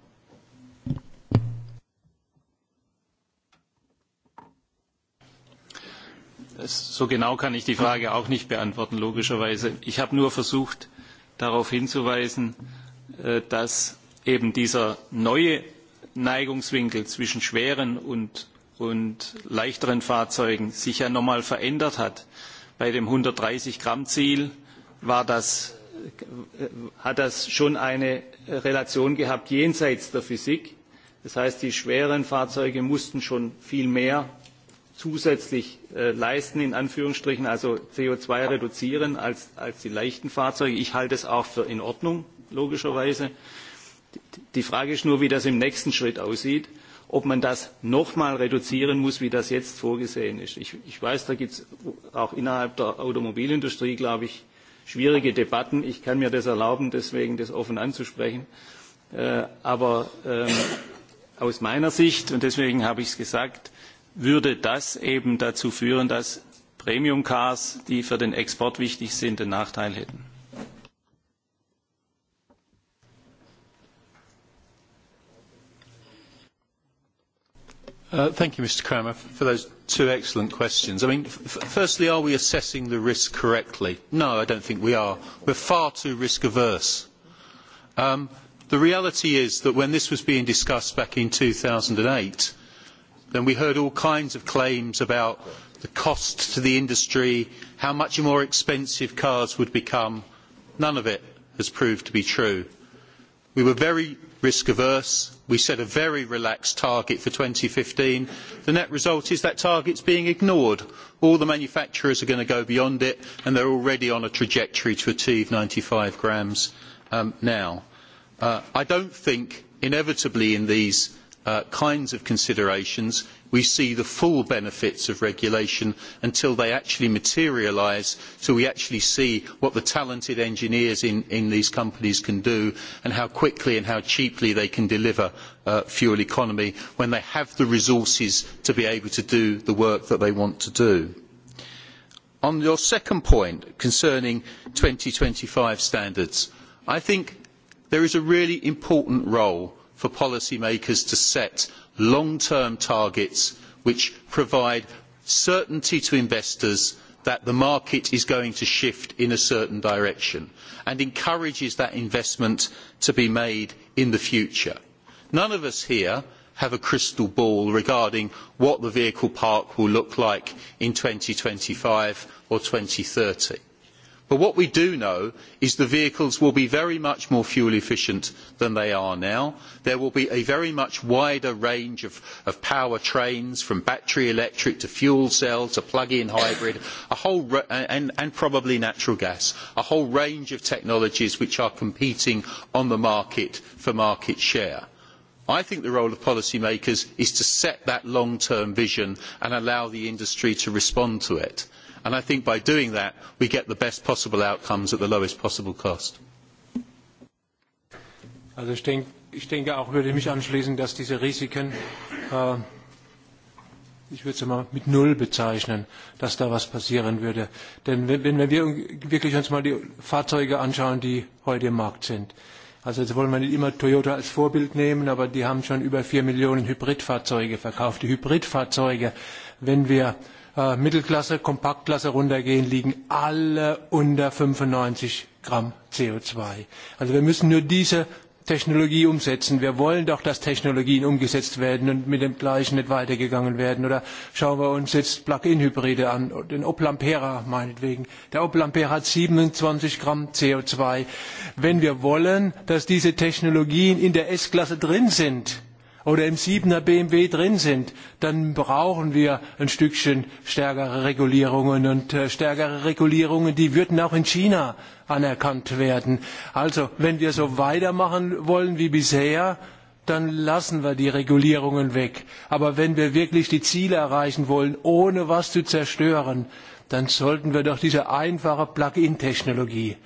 So genau kann ich die Frage auch nicht beantworten, logischerweise. Ich habe nur versucht, darauf hinzuweisen, dass eben dieser neue Neigungswinkel zwischen schweren und leichteren Fahrzeugen sich ja nochmal verändert hat. Bei dem 130 Gramm Ziel hat das schon eine Relation gehabt jenseits der Physik. Das heißt, die schweren Fahrzeuge mussten schon viel mehr zusätzlich leisten, in Anführungsstrichen, also CO2 reduzieren als die leichten Fahrzeuge. Ich halte es auch für in Ordnung, logischerweise. Die Frage ist nur, wie das im nächsten Schritt aussieht, ob man das noch mal reduzieren muss, wie das jetzt vorgesehen ist. Ich weiß, da gibt es auch innerhalb der Automobilindustrie, glaube ich, schwierige Debatten. Ich kann mir das erlauben, deswegen das offen anzusprechen. Aber aus meiner Sicht, und deswegen habe ich es gesagt, würde das eben dazu führen, dass Premium-Cars, die für den Export wichtig sind, einen Nachteil hätten. Thank you, Mr. Cramer, for those two excellent questions. I mean, firstly, are we assessing the risk correctly? No, I don't think we are. We're far too risk averse. The reality is that when this was being discussed back in 2008, then we heard all kinds of claims about the cost to the industry, how much more expensive cars would become. None of it has proved to be true. We were very risk averse. We set a very relaxed target for fifteen. The net result is that target is being ignored. All the manufacturers are going to go beyond it, and they are already on a trajectory to achieve ninety five grams now. I do not think, inevitably in these kinds of considerations, we see the full benefits of regulation until they actually materialise so we actually see what the talented engineers in these companies can do and how quickly and how cheaply they can deliver fuel economy when they have the resources to be able to do the work that they want to do. on your second point concerning two twenty five standards i think there is a really important role for policymakers to set long term targets which provide certainty to investors that the market is going to shift in a certain direction and encourages that investment to be made in the future. None of us here have a crystal ball regarding what the vehicle park will look like in 2025 or 2030. But what we do know is the vehicles will be very much more fuel efficient than they are now. There will be a very much wider range of power trains, from battery electric to fuel cell to plug-in hybrid, and probably natural gas. A whole range of technologies which are competing on the market for market share. I think the role of policymakers is to set that long-term vision and allow the industry to respond to it and i think by doing that we get the best possible outcomes at the lowest possible cost. also ich denke auch würde mich anschließen dass diese risiken ich würde es mal mit null bezeichnen dass da was passieren würde denn wenn wir wirklich uns mal die fahrzeuge anschauen die heute im markt sind Also jetzt wollen wir nicht immer Toyota als Vorbild nehmen, aber die haben schon über vier Millionen Hybridfahrzeuge verkauft. Die Hybridfahrzeuge, wenn wir Mittelklasse, Kompaktklasse runtergehen, liegen alle unter 95 Gramm CO2. Also wir müssen nur diese Technologie umsetzen. Wir wollen doch, dass Technologien umgesetzt werden und mit dem Gleichen nicht weitergegangen werden. Oder schauen wir uns jetzt Plug-in-Hybride an, den Opel Ampera meinetwegen. Der Opel Ampera hat 27 Gramm CO2. Wenn wir wollen, dass diese Technologien in der S-Klasse drin sind, oder im 7er BMW drin sind, dann brauchen wir ein Stückchen stärkere Regulierungen und stärkere Regulierungen, die würden auch in China anerkannt werden. Also, wenn wir so weitermachen wollen wie bisher, dann lassen wir die Regulierungen weg. Aber wenn wir wirklich die Ziele erreichen wollen, ohne was zu zerstören, dann sollten wir doch diese einfache Plug-in-Technologie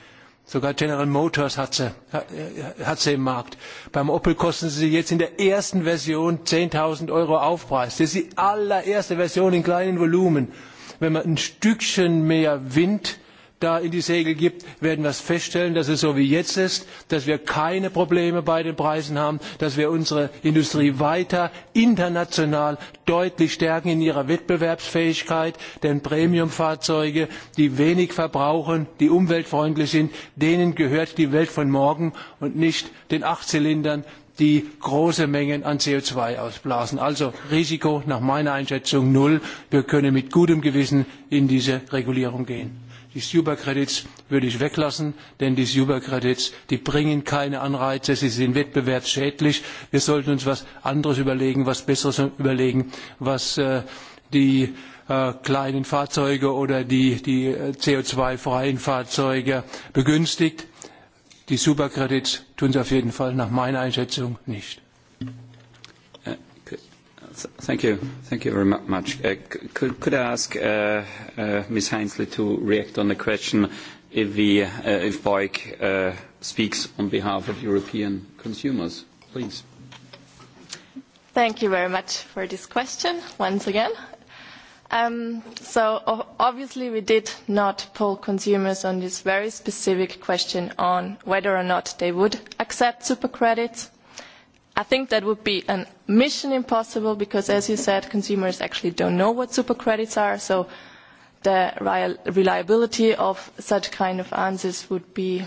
Sogar General Motors hat sie im Markt. Beim Opel kosten sie jetzt in der ersten Version 10.000 Euro Aufpreis. Das ist die allererste Version in kleinen Volumen. Wenn man ein Stückchen mehr Wind da in die Segel gibt, werden wir feststellen, dass es so wie jetzt ist, dass wir keine Probleme bei den Preisen haben, dass wir unsere Industrie weiter international deutlich stärken in ihrer Wettbewerbsfähigkeit, denn Premiumfahrzeuge, die wenig verbrauchen, die umweltfreundlich sind, denen gehört die Welt von morgen und nicht den Achtzylindern, die große Mengen an CO2 ausblasen. Also Risiko nach meiner Einschätzung null. Wir können mit gutem Gewissen in diese Regulierung gehen. Die Supercredits würde ich weglassen, denn die Supercredits die bringen keine Anreize, sie sind wettbewerbsschädlich. Wir sollten uns was anderes überlegen, was Besseres überlegen, was die kleinen Fahrzeuge oder die CO2-freien Fahrzeuge begünstigt. Die Supercredits tun es auf jeden Fall nach meiner Einschätzung nicht. Thank you. Thank you very much. Could I ask Ms. Heinsley to react on the question if BOIC speaks on behalf of European consumers? Please. Thank you very much for this question once again. So obviously we did not poll consumers on this very specific question on whether or not they would accept super credits I think that would be a mission impossible because, as you said, consumers actually don't know what super credits are, so the reliability of such kind of answers would be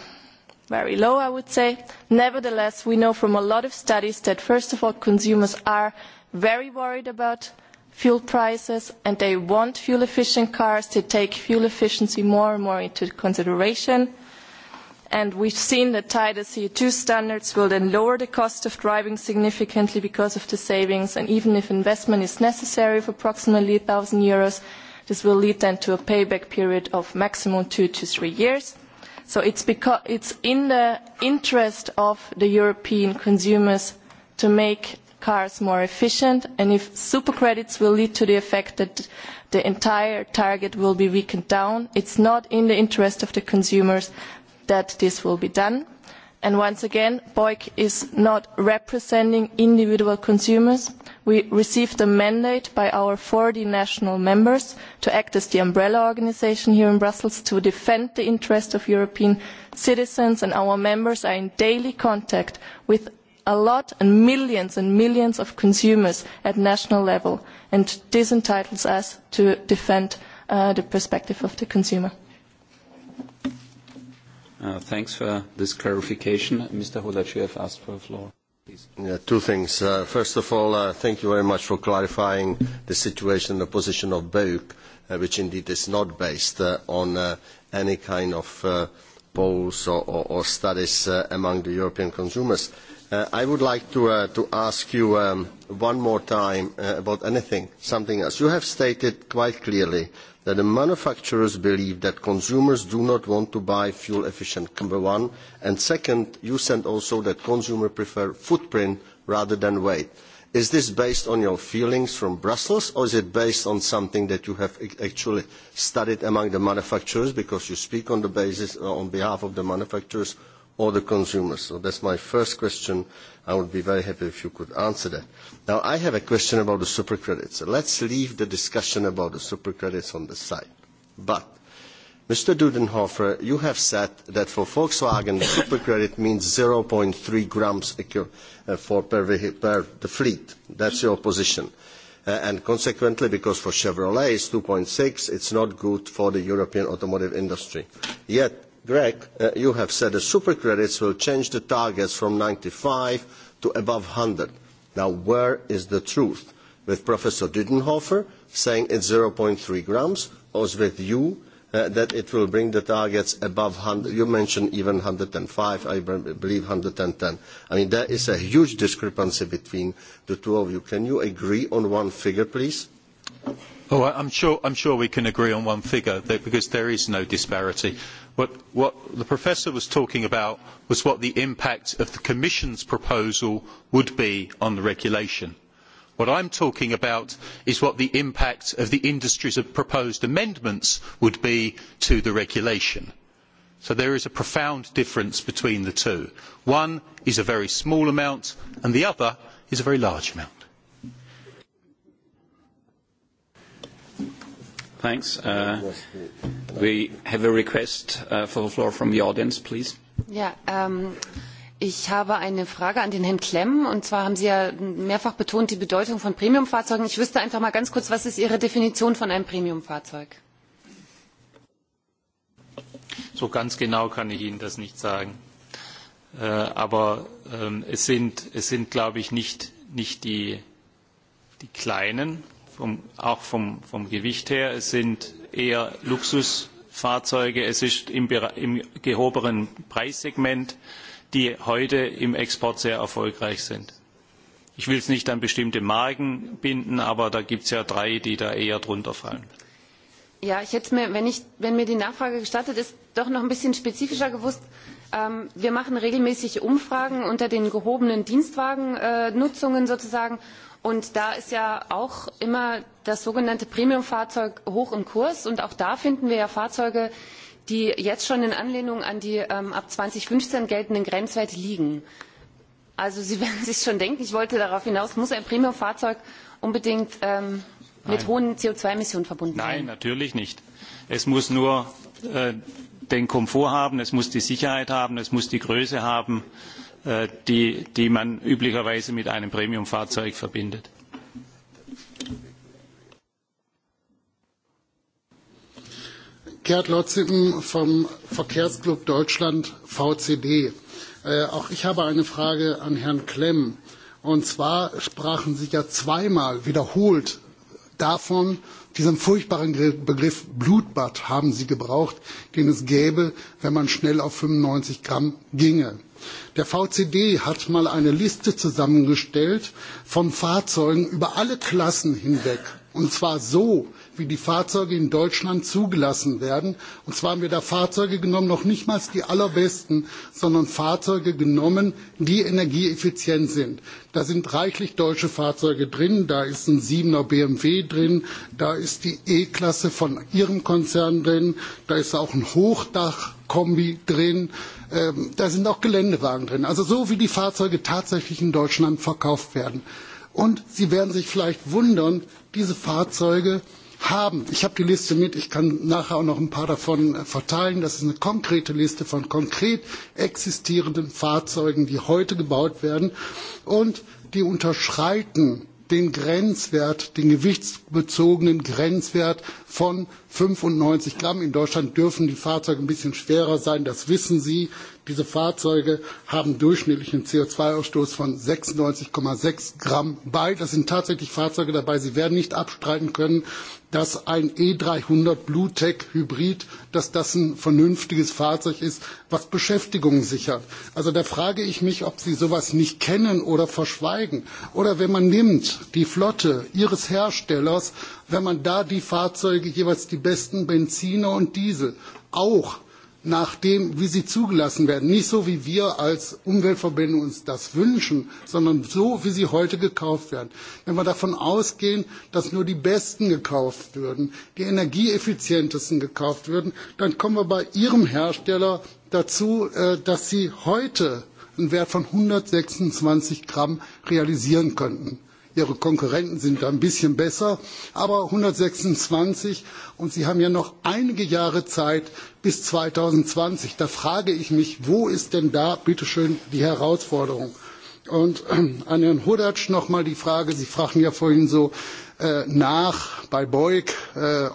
very low, I would say. Nevertheless, we know from a lot of studies that, first of all, consumers are very worried about fuel prices and they want fuel-efficient cars. to take fuel efficiency more and more into consideration and we've seen that tighter CO2 standards will then lower the cost of driving significantly because of the savings, and even if investment is necessary of approximately 1,000 euros, this will lead then to a payback period of maximum two to three years. So it's in the interest of the European consumers to make cars more efficient, and if super credits will lead to the effect that the entire target will be weakened down, it's not in the interest of the consumers that this will be done. And once again, BOIC is not representing individual consumers. We received a mandate by our 40 national members to act as the umbrella organisation here in Brussels to defend the interests of European citizens, and our members are in daily contact with a lot and millions and millions of consumers at national level, and this entitles us to defend the perspective of the consumer. Thanks for this clarification. Mr. Hodach, you have asked for the floor. Two things. First of all, thank you very much for clarifying the situation, the position of BEUC, which indeed is not based on any kind of polls or studies among the European consumers. I would like to ask you one more time about anything, something else. You have stated quite clearly that the manufacturers believe that consumers do not want to buy fuel efficient number one and second you said also that consumers prefer footprint rather than weight. is this based on your feelings from brussels or is it based on something that you have actually studied among the manufacturers because you speak on the basis on behalf of the manufacturers or the consumers? so that is my first question. I would be very happy if you could answer that. Now, I have a question about the supercredits. Let's leave the discussion about the supercredits on the side. But, Mr. Dudenhofer, you have said that for Volkswagen, the supercredit means 0.3 grams per the fleet. That's your position. And consequently, because for Chevrolet it's 2.6, it's not good for the European automotive industry. Yet, Greg, you have said the super credits will change the targets from 95 to above 100. Now, where is the truth? With Professor Dudenhofer saying it's 0.3 grams, or with you that it will bring the targets above 100. You mentioned even 105, I believe 110. I mean, there is a huge discrepancy between the two of you. Can you agree on one figure, please? I am sure we can agree on one figure, because there is no disparity. What the Professor was talking about was what the impact of the Commission's proposal would be on the regulation. What I am talking about is what the impact of the industry's proposed amendments would be to the regulation. So there is a profound difference between the two. One is a very small amount, and the other is a very large amount. thanks. We have a request for the floor from the audience, please. Ich habe eine Frage an den Herrn Klemm. Und zwar haben Sie ja mehrfach betont die Bedeutung von Premiumfahrzeugen. Ich wüsste einfach mal ganz kurz, was ist Ihre Definition von einem Premiumfahrzeug? So ganz genau kann ich Ihnen das nicht sagen. Aber es sind, glaube ich, nicht die kleinen auch vom Gewicht her. Es sind eher Luxusfahrzeuge. Es ist im gehobenen Preissegment, die heute im Export sehr erfolgreich sind. Ich will es nicht an bestimmte Marken binden, aber da gibt es ja drei, die da eher drunter fallen. Ja, ich hätte mir, wenn mir die Nachfrage gestattet ist, doch noch ein bisschen spezifischer gewusst. Wir machen regelmäßig Umfragen unter den gehobenen Dienstwagennutzungen sozusagen Und da ist ja auch immer das sogenannte Premiumfahrzeug hoch im Kurs. Und auch da finden wir ja Fahrzeuge, die jetzt schon in Anlehnung an die ab 2015 geltenden Grenzwerte liegen. Also Sie werden sich schon denken, ich wollte darauf hinaus, muss ein Premiumfahrzeug unbedingt mit hohen CO2-Emissionen verbunden sein? Nein, natürlich nicht. Es muss nur den Komfort haben, es muss die Sicherheit haben, es muss die Größe haben die man üblicherweise mit einem Premiumfahrzeug verbindet. Gerd Lotzippen vom Verkehrsclub Deutschland VCD. Auch ich habe eine Frage an Herrn Klemm. Und zwar sprachen Sie ja zweimal wiederholt davon, Diesen furchtbaren Begriff Blutbad haben Sie gebraucht, den es gäbe, wenn man schnell auf 95 Gramm ginge. Der VCD hat mal eine Liste zusammengestellt von Fahrzeugen über alle Klassen hinweg. Und zwar so, wie die Fahrzeuge in Deutschland zugelassen werden. Und zwar haben wir da Fahrzeuge genommen, noch nicht mal die allerbesten, sondern Fahrzeuge genommen, die energieeffizient sind. Da sind reichlich deutsche Fahrzeuge drin, da ist ein 7er BMW drin, da ist die E-Klasse von Ihrem Konzern drin, da ist auch ein Hochdachkombi drin, da sind auch Geländewagen drin. Also so wie die Fahrzeuge tatsächlich in Deutschland verkauft werden. Und Sie werden sich vielleicht wundern, diese Fahrzeuge haben. Ich habe die Liste mit, ich kann nachher auch noch ein paar davon verteilen. Das ist eine konkrete Liste von konkret existierenden Fahrzeugen, die heute gebaut werden und die unterschreiten den Grenzwert, den gewichtsbezogenen Grenzwert von 95 Gramm. In Deutschland dürfen die Fahrzeuge ein bisschen schwerer sein, das wissen Sie. Diese Fahrzeuge haben durchschnittlichen CO2-Ausstoß von 96,6 Gramm bei. Das sind tatsächlich Fahrzeuge dabei. Sie werden nicht abstreiten können, dass ein E300 Bluetech Hybrid, dass das ein vernünftiges Fahrzeug ist, was Beschäftigung sichert. Also da frage ich mich, ob Sie sowas nicht kennen oder verschweigen. Oder wenn man nimmt die Flotte Ihres Herstellers wenn man da die Fahrzeuge jeweils die besten Benziner und Diesel auch nach dem, wie sie zugelassen werden, nicht so wie wir als Umweltverbände uns das wünschen, sondern so, wie sie heute gekauft werden. Wenn wir davon ausgehen, dass nur die Besten gekauft würden, die energieeffizientesten gekauft würden, dann kommen wir bei Ihrem Hersteller dazu, dass Sie heute einen Wert von 126 Gramm realisieren könnten ihre konkurrenten sind da ein bisschen besser aber 126 und sie haben ja noch einige jahre zeit bis. 2020. da frage ich mich wo ist denn da bitte schön die herausforderung? und an herrn hodacz noch die frage sie fragen ja vorhin so nach bei beug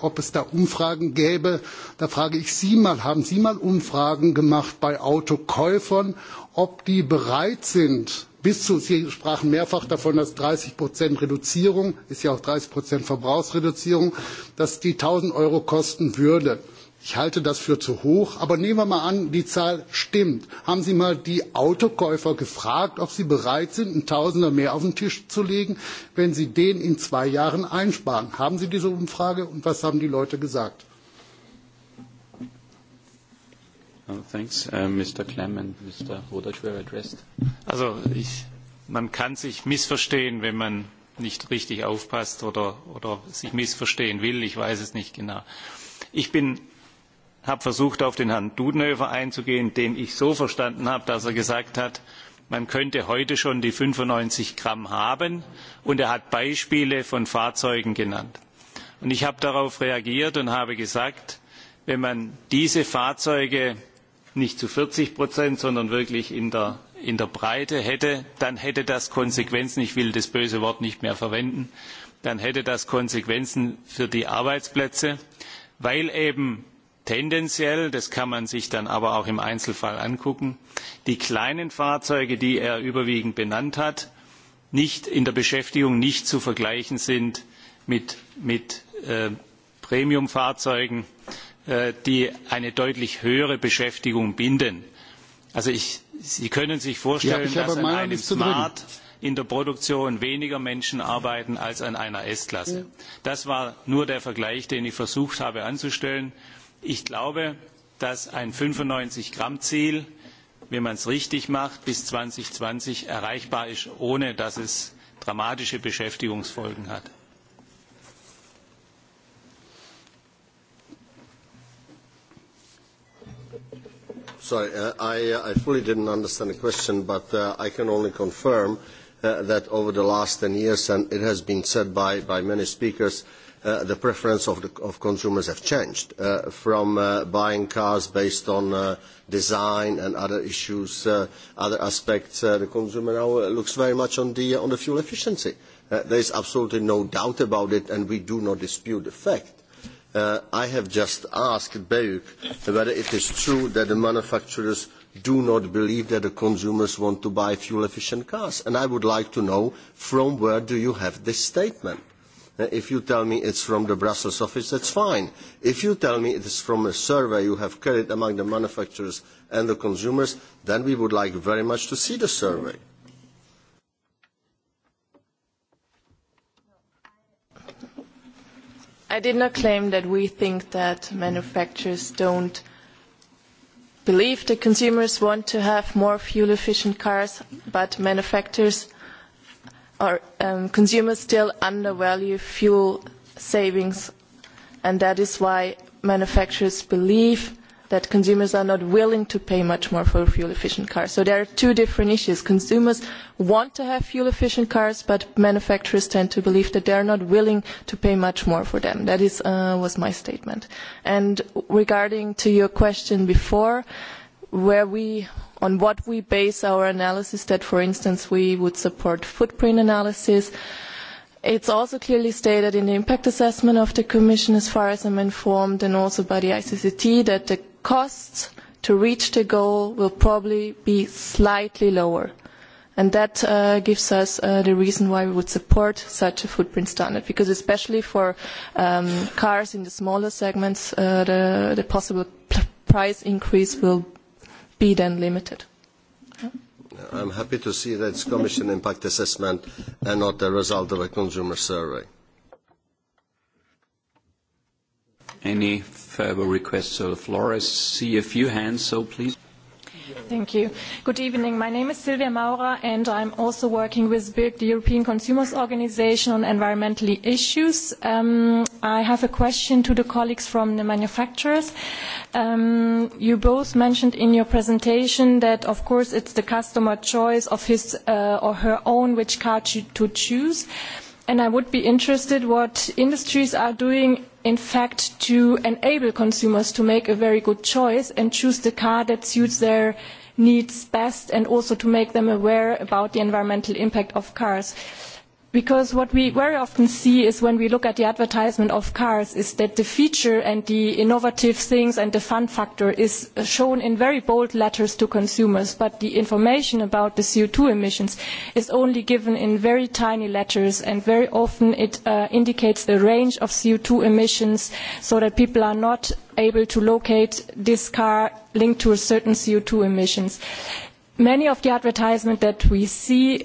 ob es da umfragen gäbe da frage ich sie mal haben sie mal umfragen gemacht bei autokäufern ob die bereit sind bis zu sie sprachen mehrfach davon dass 30 reduzierung ist ja auch 30 verbrauchsreduzierung dass die 1000 euro kosten würde. ich halte das für zu hoch aber nehmen wir mal an die zahl stimmt haben sie mal die autokäufer gefragt ob sie bereit sind ein tausender mehr auf den tisch zu legen wenn sie den in zwei jahren einsparen? haben sie diese umfrage und was haben die leute gesagt? Thanks. Mr. Also man kann sich missverstehen, wenn man nicht richtig aufpasst oder sich missverstehen will. Ich weiß es nicht genau. Ich habe versucht, auf den Herrn Dudenhöfer einzugehen, den ich so verstanden habe, dass er gesagt hat, man könnte heute schon die 95 Gramm haben. Und er hat Beispiele von Fahrzeugen genannt. Und ich habe darauf reagiert und habe gesagt, wenn man diese Fahrzeuge nicht zu 40 sondern wirklich in der Breite hätte, dann hätte das Konsequenzen, ich will das böse Wort nicht mehr verwenden, dann hätte das Konsequenzen für die Arbeitsplätze, weil eben tendenziell, das kann man sich dann aber auch im Einzelfall angucken, die kleinen Fahrzeuge, die er überwiegend benannt hat, nicht in der Beschäftigung nicht zu vergleichen sind mit Premiumfahrzeugen die eine deutlich höhere Beschäftigung binden. Sie können sich vorstellen, dass an einem Smart in der Produktion weniger Menschen arbeiten als an einer S-Klasse. Das war nur der Vergleich, den ich versucht habe anzustellen. Ich glaube, dass ein 95-Gramm-Ziel, wenn man es richtig macht, bis 2020 erreichbar ist, ohne dass es dramatische Beschäftigungsfolgen hat. Sorry, I fully didn't understand the question, but I can only confirm that over the last 10 years, and it has been said by many speakers, the preference of consumers have changed from buying cars based on design and other issues, other aspects. The consumer now looks very much on the fuel efficiency. There is absolutely no doubt about it, and we do not dispute the fact I have just asked BEUC whether it is true that the manufacturers do not believe that the consumers want to buy fuel efficient cars and I would like to know from where do you have this statement. If you tell me it is from the Brussels office, that is fine. If you tell me it is from a survey you have carried among the manufacturers and the consumers, then we would like very much to see the survey. I did not claim that we think that manufacturers don't believe that consumers want to have more fuel-efficient cars, but manufacturers or consumers still undervalue fuel savings, and that is why manufacturers believe that consumers are not willing to pay much more for fuel efficient cars. So there are two different issues. Consumers want to have fuel efficient cars, but manufacturers tend to believe that they are not willing to pay much more for them. That was my statement. And regarding to your question before, where we on what we base our analysis that, for instance, we would support footprint analysis. It's also clearly stated in the impact assessment of the Commission, as far as I'm informed, and also by the ICCT, that the costs to reach the goal will probably be slightly lower. And that gives us the reason why we would support such a footprint standard, because especially for cars in the smaller segments, the possible price increase will be then limited. I'm happy to see that it's Commission impact assessment and not the result of a consumer survey further requests to the floor. I see a few hands, so please. Thank you. Good evening. My name is Silvia Maurer, and I'm also working with BIRC, the European Consumers Organisation on environmental issues. I have a question to the colleagues from the manufacturers. You both mentioned in your presentation that, of course, it's the customer choice of his or her own which car to choose. And I would be interested what industries are doing in fact to enable consumers to make a very good choice and choose the car that suits their needs best and also to make them aware about the environmental impact of cars. Because what we very often see is when we look at the advertisement of cars is that the feature and the innovative things and the fun factor is shown in very bold letters to consumers, but the information about the CO2 emissions is only given in very tiny letters and very often it indicates the range of CO2 emissions so that people are not able to locate this car linked to a certain CO2 emissions. Many of the advertisement that we see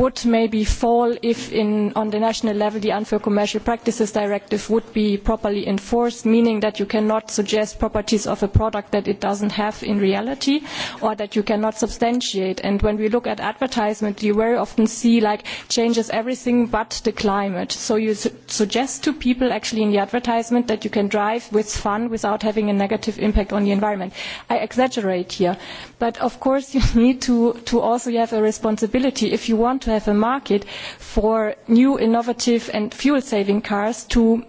would maybe fall if on the national level the Unfair Commercial Practices Directive would be properly enforced, meaning that you cannot suggest properties of a product that it doesn't have in reality or that you cannot substantiate. And when we look at advertisement, you very often see like changes everything but the climate. So you suggest to people actually in the advertisement that you can drive with fun without having a negative impact on the environment. I exaggerate here. But of course, course, you need to also have a responsibility if you want to have a market for new, innovative and fuel-saving cars to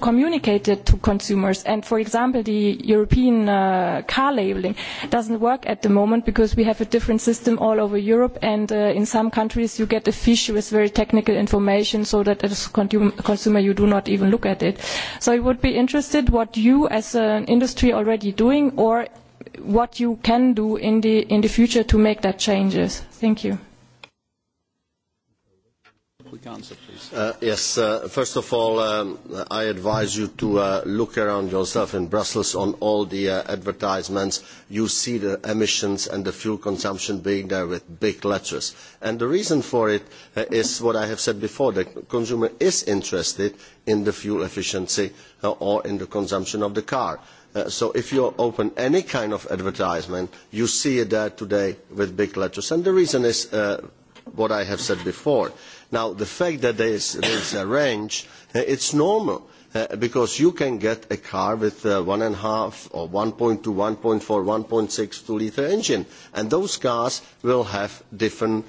communicate it to consumers. And, for example, the European car labelling doesn't work at the moment because we have a different system all over Europe, and in some countries you get a fish with very technical information so that as a consumer you do not even look at it. So I would be interested what you as an industry already doing or what you can do in the in the future to make that changes. Thank you. Yes. First of all, I advise you to look around yourself in Brussels on all the advertisements. You see the emissions and the fuel consumption being there with big letters. And the reason for it is what I have said before. The consumer is interested in the fuel efficiency or in the consumption of the car So if you open any kind of advertisement, you see it there today with big letters. And the reason is what I have said before. Now, the fact that there is a range, it's normal, because you can get a car with one and half or 1.2, 1.4, 1.6 two-liter engine, and those cars will have different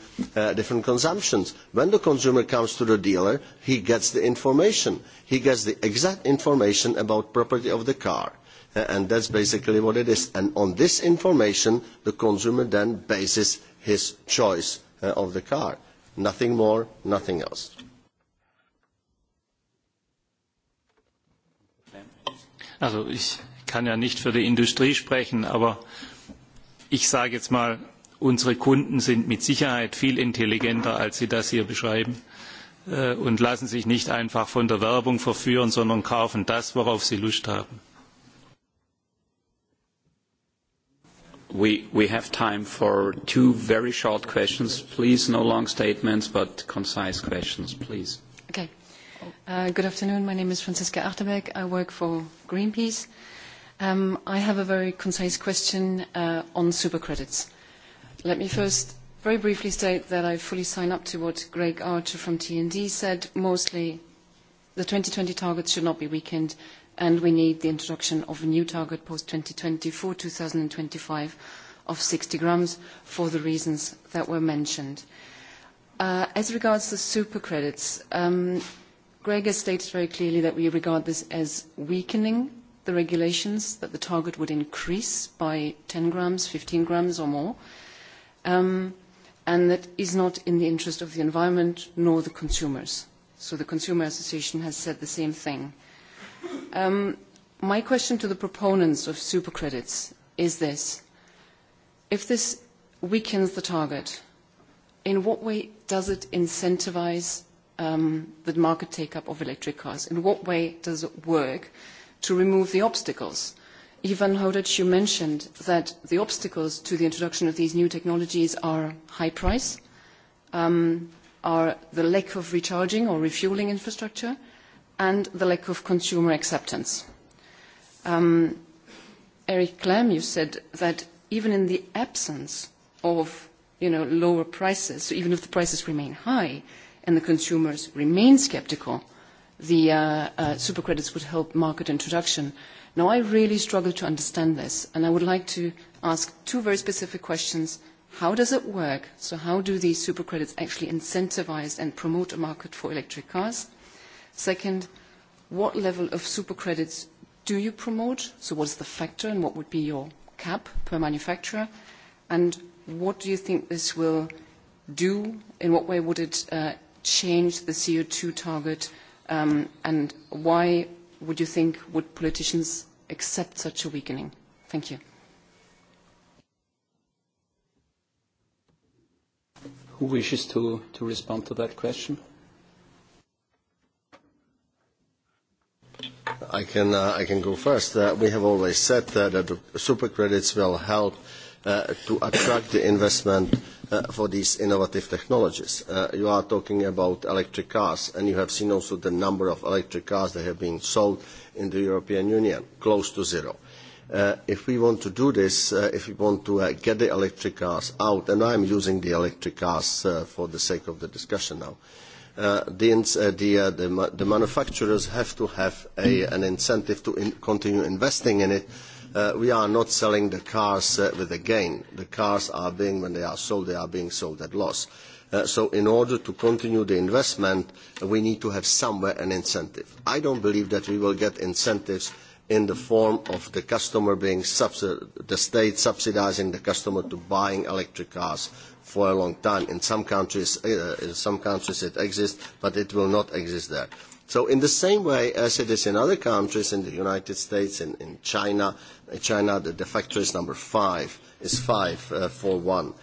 consumptions. When the consumer comes to the dealer, he gets the information. He gets the exact information about property of the car and that's basically what it is. And on this information, the consumer then bases his choice of the car. Nothing more, nothing else. Also ich kann ja nicht für die Industrie sprechen, aber ich sage jetzt mal, unsere Kunden sind mit Sicherheit viel intelligenter, als sie das hier beschreiben und lassen sich nicht einfach von der Werbung verführen, sondern kaufen das, worauf sie Lust haben. We have time for two very short questions. Please, no long statements, but concise questions, please. Okay. Good afternoon. My name is Franziska Achterberg. I work for Greenpeace. I have a very concise question on supercredits. Let me first very briefly state that I fully sign up to what Greg Archer from TND said. Mostly, the 2020 targets should not be weakened and we need the introduction of a new target post-2020 for 2025 of 60 grams for the reasons that were mentioned. As regards the super credits, Greg has stated very clearly that we regard this as weakening the regulations, that the target would increase by 10 grams, 15 grams or more, and that is not in the interest of the environment nor the consumers. So the Consumer Association has said the same thing. My question to the proponents of supercredits is this. If this weakens the target, in what way does it incentivize the market take-up of electric cars? In what way does it work to remove the obstacles? Ivan Hodic, you mentioned that the obstacles to the introduction of these new technologies are high price, are the lack of recharging or refueling infrastructure, and the lack of consumer acceptance. Eric Klemm, you said that even in the absence of lower prices, so even if the prices remain high and the consumers remain sceptical, the super credits would help market introduction. Now, I really struggle to understand this, and I would like to ask two very specific questions. How does it work? So how do these super credits actually incentivize and promote a market for electric cars? Second, what level of super credits do you promote? So what is the factor and what would be your cap per manufacturer? And what do you think this will do? In what way would it change the CO2 target? And why would you think would politicians accept such a weakening? Thank you. Who wishes to respond to that question? I can go first. We have always said that the super credits will help to attract the investment for these innovative technologies. You are talking about electric cars, and you have seen also the number of electric cars that have been sold in the European Union, close to zero. If we want to do this, if we want to get the electric cars out, and I am using the electric cars for the sake of the discussion now the manufacturers have to have an incentive to continue investing in it. We are not selling the cars with a gain. The cars are being, when they are sold, they are being sold at loss. So in order to continue the investment, we need to have somewhere an incentive. I don't believe that we will get incentives in the form of the customer being the state subsidizing the customer to buying electric cars for a long time. In some countries in some countries it exists, but it will not exist there. So in the same way as it is in other countries, in the United States, in China, China the factor is number five, is five for one,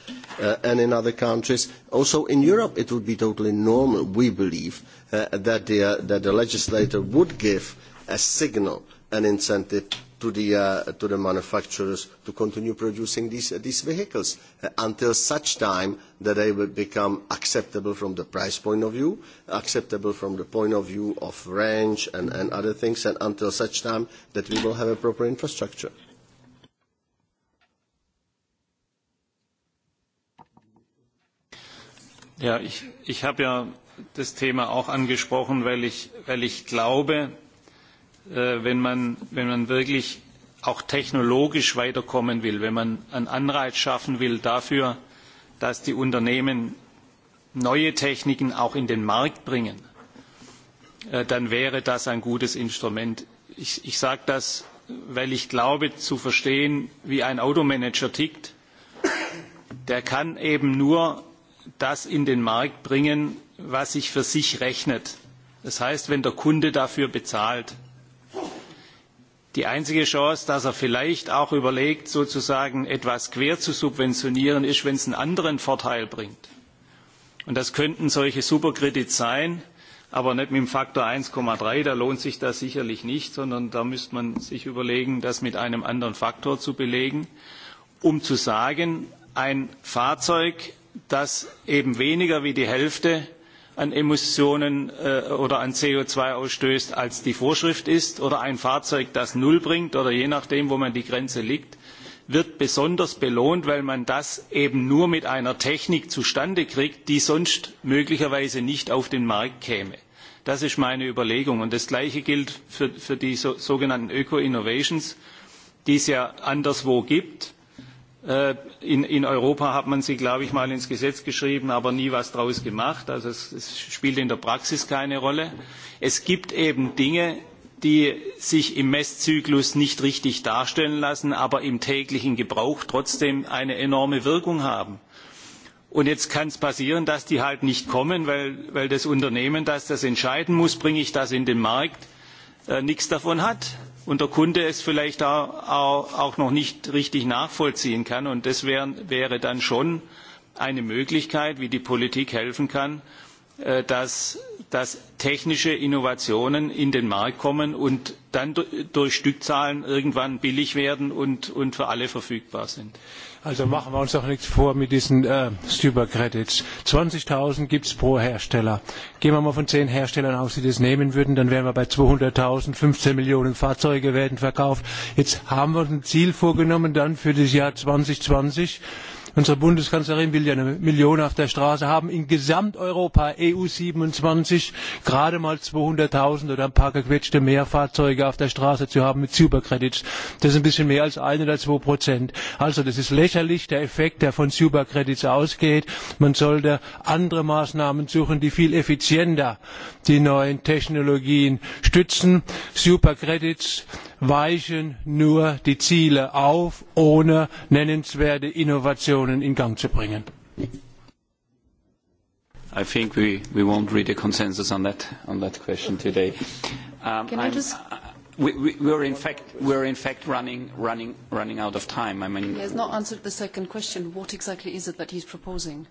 and in other countries. Also in Europe it would be totally normal, we believe, that the legislator would give a signal, an incentive to the to the manufacturers to continue producing these these vehicles until such time that they will become acceptable from the price point of view, acceptable from the point of view of range and other things, and until such time that we will have a proper infrastructure. Ja, ich habe ja das Thema auch angesprochen, weil ich weil ich glaube, wenn man wirklich auch technologisch weiterkommen will, wenn man einen Anreiz schaffen will dafür, dass die Unternehmen neue Techniken auch in den Markt bringen, dann wäre das ein gutes Instrument. Ich sage das, weil ich glaube, zu verstehen, wie ein Automanager tickt, der kann eben nur das in den Markt bringen, was sich für sich rechnet. Das heißt, wenn der Kunde dafür bezahlt die einzige chance dass er vielleicht auch überlegt sozusagen etwas quer zu subventionieren ist wenn es einen anderen vorteil bringt. das könnten solche superkredits sein aber nicht mit dem faktor 1,3 da lohnt sich das sicherlich nicht sondern da müsste man sich überlegen das mit einem anderen faktor zu belegen um zu sagen ein fahrzeug das eben weniger wie die hälfte an Emissionen oder an CO2 ausstößt, als die Vorschrift ist, oder ein Fahrzeug, das null bringt, oder je nachdem, wo man die Grenze liegt, wird besonders belohnt, weil man das eben nur mit einer Technik zustande kriegt, die sonst möglicherweise nicht auf den Markt käme. Das ist meine Überlegung. das Gleiche gilt für die sogenannten Öko-Innovations, die es ja anderswo gibt In Europa hat man sie, glaube ich, mal ins Gesetz geschrieben, aber nie etwas draus gemacht. Also es spielt in der Praxis keine Rolle. Es gibt eben Dinge, die sich im Messzyklus nicht richtig darstellen lassen, aber im täglichen Gebrauch trotzdem eine enorme Wirkung haben. Und jetzt kann es passieren, dass die halt nicht kommen, weil das Unternehmen, das das entscheiden muss, bringe ich das in den Markt, nichts davon hat und der Kunde es vielleicht auch noch nicht richtig nachvollziehen kann. Und das wäre dann schon eine Möglichkeit, wie die Politik helfen kann, dass technische Innovationen in den Markt kommen und dann durch Stückzahlen irgendwann billig werden und für alle verfügbar sind. Also machen wir uns doch nichts vor mit diesen Super Credits. 20.000 gibt es pro Hersteller. Gehen wir mal von zehn Herstellern aus, die das nehmen würden, dann wären wir bei 200.000, 15 Millionen Fahrzeuge werden verkauft. Jetzt haben wir uns ein Ziel vorgenommen für das Jahr 2020 Unsere Bundeskanzlerin will ja eine Million auf der Straße haben. In Gesamteuropa, EU 27, gerade mal 200.000 oder ein paar gequetschte mehr Fahrzeuge auf der Straße zu haben mit Supercredits. Das ist ein bisschen mehr als ein oder zwei Prozent. Also das ist lächerlich, der Effekt, der von Supercredits ausgeht. Man sollte andere Maßnahmen suchen, die viel effizienter die neuen Technologien stützen. Supercredits weichen nur die Ziele auf, ohne nennenswerte Innovationen in Gang zu bringen. I think we won't read a consensus on that question today. we, We're in fact running out of time. I mean, he has not answered the second question. What exactly is it that he's proposing?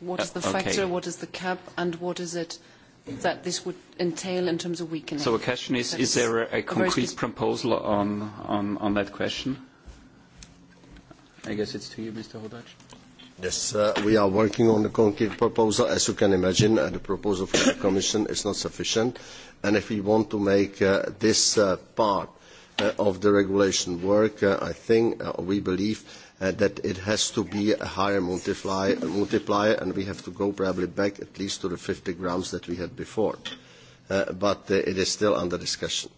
What is the factor? What is the cap? And what is it that this would entail in terms of weakening. So the question is, is there a concrete proposal on that question? I guess it's to you, Mr. Hodach. Yes, we are working on the concrete proposal. As you can imagine, the proposal from the Commission is not sufficient. And if we want to make this part of the regulation work, I think, we believe that it has to be a higher multiplier, and we have to go probably back at least to the 50 grams that we had before. But it is still under discussion.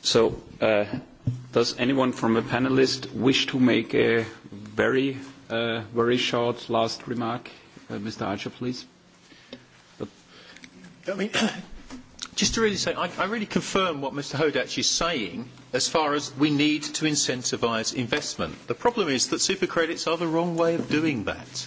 So, does anyone from the panelists wish to make a very, very short last remark? Mr. Archer, please. I mean, just to really say, I really confirm what Mr. Hodach is saying as far as we need to incentivise investment. The problem is that super credits are the wrong way of doing that.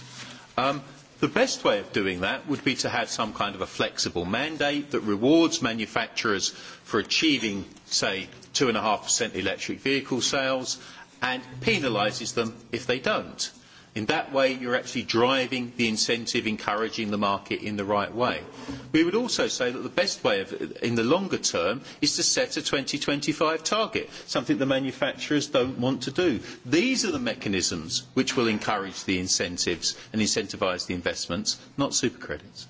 The best way of doing that would be to have some kind of a flexible mandate that rewards manufacturers for achieving, say, 2.5% electric vehicle sales and penalises them if they don't. In that way, you're actually driving the incentive, encouraging the market in the right way. We would also say that the best way in the longer term is to set a 2025 target, something the manufacturers don't want to do. These are the mechanisms which will encourage the incentives and incentivise the investments, not super credits.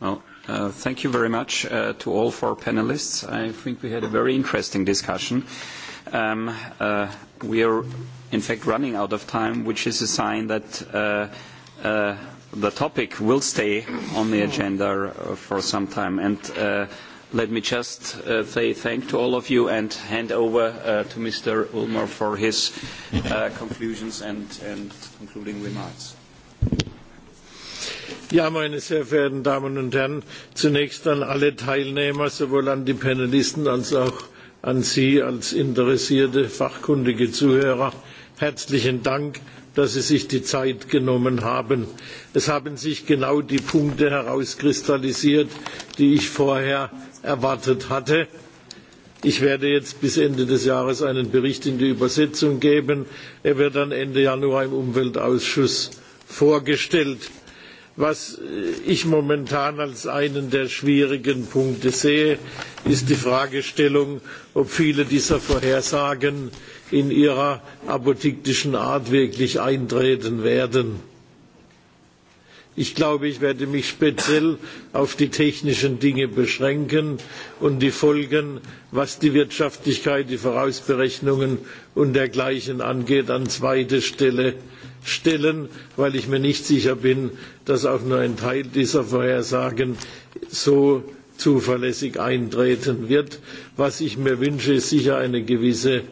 Well, thank you very much to all four panelists. I think we had a very interesting discussion. We are in fact running out of time, which is a sign that the topic will stay on the agenda for some time. And let me just say thank to all of you and hand over to Mr. Ulmer for his conclusions and concluding remarks. Ja, meine sehr verehrten Damen und Herren, zunächst an alle Teilnehmer, sowohl an die Panelisten als auch an Sie als interessierte, fachkundige Zuhörer herzlichen dank dass sie sich die zeit genommen haben. es haben sich genau die punkte herauskristallisiert die ich vorher erwartet hatte. ich werde jetzt bis ende des jahres einen bericht in die übersetzung geben. er wird dann ende januar im umweltausschuss vorgestellt. was ich momentan als einen der schwierigen punkte sehe ist die fragestellung ob viele dieser vorhersagen in ihrer apodiktischen Art wirklich eintreten werden. Ich glaube, ich werde mich speziell auf die technischen Dinge beschränken und die Folgen, was die Wirtschaftlichkeit, die Vorausberechnungen und dergleichen angeht, an zweite Stelle stellen, weil ich mir nicht sicher bin, dass auch nur ein Teil dieser Vorhersagen so zuverlässig eintreten wird. Was ich mir wünsche, ist sicher eine gewisse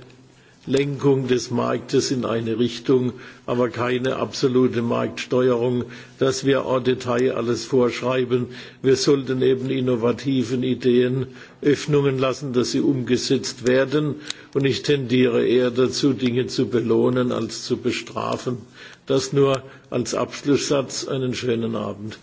Lenkung des Marktes in eine Richtung, aber keine absolute Marktsteuerung, dass wir en Detail alles vorschreiben. Wir sollten eben innovativen Ideen Öffnungen lassen, dass sie umgesetzt werden. Und ich tendiere eher dazu, Dinge zu belohnen als zu bestrafen. Das nur als Abschlusssatz. Einen schönen Abend.